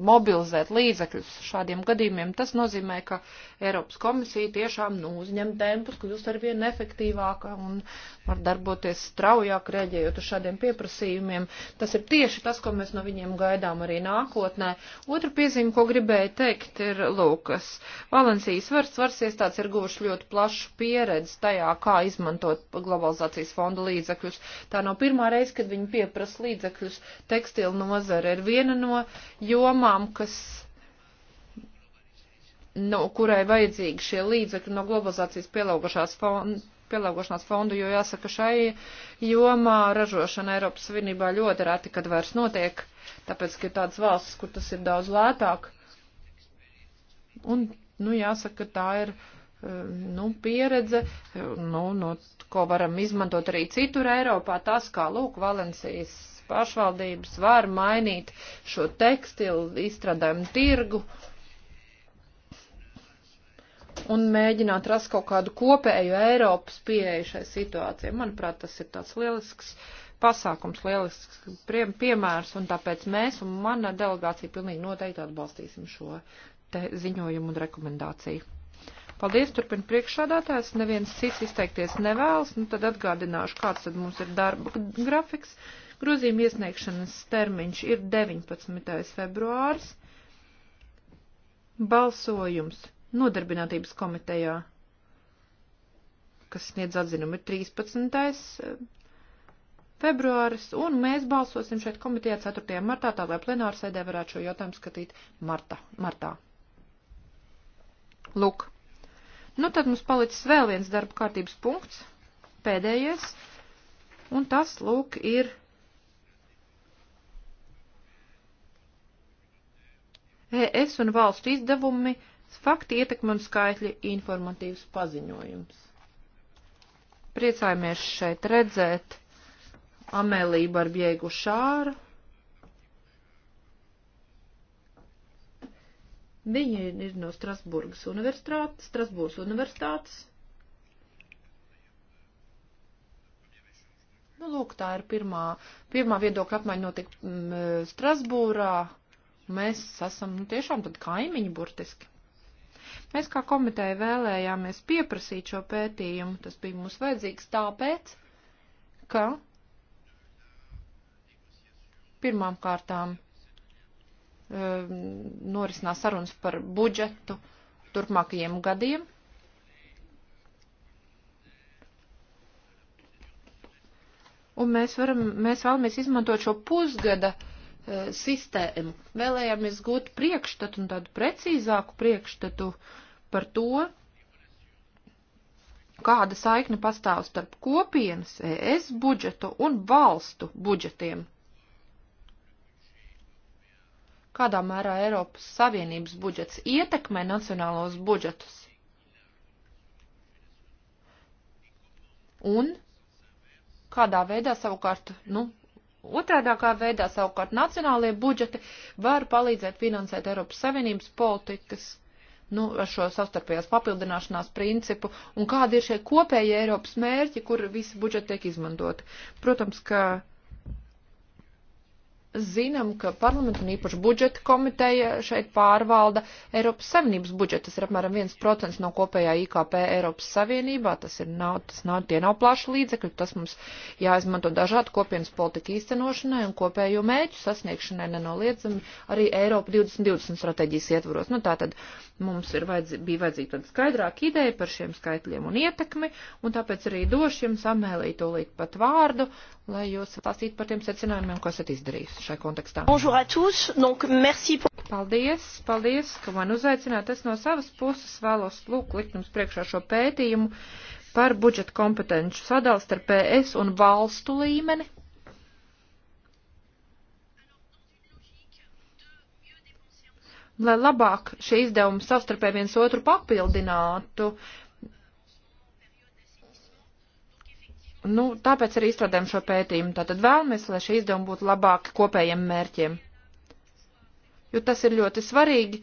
mobilizēt līdzekļus šādiem gadījumiem. Tas nozīmē, ka Eiropas komisija tiešām nu, uzņem tempus, kļūst ar vien efektīvāka un var darboties straujāk, rēģējot uz šādiem pieprasījumiem. Tas ir tieši tas, ko mēs no viņiem gaidām arī nākotnē. Otra piezīme, ko gribēju teikt, ir Lūkas. Valencijas varas varas iestādes ir guvuši ļoti plašu pieredzi tajā, kā izmantot globalizācijas fonda līdzekļus. Tā nav no pirmā reize, reizi, kad viņi pieprasa līdzekļus. Tekstila nozara ir viena no jomām, kas, no kurai vajadzīgi šie līdzekļi no globalizācijas pielaugušās fonda pielāgošanās fondu, jo jāsaka, šai jomā ražošana Eiropas Savienībā ļoti reti, kad vairs notiek, tāpēc, ka ir tādas valstis, kur tas ir daudz lētāk. Un, nu, jāsaka, tā ir uh, Eh, nu, pieredze, eh, nu, no, nu, ko varam izmantot arī citur Eiropā, tas, kā, lūk, Valencijas pašvaldības var mainīt šo tekstilu izstrādājumu tirgu un mēģināt rast kaut kādu kopēju Eiropas pieeju šai situācijai. Manuprāt, tas ir tāds lielisks pasākums, lielisks piemērs, un tāpēc mēs un mana delegācija pilnīgi noteikti atbalstīsim šo ziņojumu un rekomendāciju. Paldies, turpina priekšādātājs. Neviens cits izteikties nevēlas. Nu, tad atgādināšu, kāds tad mums ir darba grafiks. Grozījuma iesniegšanas termiņš ir 19. februārs. Balsojums nodarbinātības komitejā, kas sniedz atzinumu, ir 13. Eh, februāris, un mēs balsosim šeit komitejā 4. martā, tā lai plenārsēdē varētu šo jautājumu skatīt marta, martā. Lūk. Nu, tad mums palicis vēl viens darba kārtības punkts, pēdējais, un tas, lūk, ir ES un valstu izdevumi, fakti ietekmi un skaitļi informatīvs paziņojums. Priecājamies šeit redzēt Amēlī Barbjēgu Šāru. Viņa ir no Strasburgas universitātes, Strasbūras universitātes. Nu, lūk, tā ir pirmā, pirmā viedokļa apmaiņa notika mm, Strasbūrā. Mēs esam, nu, tiešām tad kaimiņi burtiski. Mēs kā komiteja vēlējāmies pieprasīt šo pētījumu, tas bija mums vajadzīgs tāpēc, ka pirmām kārtām Um, norisinās sarunas par budžetu turpmākajiem gadiem. Un mēs, varam, mēs vēlamies izmantot šo pusgada uh, sistēmu. Vēlējāmies gūt priekšstatu un tādu precīzāku priekšstatu par to, kāda saikne pastāv starp kopienas ES budžetu un valstu budžetiem kādā mērā Eiropas Savienības budžets ietekmē nacionālos budžetus. Un kādā veidā savukārt, nu, otrādākā veidā savukārt nacionālie budžeti var palīdzēt finansēt Eiropas Savienības politikas nu, ar šo savstarpējās papildināšanās principu, un kādi ir šie kopēji Eiropas mērķi, kur visi budžeti tiek izmantoti. Protams, ka zinām, ka parlamentu un īpaši budžeta komiteja šeit pārvalda Eiropas Savienības budžetu. Tas ir apmēram 1% no kopējā IKP Eiropas Savienībā. Tas ir nav, tas nav, tie nav plaši līdzekļi. Tas mums jāizmanto dažādu kopienas politiku īstenošanai un kopējo mēķu sasniegšanai nenoliedzami arī Eiropa 2020 strateģijas ietvaros. Nu, tā tad mums ir vajadz, bija vajadzīga tāda skaidrāka ideja par šiem skaitļiem un ietekmi, un tāpēc arī došu jums amēlīt tūlīt pat vārdu, lai jūs pasītu par tiem secinājumiem, ko esat izdarījis šai kontekstā. Bonjour à tous, donc merci pour... Paldies, paldies, ka man uzaicināt. Es no savas puses vēlos lūk likt jums priekšā šo pētījumu par budžeta kompetenču sadalu starp PS un valstu līmeni. Lai labāk šie izdevumi savstarpēji viens otru papildinātu, uh, Nu, tāpēc arī izstrādājam šo pētījumu. Tātad vēlamies, lai šie izdevumi būtu labāki kopējiem mērķiem. Jo tas ir ļoti svarīgi,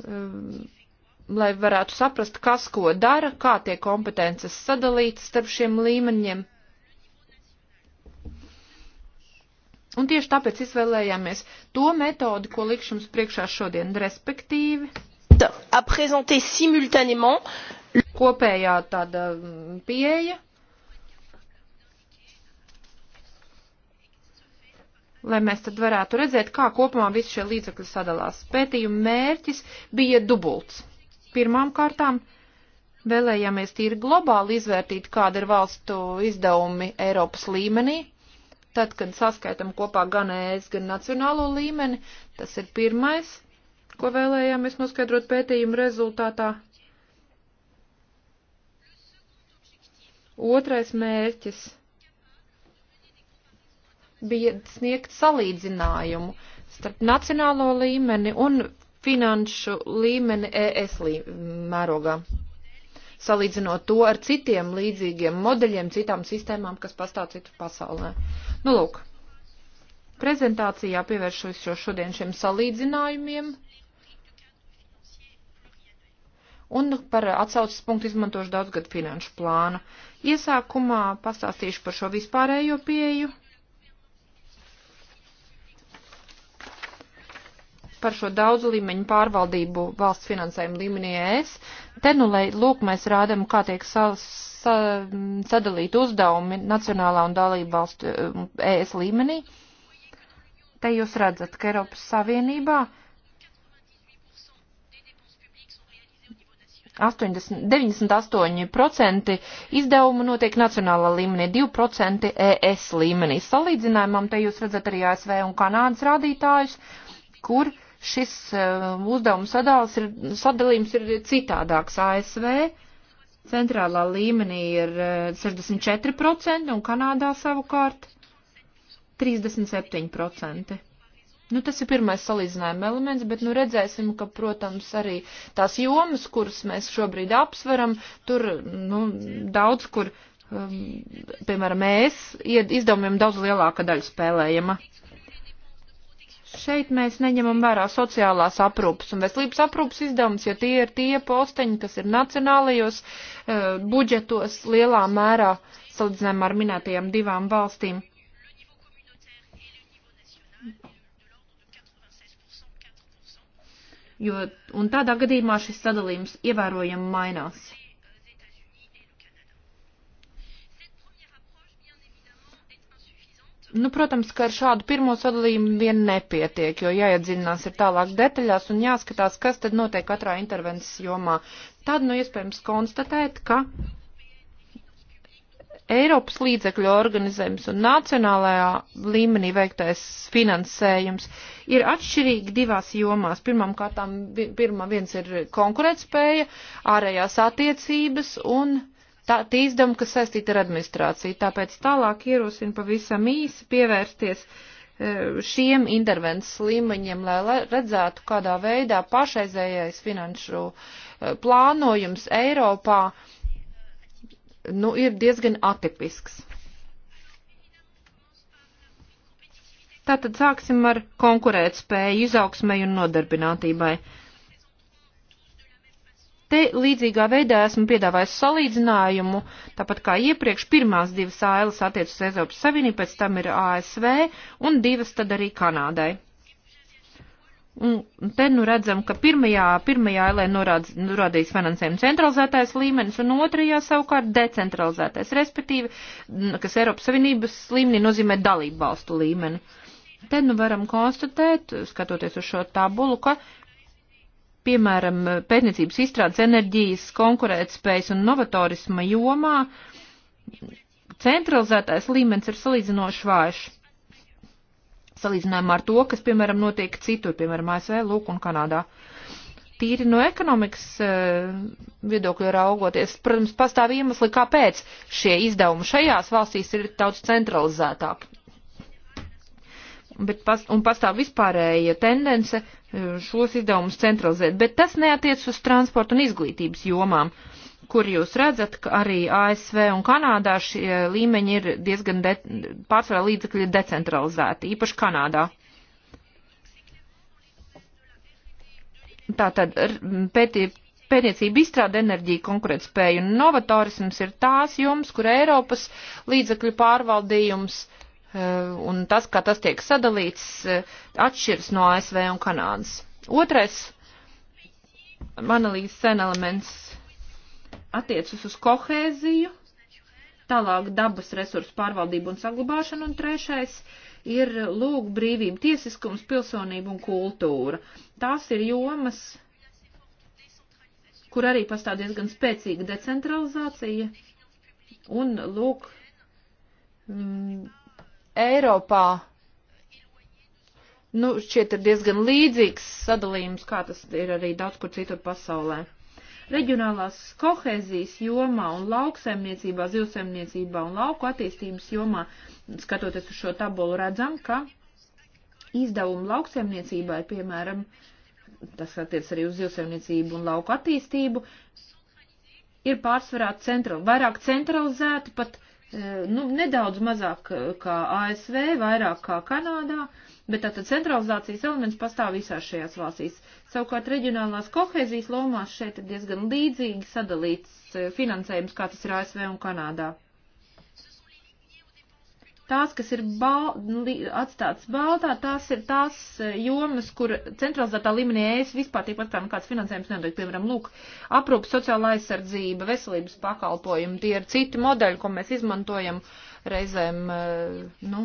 um, lai varētu saprast, kas ko dara, kā tiek kompetences sadalītas starp šiem līmeņiem. Un tieši tāpēc izvēlējāmies to metodi, ko likšu jums priekšā šodien, respektīvi. A prezentēt simultanément. Kopējā tāda mm, pieeja lai mēs tad varētu redzēt, kā kopumā visi šie līdzekļi sadalās. Pētījuma mērķis bija dubults. Pirmām kārtām vēlējāmies tīri globāli izvērtīt, kāda ir valstu izdevumi Eiropas līmenī. Tad, kad saskaitam kopā gan ES, gan nacionālo līmeni, tas ir pirmais, ko vēlējāmies noskaidrot pētījuma rezultātā. Otrais mērķis bija sniegt salīdzinājumu starp nacionālo līmeni un finanšu līmeni ES mērogā. Salīdzinot to ar citiem līdzīgiem modeļiem, citām sistēmām, kas pastāv citu pasaulē. Nu, lūk, prezentācijā pievēršos šo šodien šiem salīdzinājumiem. Un par atsaucas punktu izmantošu daudzgad finanšu plānu. Iesākumā pastāstīšu par šo vispārējo pieju, par šo daudzu līmeņu pārvaldību valsts finansējumu līmenī ES. Te nu, lai lūk, mēs rādam, kā tiek sa, sa, sadalīt uzdevumi nacionālā un dalību valstu um, ES līmenī. Te jūs redzat, ka Eiropas Savienībā 80, 98% izdevumu notiek nacionālā līmenī, 2% ES līmenī. Salīdzinājumam te jūs redzat arī ASV un Kanādas rādītājus, kur uh, šis um, uzdevuma sadalījums ir, sadalījums ir citādāks. ASV centrālā līmenī ir 64% uh, un Kanādā savukārt 37%. Nu, tas ir pirmais salīdzinājuma elements, bet nu redzēsim, ka, protams, arī tās jomas, kuras mēs šobrīd apsveram, tur nu, daudz, kur, um, piemēram, mēs e izdevumiem daudz lielāka daļa spēlējama. Uh, Šeit mēs neņemam vērā sociālās aprūpas un veselības aprūpas izdevumus, jo tie ir tie posteņi, kas ir nacionālajos uh, budžetos lielā mērā salīdzinājumā ar minētajām divām valstīm. Jo, un tādā gadījumā šis sadalījums ievērojami mainās. Nu, protams, ka ar šādu pirmo sadalījumu vien nepietiek, jo jāiedzinās ir tālāk detaļās un jāskatās, kas tad notiek katrā intervences jomā. Tad, nu, iespējams konstatēt, ka Eiropas līdzekļu organizējums un nacionālajā līmenī veiktais finansējums ir atšķirīgi divās jomās. Pirmām kārtām, pirmā viens ir konkurētspēja, ārējās attiecības un tā, tie izdevumi, kas saistīti ar administrāciju. Tāpēc tālāk ierosinu pavisam īsi pievērsties e, šiem intervences līmeņiem, lai redzētu, kādā veidā pašreizējais finanšu e, plānojums Eiropā nu, ir diezgan atipisks. Tātad sāksim ar konkurētspēju, izaugsmēju un nodarbinātībai. Uh, Te līdzīgā veidā esmu piedāvājis salīdzinājumu, tāpat kā iepriekš pirmās divas ailes attiec uz Eiropas Savienību, pēc tam ir ASV un divas tad arī Kanādai. Un te nu redzam, ka pirmajā, pirmajā ailē norāds, norādījis finansējuma centralizētais līmenis un otrajā savukārt decentralizētais, respektīvi, kas Eiropas Savienības līmenī nozīmē dalību valstu līmeni. Te nu varam konstatēt, skatoties uz šo tabulu, ka piemēram, pētniecības izstrādes enerģijas, konkurētspējas un novatorisma jomā centralizētais līmenis ir salīdzinoši vājš. Salīdzinājumā ar to, kas, piemēram, notiek citur, piemēram, ASV, Lūk un Kanādā. Tīri no ekonomikas eh, viedokļa raugoties, protams, pastāv iemesli, kāpēc šie izdevumi šajās valstīs ir daudz centralizētāki bet pas, un pastāv vispārēja tendence e, šos izdevumus centralizēt, bet tas neatiec uz transportu un izglītības jomām, kur jūs redzat, ka arī ASV un Kanādā šie līmeņi ir diezgan de, pārsvarā līdzekļi decentralizēti, īpaši Kanādā. Tātad pētī, pētniecība izstrāda enerģiju, konkurētspēju un novatorisms ir tās jums, kur Eiropas līdzekļu pārvaldījums uh, Eh, un tas, kā tas tiek sadalīts, eh, atšķiras no ASV un Kanādas. Otrais analīzes sen elements attiecas uz kohēziju, tālāk dabas resursu pārvaldību un saglabāšanu, un trešais ir lūg brīvība, tiesiskums, pilsonība un kultūra. Tās ir jomas, kur arī pastāv diezgan spēcīga decentralizācija, un lūk, mm, Eiropā nu, šķiet ir diezgan līdzīgs sadalījums, kā tas ir arī daudz kur citur pasaulē. Reģionālās kohēzijas jomā un lauksaimniecībā, zivsaimniecībā un lauku attīstības jomā, skatoties uz šo tabulu, redzam, ka izdevumu lauksaimniecībai, piemēram, tas attiec arī uz zivsaimniecību un lauku attīstību, ir pārsvarā central, vairāk centralizēti pat Eh, nu, nedaudz mazāk eh, kā ASV, vairāk kā Kanādā, bet tātad centralizācijas elements pastāv visās šajās valstīs. Savukārt reģionālās kohēzijas lomās šeit ir diezgan līdzīgi sadalīts eh, finansējums, kā tas ir ASV un Kanādā. Tās, kas ir bal nu, atstātas baltā, tās ir tās e, jomas, kur centralizētā līmenī es vispār tiek pastāv nekāds nu, finansējums nedod. Piemēram, lūk, aprūpas sociāla aizsardzība, veselības pakalpojumi, tie ir citi modeļi, ko mēs izmantojam reizēm, e, nu,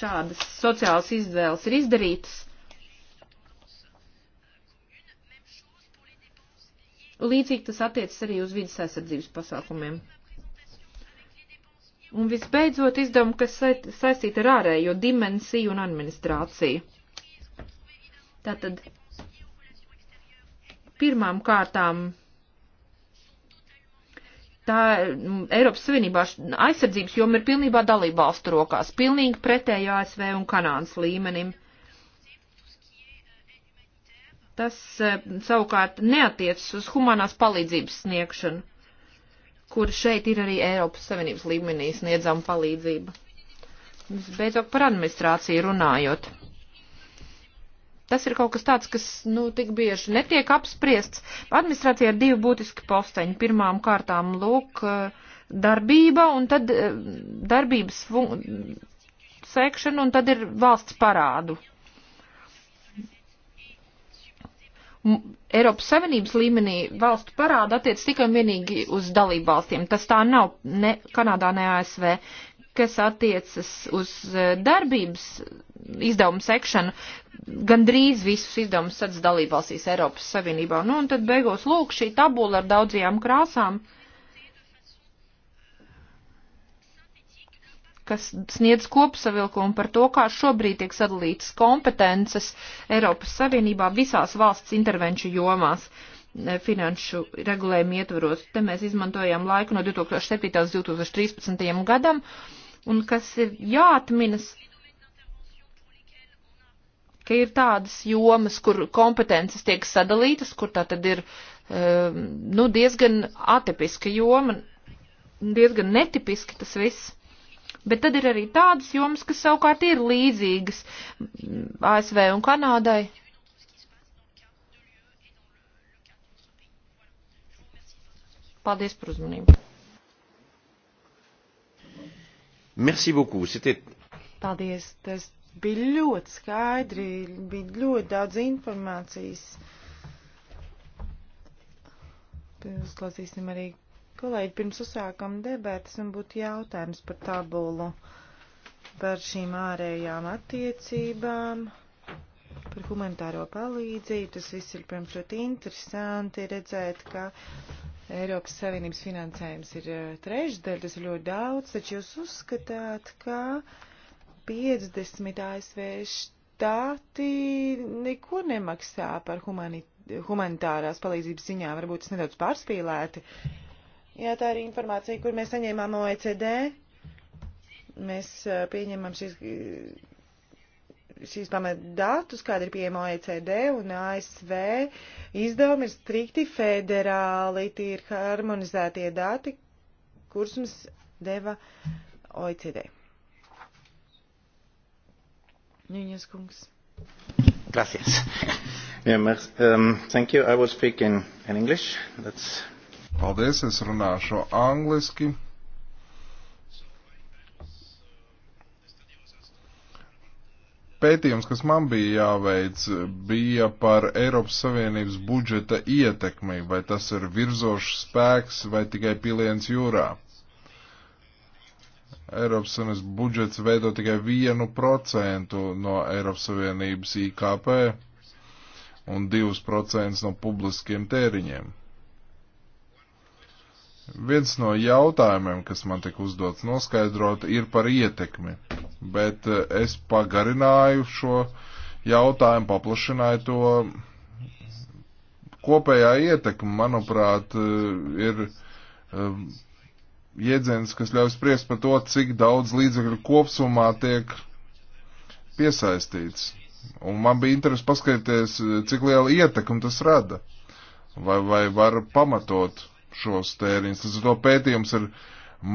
šādas sociālas izvēles ir izdarītas. Līdzīgi tas attiecas arī uz vidas aizsardzības pasākumiem. Un visbeidzot izdevumi, kas saistīti ar ārējo dimensiju un administrāciju. Tātad pirmām kārtām tā mm, Eiropas Savienībā aizsardzības joma ir pilnībā dalībvalstu rokās, pilnīgi pretēji ASV un Kanādas līmenim. Tas eh, savukārt neatiecas uz humanās palīdzības sniegšanu kur šeit ir arī Eiropas Savienības līmenī sniedzama palīdzība. Visbeidzot par administrāciju runājot. Tas ir kaut kas tāds, kas, nu, tik bieži netiek apspriests. Administrācija ir divi būtiski posteņi. Pirmām kārtām, lūk, eh, darbība un tad eh, darbības sekšana un tad ir valsts parādu Eiropas Savienības līmenī valstu parāda attiec tikai un vienīgi uz dalību valstīm. Tas tā nav ne Kanādā, ne ASV kas attiecas uz e, darbības izdevumu sekšanu, gandrīz visus izdevumus sadz dalībvalstīs Eiropas Savienībā. Nu, un tad beigos lūk šī tabula ar daudzajām krāsām. Uh, kas sniedz kopsavilkumu par to, kā šobrīd tiek sadalītas kompetences Eiropas Savienībā visās valsts intervenciju jomās finanšu regulējumu ietvaros. Te mēs izmantojām laiku no 2007. līdz 2013. gadam, un kas ir jāatminas, ka ir tādas jomas, kur kompetences tiek sadalītas, kur tā tad ir um, nu, diezgan atipiska joma, diezgan netipiski tas viss. Bet tad ir arī tādas jomas, kas savukārt ir līdzīgas ASV un Kanādai. Paldies par uzmanību. Merci beaucoup. C'était... Paldies. Tas bija ļoti skaidri, bija ļoti daudz informācijas. Uzklausīsim arī Kolēģi, pirms uzsākam debatas un būtu jautājums par tabulu, par šīm ārējām attiecībām, par humanitāro palīdzību. Tas viss ir, protams, ļoti interesanti redzēt, ka Eiropas Savienības finansējums ir eh, trešdaļa, tas ir ļoti daudz, taču jūs uzskatāt, ka 50 ASV štāti neko nemaksā par humanit humanitārās palīdzības ziņā. Varbūt tas nedaudz pārspīlēti. Uh, Jā, tā ir informācija, kur mēs saņēmām OECD. Mēs pieņemam šīs, šīs pamatdatus, kāda ir pieejama OECD un ASV. Izdevumi ir strikti federāli, tie ir harmonizētie dati, kurus mums deva OECD. Nīņas kungs. Gracias. [laughs] Yeah, um, thank you. I will speak in, in English. That's Paldies, es runāšu angliski. Pētījums, kas man bija jāveic, bija par Eiropas Savienības budžeta ietekmi, vai tas ir virzošs spēks vai tikai piliens jūrā. Eiropas Savienības budžets veido tikai vienu procentu no Eiropas Savienības IKP un divus procentus no publiskiem tēriņiem. Viens no jautājumiem, kas man tika uzdots noskaidrot, ir par ietekmi, bet eh, es pagarināju šo jautājumu, paplašināju to. Kopējā ietekme, manuprāt, eh, ir eh, jēdziens, kas ļauj spriest par to, cik daudz līdzekļu kopsumā tiek piesaistīts. Un man bija interesi paskatīties, cik liela ietekme tas rada, vai, vai var pamatot šos tēriņus. Tas to pētījums ir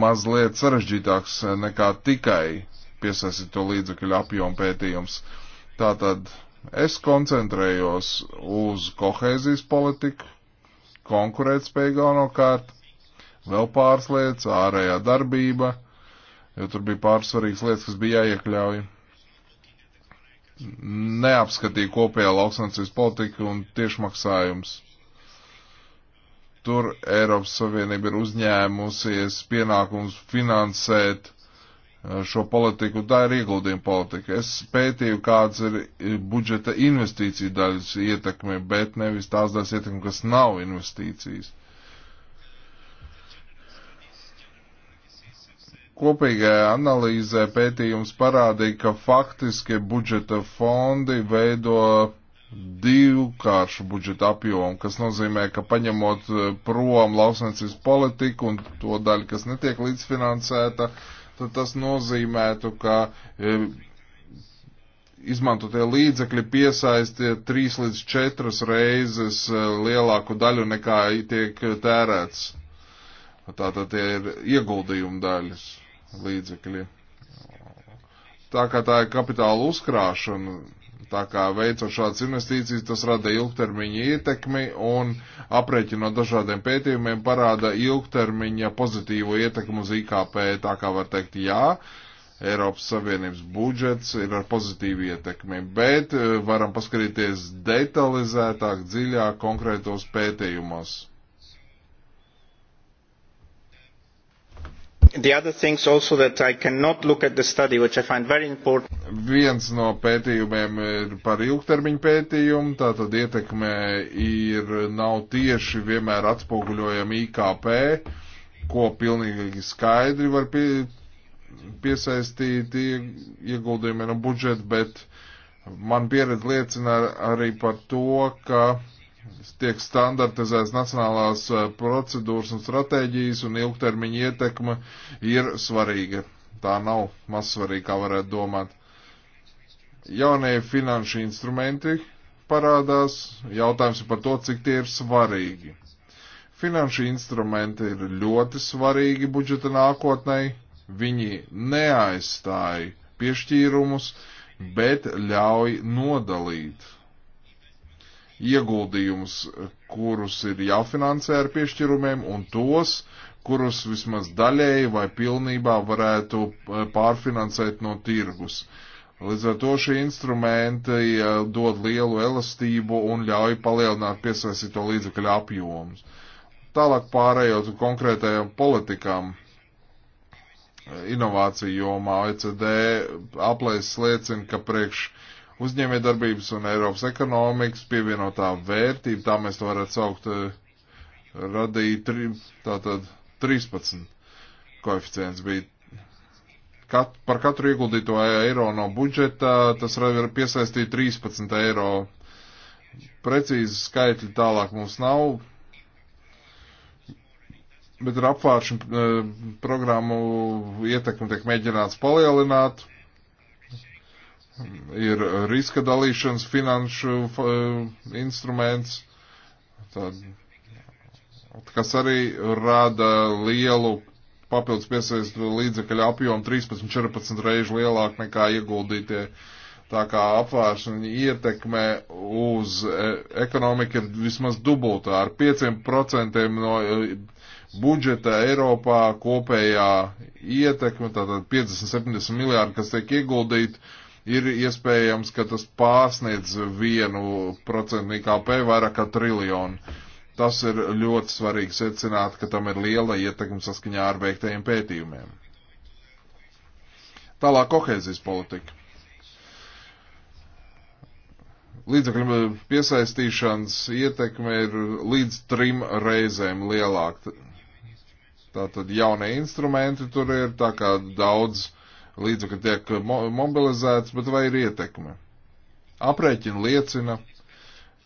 mazliet sarežģītāks nekā tikai piesaistīt to līdzekļu apjomu pētījums. Tātad es koncentrējos uz kohēzijas politiku, konkurētspēju galvenokārt, vēl pāris lietas, ārējā darbība, jo tur bija pāris svarīgas lietas, kas bija jāiekļauj. Neapskatīja kopējā lauksancības politika un tiešmaksājums. Tur Eiropas Savienība ir uzņēmusies pienākums finansēt uh, šo politiku, tā ir ieguldījuma politika. Es pētīju, kāds ir budžeta investīcija daļas ietekme, bet nevis tās daļas ietekme, kas nav investīcijas. Kopīgajā analīzē pētījums parādīja, ka faktiski budžeta fondi veido divkāršu budžeta apjomu, kas nozīmē, ka paņemot eh, prom lauksaimniecības politiku un to daļu, kas netiek līdzfinansēta, tad tas nozīmētu, ka eh, izmantotie līdzekļi piesaistie trīs līdz četras reizes eh, lielāku daļu nekā tiek tērēts. Tātad tie ir ieguldījuma daļas līdzekļi. Tā kā tā ir kapitāla uzkrāšana, Tā kā veicot šādas investīcijas, tas rada ilgtermiņa ietekmi un aprēķinot dažādiem pētījumiem parāda ilgtermiņa pozitīvo ietekmu uz IKP. Tā kā var teikt, jā, Eiropas Savienības budžets ir ar pozitīvu ietekmi, bet eh, varam paskatīties detalizētāk, dziļāk konkrētos pētījumos. The other things also that I cannot look at the study, which I find very important. Viens no pētījumiem ir par ilgtermiņu pētījumu, tātad ietekme ir nav tieši vienmēr atspoguļojama IKP, ko pilnīgi skaidri var pie, piesaistīt ieguldījumiem no budžeta, bet man pieredze liecina arī par to, ka tiek standartizēts nacionālās eh, procedūras un stratēģijas, un ilgtermiņa ietekme ir svarīga. Tā nav mazsvarīga, kā varētu domāt. Jaunie finanšu instrumenti parādās, jautājums ir par to, cik tie ir svarīgi. Finanšu instrumenti ir ļoti svarīgi budžeta nākotnei, viņi neaizstāja piešķīrumus, bet ļauj nodalīt ieguldījumus, kurus ir jāfinansē ar piešķirumiem, un tos, kurus vismaz daļēji vai pilnībā varētu eh, pārfinansēt no tirgus. Līdz ar to šie instrumenti eh, dod lielu elastību un ļauj palielināt piesaistīto līdzekļu apjomus. Tālāk pārējot konkrētajām politikām, eh, inovāciju jomā OECD aplēses liecina, ka priekš uh, uzņēmējdarbības un Eiropas ekonomikas pievienotā vērtība, tā mēs to varētu saukt, eh, radīja tri, tātad 13 koeficients bija. Kat, par katru ieguldīto eiro no budžeta tas piesaistīja 13 eiro. Precīzi skaitļi tālāk mums nav, bet ar apvāršanu eh, programmu ietekmi tiek mēģināts palielināt ir riska dalīšanas finanšu eh, instruments, tad, kas arī rada lielu papildus piesaistu līdzekļu apjomu 13-14 reižu lielāk nekā ieguldītie. Tā kā apvēršana ietekme uz eh, ekonomiku ir vismaz dubultā ar 5% no eh, budžeta Eiropā kopējā ietekme, tātad 50-70 miljārdi, kas tiek ieguldīti, ir iespējams, ka tas pārsniedz vienu procentu IKP vairāk kā triljonu. Tas ir ļoti svarīgi secināt, ka tam ir liela ietekme saskaņā ar veiktajiem pētījumiem. Tālāk kohēzijas politika. Līdzekļu piesaistīšanas ietekme ir līdz trim reizēm lielāka. Tātad jaunie instrumenti tur ir, tā kā daudz uh, līdzekļi tiek mo mobilizēts, bet vai ir ietekme? Aprēķina liecina,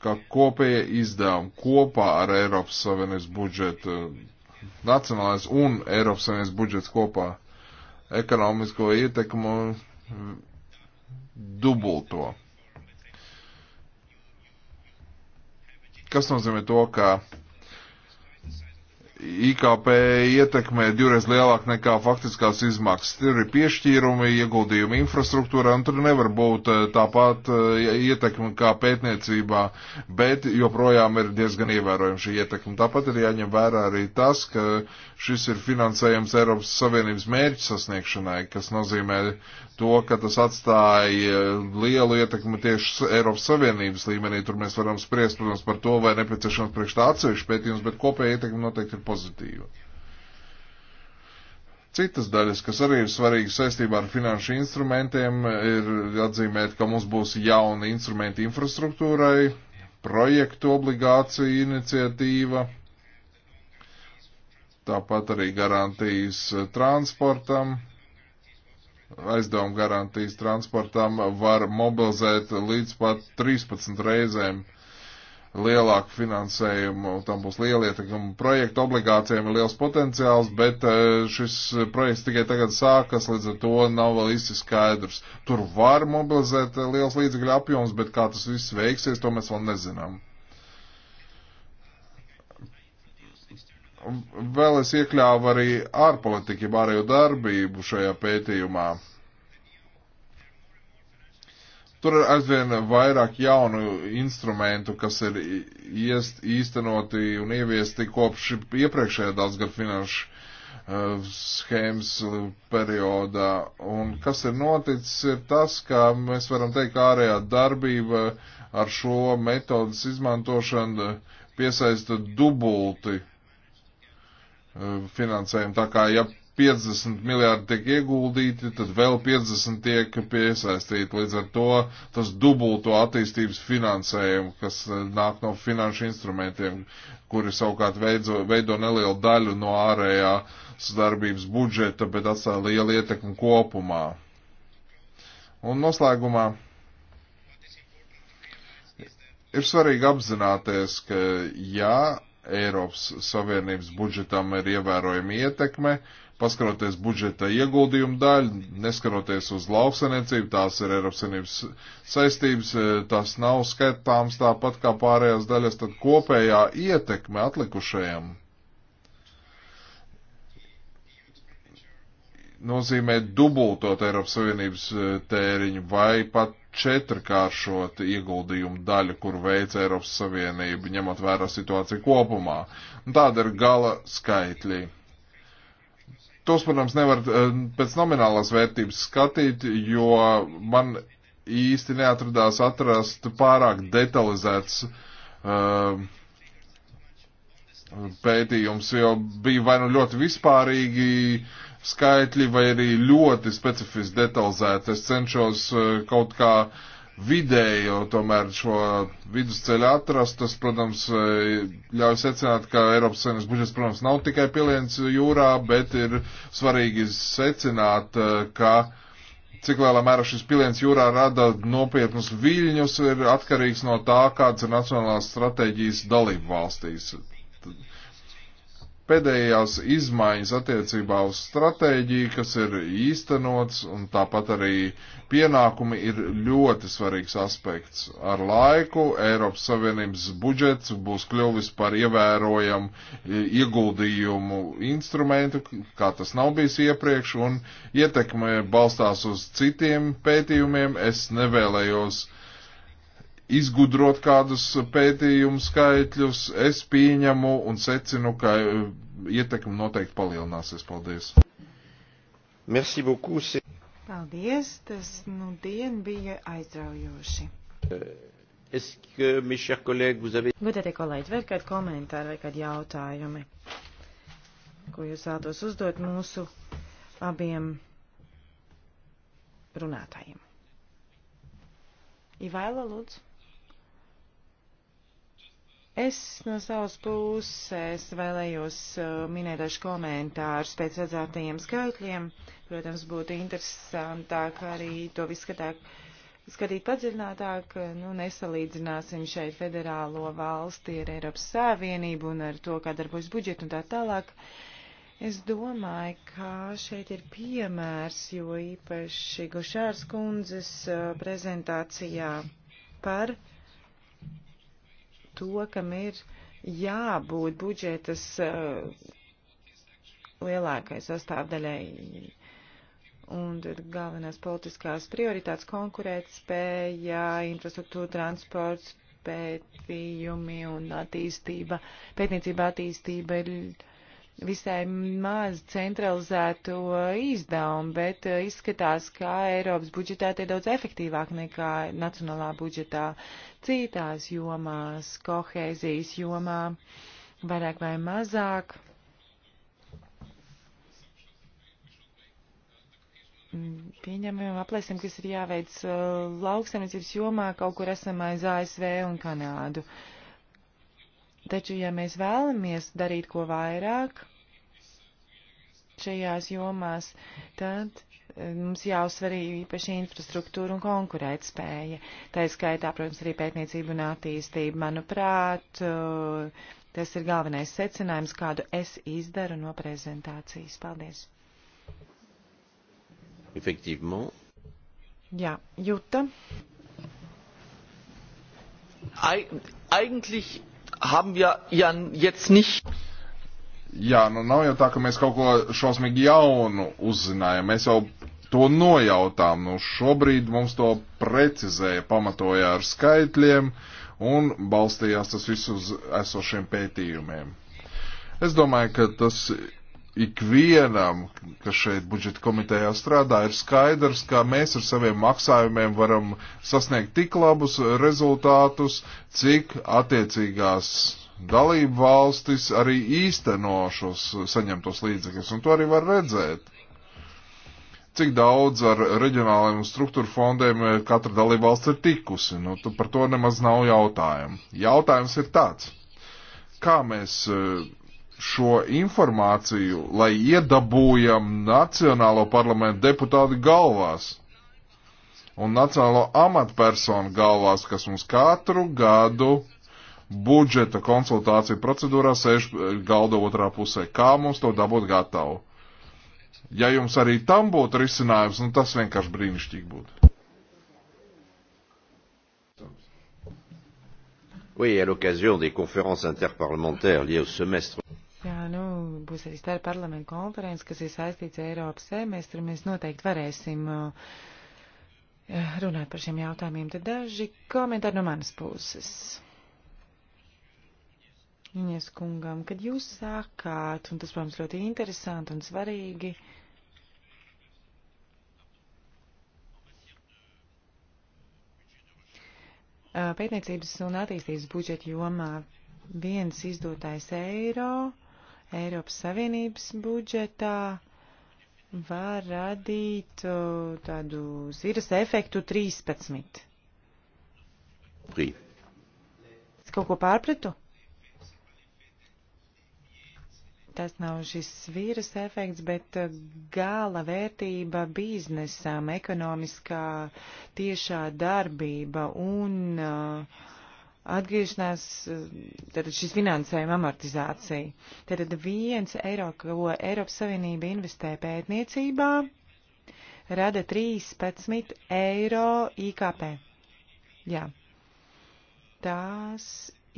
ka kopējie izdevumi kopā ar Eiropas Savienības budžetu, nacionālais un Eiropas Savienības budžets kopā ekonomisko ietekmu dubulto. Kas nozīmē to, ka IKP ietekmē divreiz lielāk nekā faktiskās izmaksas. Tur ir piešķīrumi, ieguldījumi infrastruktūrā, un tur nevar būt eh, tāpat eh, ietekme kā pētniecībā, bet joprojām ir diezgan ievērojama šī ietekme. Tāpat ir jāņem vērā arī tas, ka šis ir finansējums Eiropas Savienības mērķu sasniegšanai, kas nozīmē to, ka tas atstāja lielu ietekmi tieši Eiropas Savienības līmenī. Tur mēs varam spriest, protams, par to, vai nepieciešams priekš tā atsevišķi pētījums, bet kopēja ietekme noteikti ir pozitīva pozitīva. Citas daļas, kas arī ir svarīgas saistībā ar finanšu instrumentiem, ir atzīmēt, ka mums būs jauni instrumenti infrastruktūrai, projektu obligācija iniciatīva, tāpat arī garantijas transportam aizdevuma garantijas transportam var mobilizēt līdz pat 13 reizēm lielāku finansējumu, tam būs liela ietekme. Projektu obligācijām ir liels potenciāls, bet e, šis projekts tikai tagad sākas, līdz ar to nav vēl īsti skaidrs. Tur var mobilizēt e, liels līdzekļu apjoms, bet kā tas viss veiksies, to mēs vēl nezinām. Vēl es iekļāvu arī ārpolitiku, ārējo darbību šajā pētījumā Tur ir aizvien vairāk jaunu instrumentu, kas ir iest, īstenoti un ieviesti kopš iepriekšējā daudzgad finanšu uh, schēmas e, periodā. Un kas ir noticis, ir tas, ka mēs varam teikt, ka ārējā darbība ar šo metodas izmantošanu piesaista dubulti uh, finansējumu. Tā kā, ja 50 miljārdi tiek ieguldīti, tad vēl 50 tiek piesaistīti. Līdz ar to tas dubulto attīstības finansējumu, kas eh, nāk no finanšu instrumentiem, kuri savukārt veido, veido nelielu daļu no ārējā sadarbības budžeta, bet atstāja lielu ietekmi kopumā. Un noslēgumā ir svarīgi apzināties, ka jā, Eiropas Savienības budžetam ir ievērojama ietekme, uh, paskaroties budžeta ieguldījumu daļu, neskaroties uz lauksaniecību, tās ir Eiropas Savienības saistības, e, tas nav skatāms tāpat kā pārējās daļas, tad kopējā ietekme atlikušajam nozīmē dubultot Eiropas Savienības e, tēriņu vai pat četrkāršot ieguldījumu daļu, kuru veica Eiropas Savienība, ņemot vērā situāciju kopumā. Un tāda ir gala skaitļi. Tos, protams, nevar eh, pēc nominālās vērtības skatīt, jo man īsti neatradās atrast pārāk detalizēts uh, pētījums, jo bija vai nu ļoti vispārīgi skaitļi, vai arī ļoti specifiski detalizēti. Es cenšos uh, kaut kā uh, vidējo tomēr šo vidusceļu atrast, tas, protams, eh, ļauj secināt, ka Eiropas Savienības budžets, protams, nav tikai pieliens jūrā, bet ir svarīgi secināt, eh, ka cik lielā mērā šis piliens jūrā rada nopietnus viļņus, ir atkarīgs no tā, kādas ir nacionālās stratēģijas dalību valstīs pēdējās izmaiņas attiecībā uz stratēģiju, kas ir īstenots, un tāpat arī pienākumi ir ļoti svarīgs aspekts. Ar laiku Eiropas Savienības budžets būs kļuvis par ievērojamu ieguldījumu instrumentu, kā tas nav bijis iepriekš, un ietekme balstās uz citiem pētījumiem. Es nevēlējos izgudrot kādus pētījumu skaitļus, es pieņemu un secinu, ka eh, ietekme noteikti palielināsies. Paldies! Merci beaucoup! Paldies! Tas nu dien bija aizraujoši. Euh, Godētie kolēģi, vai ir kādi komentāri vai kādi jautājumi, ko jūs vēlatos uzdot mūsu abiem runātājiem? Ivaila, lūdzu. Es no savas puses vēlējos uh, minēt dažu komentārus pēc redzētajiem skaitļiem. Protams, būtu interesantāk arī to viskatāk, skatīt padziļinātāk. Nu, nesalīdzināsim šeit federālo valsti ar Eiropas Savienību un ar to, kā darbojas budžets un tā tālāk. Es domāju, ka šeit ir piemērs, jo īpaši Gošārs kundzes uh, prezentācijā par uh, to, kam ir jābūt budžetas uh, lielākai sastāvdaļai. Un galvenās politiskās prioritātes konkurēt spēja, infrastruktūra, transports, pētījumi un attīstība. Pētniecība attīstība ir visai maz centralizēto izdevumu, bet eh, izskatās, ka Eiropas budžetā tie daudz efektīvāk nekā nacionālā budžetā citās jomās, kohēzijas jomā, vairāk vai mazāk. Pieņemam, aplēsim, kas ir jāveic eh, lauksaimniecības jomā, kaut kur esam aiz ASV un Kanādu. Uh, Taču, ja mēs vēlamies darīt ko vairāk šajās jomās, tad e, mums jāuzsver īpaši infrastruktūra un konkurētspēja. Tā ir skaitā, protams, arī pētniecība un attīstība. Manuprāt, e, tas ir galvenais secinājums, kādu es izdaru no prezentācijas. Paldies! Effectivement. Jā, Juta. Eig eigentlich haben wir ja jetzt nicht. Jā, nu nav jau tā, ka mēs kaut ko šausmīgi jaunu uzzinājām. Mēs jau to nojautām. Nu, šobrīd mums to precizēja, pamatoja ar skaitļiem un balstījās tas viss uz esošiem pētījumiem. Es domāju, ka tas ikvienam, kas šeit budžeta komitejā strādā, ir skaidrs, ka mēs ar saviem maksājumiem varam sasniegt tik labus rezultātus, cik attiecīgās dalību valstis arī īsteno šos saņemtos līdzekļus, un to arī var redzēt. Cik daudz ar reģionāliem un struktūra fondiem katra dalība valsts ir tikusi, nu, par to nemaz nav jautājumu. Jautājums ir tāds, kā mēs šo informāciju, lai iedabūjam Nacionālo parlamentu deputātu galvās un Nacionālo amatpersonu galvās, kas mums katru gadu budžeta konsultāciju procedūrā sēž galda otrā pusē. Kā mums to dabūt gatavu? Ja jums arī tam būtu risinājums, nu tas vienkārši brīnišķīgi būtu. Oui, à l'occasion des conférences interparlementaires liées au semestre. Jā, nu, būs arī starp parlamentu konferences, kas ir saistīts Eiropas semestru. Mēs noteikti varēsim uh, runāt par šiem jautājumiem. Tad daži komentāri no manas puses. Viņas kungam, kad jūs sākāt, un tas, protams, ļoti interesanti un svarīgi, uh, pētniecības un attīstības budžeta jomā viens izdotais eiro Eiropas Savienības budžetā var radīt tādu ziras efektu 13. Prī. Es kaut ko pārpratu? Tas nav šis vīras efekts, bet eh, gala vērtība biznesam, ekonomiskā tiešā darbība un uh, atgriešanās, tātad šis finansējuma amortizācija. Tātad viens eiro, ko Eiropas Savienība investē pētniecībā, rada 13 eiro IKP. Jā. Tās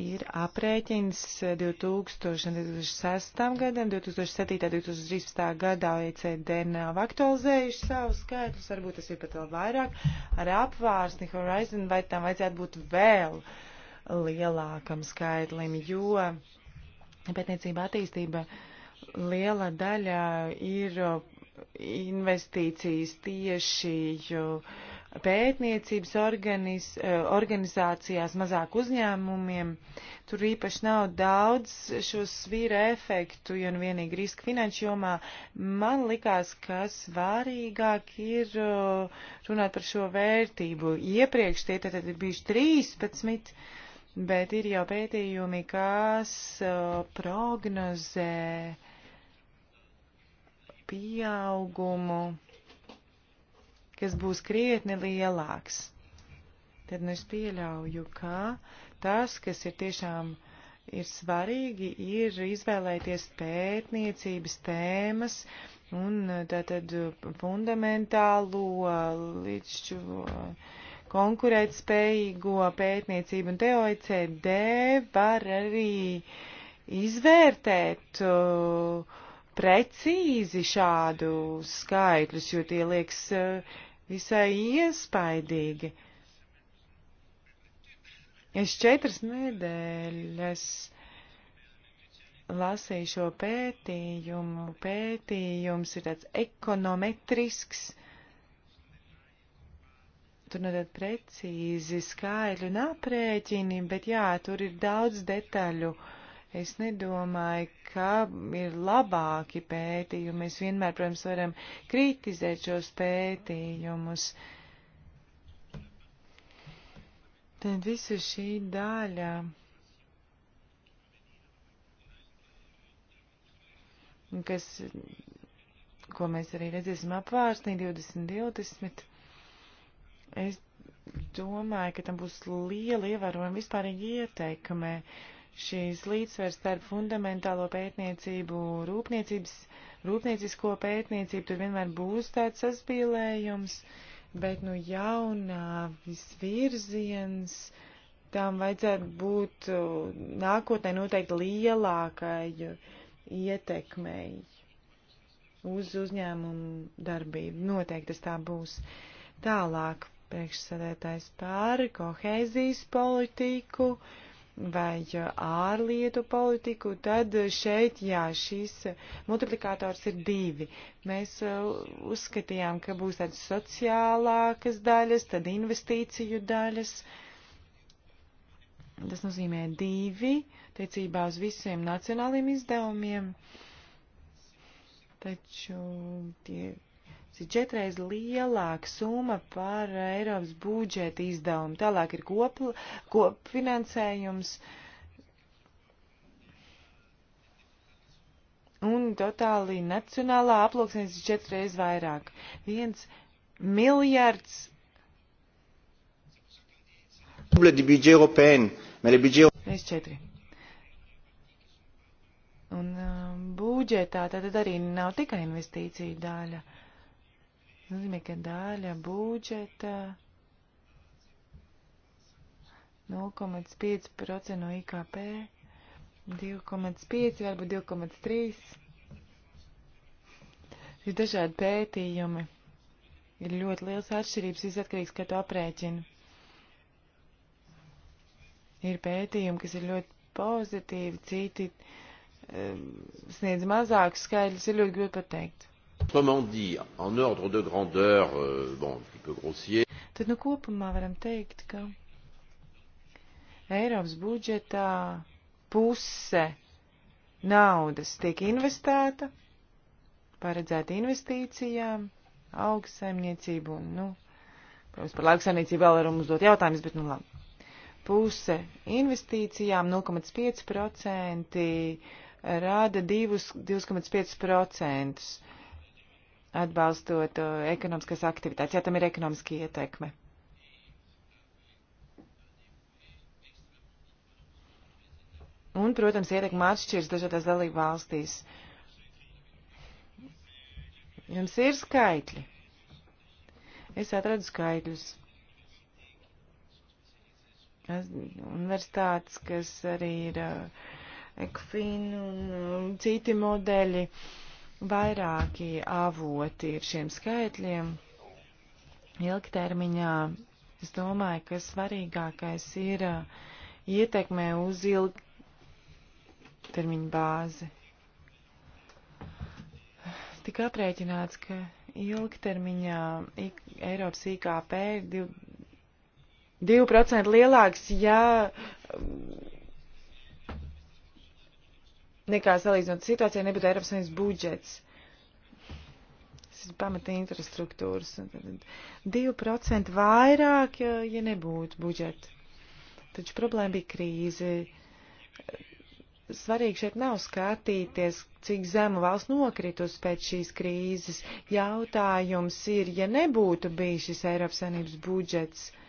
ir aprēķins 2006. gadam, 2007. 2013. gadā OECD nav aktualizējuši savus skaitļus, varbūt tas ir pat vēl vairāk, ar apvārsni Horizon vai tam vajadzētu būt vēl. Uh, lielākam skaitlim, jo pētniecība attīstība liela daļa ir investīcijas tieši pētniecības organiz, organizācijās, mazāk uzņēmumiem. Tur īpaši nav daudz šo svīra efektu, jo un nu vienīgi riska finanšu jomā man likās, ka svarīgāk ir uh, runāt par šo vērtību. Iepriekš tie tad ir bijuši 13 bet ir jau pētījumi, kas uh, prognozē pieaugumu, kas būs krietni lielāks. Tad nu es pieļauju, ka tas, kas ir tiešām ir svarīgi, ir izvēlēties pētniecības tēmas un uh, tātad uh, fundamentālo līdzšķu. Uh, konkurētspējīgo pētniecību, un TOICD e var arī izvērtēt uh, precīzi šādu skaitļus, jo tie liekas uh, visai iespaidīgi. Es četras nedēļas lasīju šo pētījumu. Pētījums ir tāds ekonometrisks. Uh, tur nav tādi precīzi skaidri un aprēķini, bet jā, tur ir daudz detaļu. Es nedomāju, ka ir labāki pētījumi. Mēs vienmēr, protams, varam kritizēt šos pētījumus. Tad visa šī daļa. kas, ko mēs arī redzēsim apvārsnī 2020 Es domāju, ka tam būs liela ievērojama vispārīgi ieteikme šīs līdzsvers starp fundamentālo pētniecību, rūpniecības, rūpniecisko pētniecību, tur vienmēr būs tāds saspīlējums, bet nu jaunā visvirziens, tam vajadzētu būt uh, nākotnē noteikti lielākai ietekmei uz uzņēmumu darbību. Noteikti tas tā būs. Tālāk priekšsēdētājs par kohēzijas politiku vai ārlietu politiku, tad šeit, jā, šīs multiplikators ir divi. Mēs uh, uzskatījām, ka būs tādas sociālākas daļas, tad investīciju daļas. Tas nozīmē divi, teicībā uz visiem nacionāliem izdevumiem. Taču tie ir četreiz lielāka summa par Eiropas budžeta izdevumu. Tālāk ir kopla, kopfinansējums. Un totāli nacionālā aploksnes ir četreiz vairāk. Viens miljards. Mēs četri. Un uh, budžetā tad arī nav tikai investīcija daļa. Uh, nozīmē, ka daļa budžeta 0,5% no IKP, 2,5, varbūt 2,3. Ir dažādi pētījumi. Ir ļoti liels atšķirības, viss atkarīgs, kā to aprēķina. Ir pētījumi, kas ir ļoti pozitīvi, citi um, sniedz mazākus skaidrs, ir ļoti grūti pateikt. Euh, Tad nu kopumā varam teikt, ka Eiropas budžetā puse naudas tiek investēta, paredzēta investīcijām, augstsaimniecību un, nu, protams, par lauksaimniecību vēl varam uzdot jautājumus, bet, nu, labi. Puse investīcijām 0,5% rāda 2,5% atbalstot uh, ekonomiskās aktivitātes, ja tam ir ekonomiski ietekme. Un, protams, ietekme atšķiras dažādās dalību valstīs. Jums ir skaitļi. Es atradu skaitļus. Universitātes, kas arī ir uh, Ekfin un um, citi modeļi. Uh, Vairāki avoti ir šiem skaitļiem. Ilgtermiņā es domāju, ka svarīgākais ir uh, ietekmē uz ilgtermiņu bāzi. Tik aprēķināts, ka ilgtermiņā Eiropas IKP ir 2% lielāks, ja nekā salīdzinot situācijā nebūtu Eiropas Savienības budžets. Tas ir pamata infrastruktūras. 2% vairāk, ja, ja nebūtu budžeta. Taču problēma bija krīze. Svarīgi šeit nav skatīties, cik zemu valsts nokritus pēc šīs krīzes. Jautājums ir, ja nebūtu bijis šis Eiropas Savienības budžets, uh,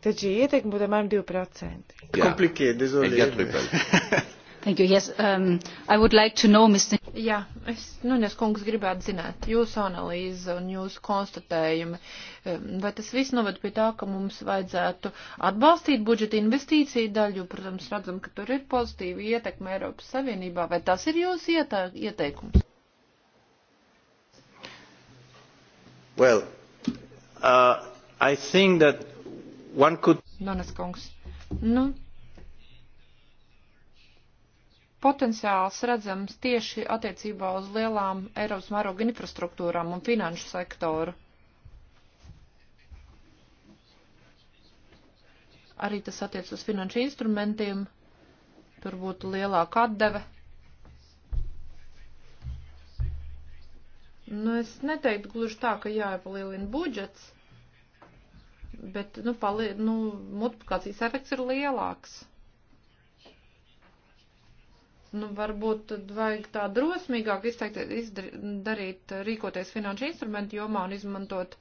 Tad šī ietekme būtu apmēram 2%. Komplikēt, dezolē. [laughs] Thank you. Yes, um, I would like to know, Mr. Jā, es, nu, es kungs gribētu zināt jūsu analīzi un jūsu konstatējumi. Um, vai tas viss noved pie tā, ka mums vajadzētu atbalstīt budžeta investīciju daļu? Protams, redzam, ka tur ir pozitīva ietekme Eiropas Savienībā. Vai tas ir jūsu ieteikums? Well, uh, I think that Could... Donas kungs. Nu, potenciāls redzams tieši attiecībā uz lielām Eiropas mēroga infrastruktūrām un finanšu sektoru. Arī tas attiec uz finanšu instrumentiem, tur būtu lielāka atdeve. Nu, es neteiktu gluži tā, ka jāpalielina budžets bet, nu, pali, nu multiplikācijas efekts ir lielāks. Nu, varbūt tad vajag tā drosmīgāk izteikt, izdarīt, rīkoties finanšu instrumentu jomā un izmantot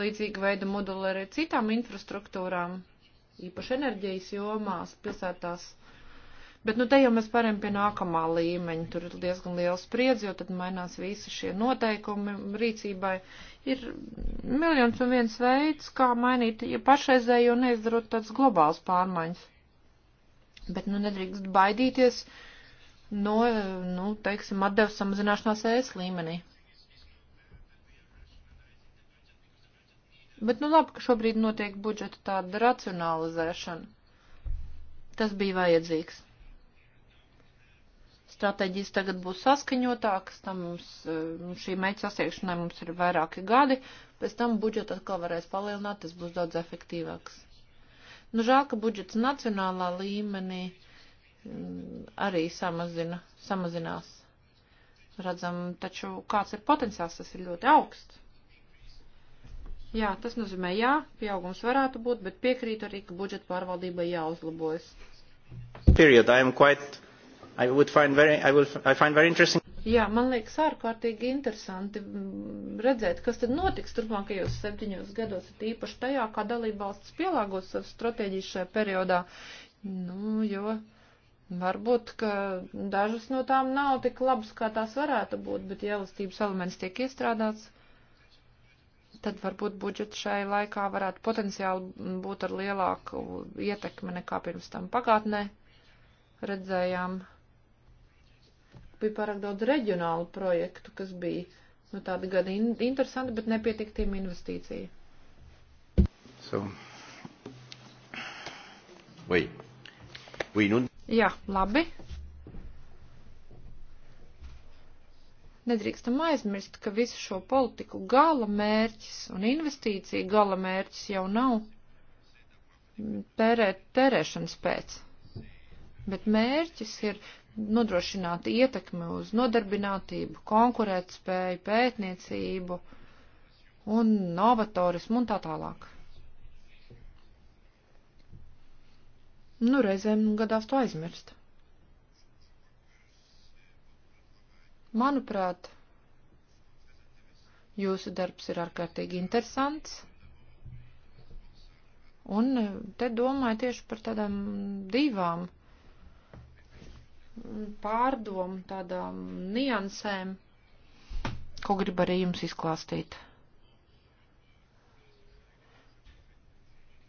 līdzīgu veidu moduli arī citām infrastruktūrām, īpaši enerģijas jomās, pilsētās Bet nu te jau mēs pārējām pie nākamā līmeņa, tur ir diezgan liels spriedzi, jo tad mainās visi šie noteikumi rīcībai. Ir miljons un viens veids, kā mainīt, ja pašreizējo neizdarot tāds globāls pārmaiņas. Bet nu nedrīkst baidīties no, nu, teiksim, atdevs samazināšanās ēs līmenī. Bet nu labi, ka šobrīd notiek budžeta tāda racionalizēšana. Tas bija vajadzīgs stratēģijas tagad būs saskaņotākas, tam mums e, nu, šī mērķa sasiekšanai mums ir vairāki gadi, pēc tam budžets atkal varēs palielināt, tas būs daudz efektīvāks. Nu, žēl, ka budžets nacionālā līmenī mm, arī samazina, samazinās. Redzam, taču kāds ir potenciāls, tas ir ļoti augsts. Jā, tas nozīmē, jā, pieaugums varētu būt, bet piekrītu arī, ka budžeta pārvaldībai jāuzlabojas. Period, I am quite I would find very, I will, I find very interesting. Jā, man liekas ārkārtīgi interesanti mm, redzēt, kas tad notiks turpmākajos septiņos gados, tīpaši tajā, kā dalībvalsts pielāgos savu stratēģiju šajā periodā. Nu, jo varbūt, ka dažas no tām nav tik labas, kā tās varētu būt, bet ja elastības elements tiek iestrādāts, tad varbūt budžets šai laikā varētu potenciāli būt ar lielāku ietekmi nekā pirms tam pagātnē redzējām bija pārāk daudz reģionālu projektu, kas bija nu, tādi gadi in interesanti, bet nepietiktiem investīcija. So. Vai. Vai, nu... Jā, labi. Nedrīkstam aizmirst, ka visu šo politiku gala mērķis un investīcija gala mērķis jau nav tērēt tērēšanas pēc. Bet mērķis ir nodrošināt ietekmi uz nodarbinātību, konkurētspēju, pētniecību un novatorismu un tā tālāk. Nu, reizēm gadās to aizmirst. Manuprāt, jūsu darbs ir ārkārtīgi interesants. Un te domāju tieši par tādām divām pārdomu, tādām niansēm, ko gribu arī jums izklāstīt.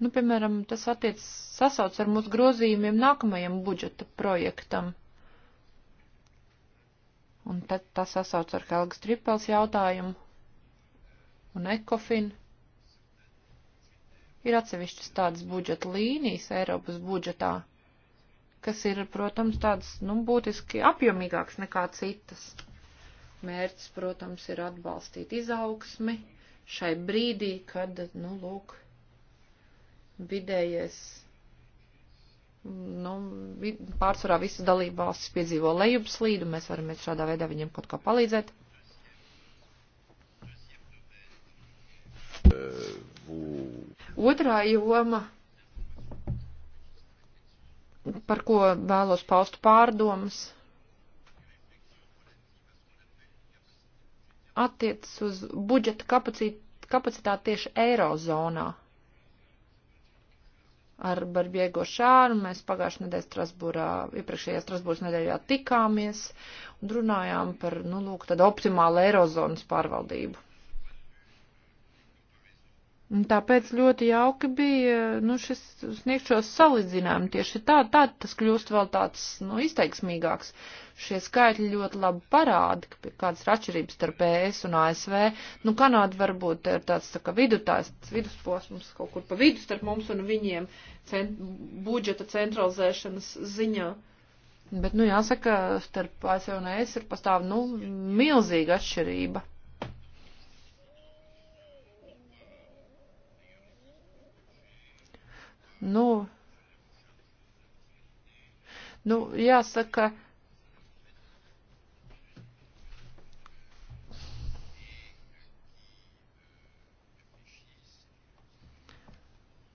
Nu, piemēram, tas attiec sasauc ar mūsu grozījumiem nākamajam budžeta projektam. Un tad tas sasauc ar Helgas Tripels jautājumu un Ekofin. Ir atsevišķas tādas budžeta līnijas Eiropas budžetā kas ir, protams, tāds, nu, būtiski apjomīgāks nekā citas. Mērķis, protams, ir atbalstīt izaugsmi šai brīdī, kad, nu, lūk, vidējais, nu, pārsvarā visas dalībvalstis piedzīvo lejupslīdu, mēs varam šādā veidā viņiem kaut kā palīdzēt. Uh, Otrā joma. Jo par ko vēlos paust pārdomas, attiecas uz budžeta kapacitāti, kapacitāti tieši Eirozonā. Ar Barbiego Šāru mēs pagājušajā nedēļā Strasbūrā, iepriekšējā Strasbūras nedēļā tikāmies un runājām par, nu, lūk, tādu optimālu Eirozonas pārvaldību. Un tāpēc ļoti jauki bija, nu, šis sniegšos salīdzinājumu tieši tā, tā tas kļūst vēl tāds, nu, izteiksmīgāks. Šie skaitļi ļoti labi parāda, ka kādas ir atšķirības starp ES un ASV. Nu, Kanāda varbūt ir tāds, tā kā vidutājs, vidusposms kaut kur pa vidu starp mums un viņiem cent, budžeta centralizēšanas ziņā. Bet, nu, jāsaka, starp ASV un ES ir pastāv, nu, milzīga atšķirība. Nu, nu jāsaka,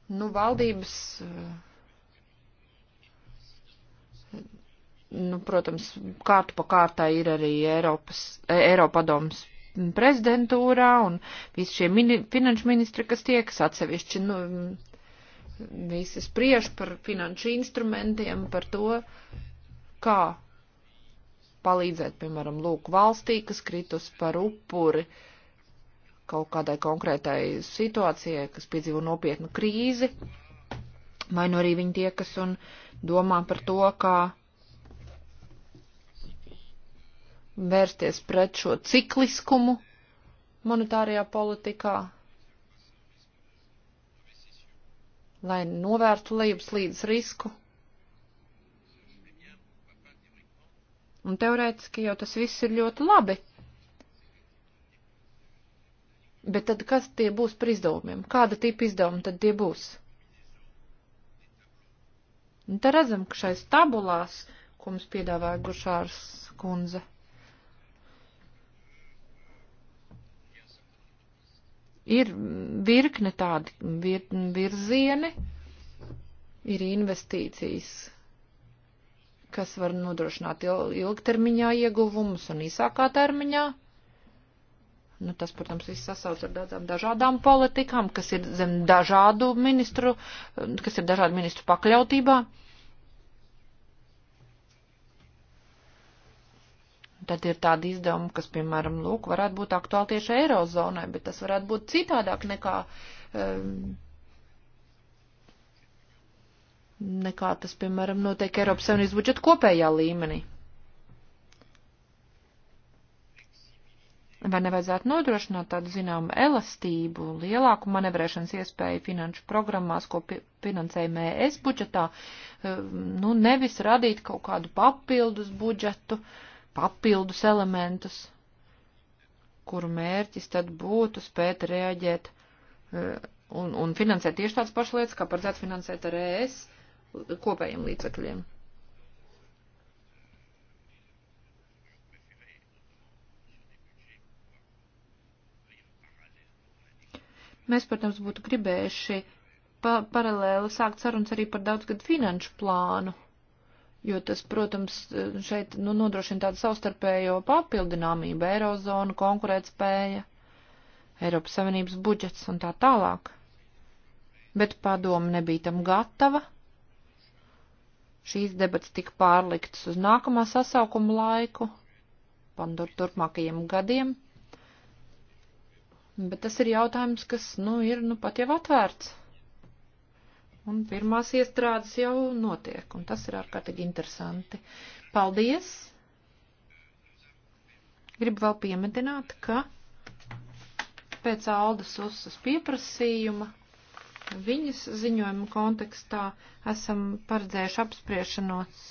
nu, valdības, nu, protams, kārtu pa kārtā ir arī Eiropas, Eiropadoms prezidentūrā un visi šie mini, finanšu ministri, kas tiekas atsevišķi. Nu, Visi spriež par finanšu instrumentiem, par to, kā palīdzēt, piemēram, lūk, valstī, kas kritus par upuri kaut kādai konkrētai situācijai, kas piedzīvo nopietnu krīzi, vai nu arī viņi tie, kas un domā par to, kā vērsties pret šo cikliskumu monetārajā politikā, lai novērtu lejupslīdes risku. Un teorētiski jau tas viss ir ļoti labi. Bet tad kas tie būs par izdevumiem? Kāda tipa izdevuma tad tie būs? Un te redzam, ka šais tabulās, ko mums piedāvāja Gušārs kundze. Ir virkne tādi vir, virzieni, ir investīcijas, kas var nodrošināt ilgtermiņā ieguvumus un īsākā termiņā. Nu, tas, protams, viss sasauc ar daudzām dažādām politikām, kas ir zem dažādu ministru, kas ir dažādu ministru pakļautībā. Uh, Tad ir tādi izdevumi, kas, piemēram, lūk, varētu būt aktuāli tieši Eirozonai, bet tas varētu būt citādāk nekā, um, nekā tas, piemēram, notiek Eiropas Savienības budžeta kopējā līmenī. Vai nevajadzētu nodrošināt tādu zināmu elastību, lielāku manevrēšanas iespēju finanšu programmās, ko finansējam ES budžetā, ehm, nu, nevis radīt kaut kādu papildus budžetu, uh, papildus elementus, kuru mērķis tad būtu spēt reaģēt e, un, un finansēt tieši tādas pašas lietas, kā paredzēts finansēt ar ES kopējiem līdzekļiem. Mēs, protams, būtu gribējuši pa paralēli sākt sarunas arī par daudzgadu finanšu plānu jo tas, protams, šeit nu, nodrošina tādu savstarpējo papildināmību, eirozonu, konkurētspēja, Eiropas Savienības budžets un tā tālāk. Bet padoma nebija tam gatava. Šīs debats tika pārliktas uz nākamā sasaukuma laiku, pandur turpmākajiem gadiem. Bet tas ir jautājums, kas, nu, ir, nu, pat jau atvērts. Un pirmās iestrādes jau notiek, un tas ir ārkārtīgi interesanti. Paldies! Gribu vēl piemetināt, ka pēc Aldas Usas pieprasījuma viņas ziņojuma kontekstā esam paredzējuši apspriešanos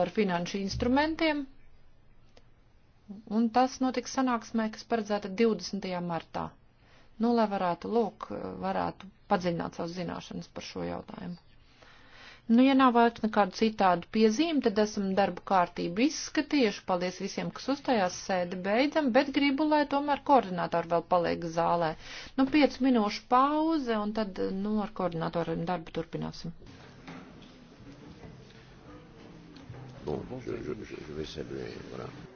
par finanšu instrumentiem, un tas notiks sanāksmē, kas paredzēta 20. martā nu, lai varētu, lūk, varētu padziļināt savas zināšanas par šo jautājumu. Nu, ja nav vairs nekādu citādu piezīmi, tad esam darbu kārtību izskatījuši. Paldies visiem, kas uzstājās sēdi beidzam, bet gribu, lai tomēr koordinātori vēl paliek zālē. Nu, 5 minūšu pauze, un tad, nu, ar koordinātoriem darbu turpināsim. Bon, je, je, je vais saluer, voilà.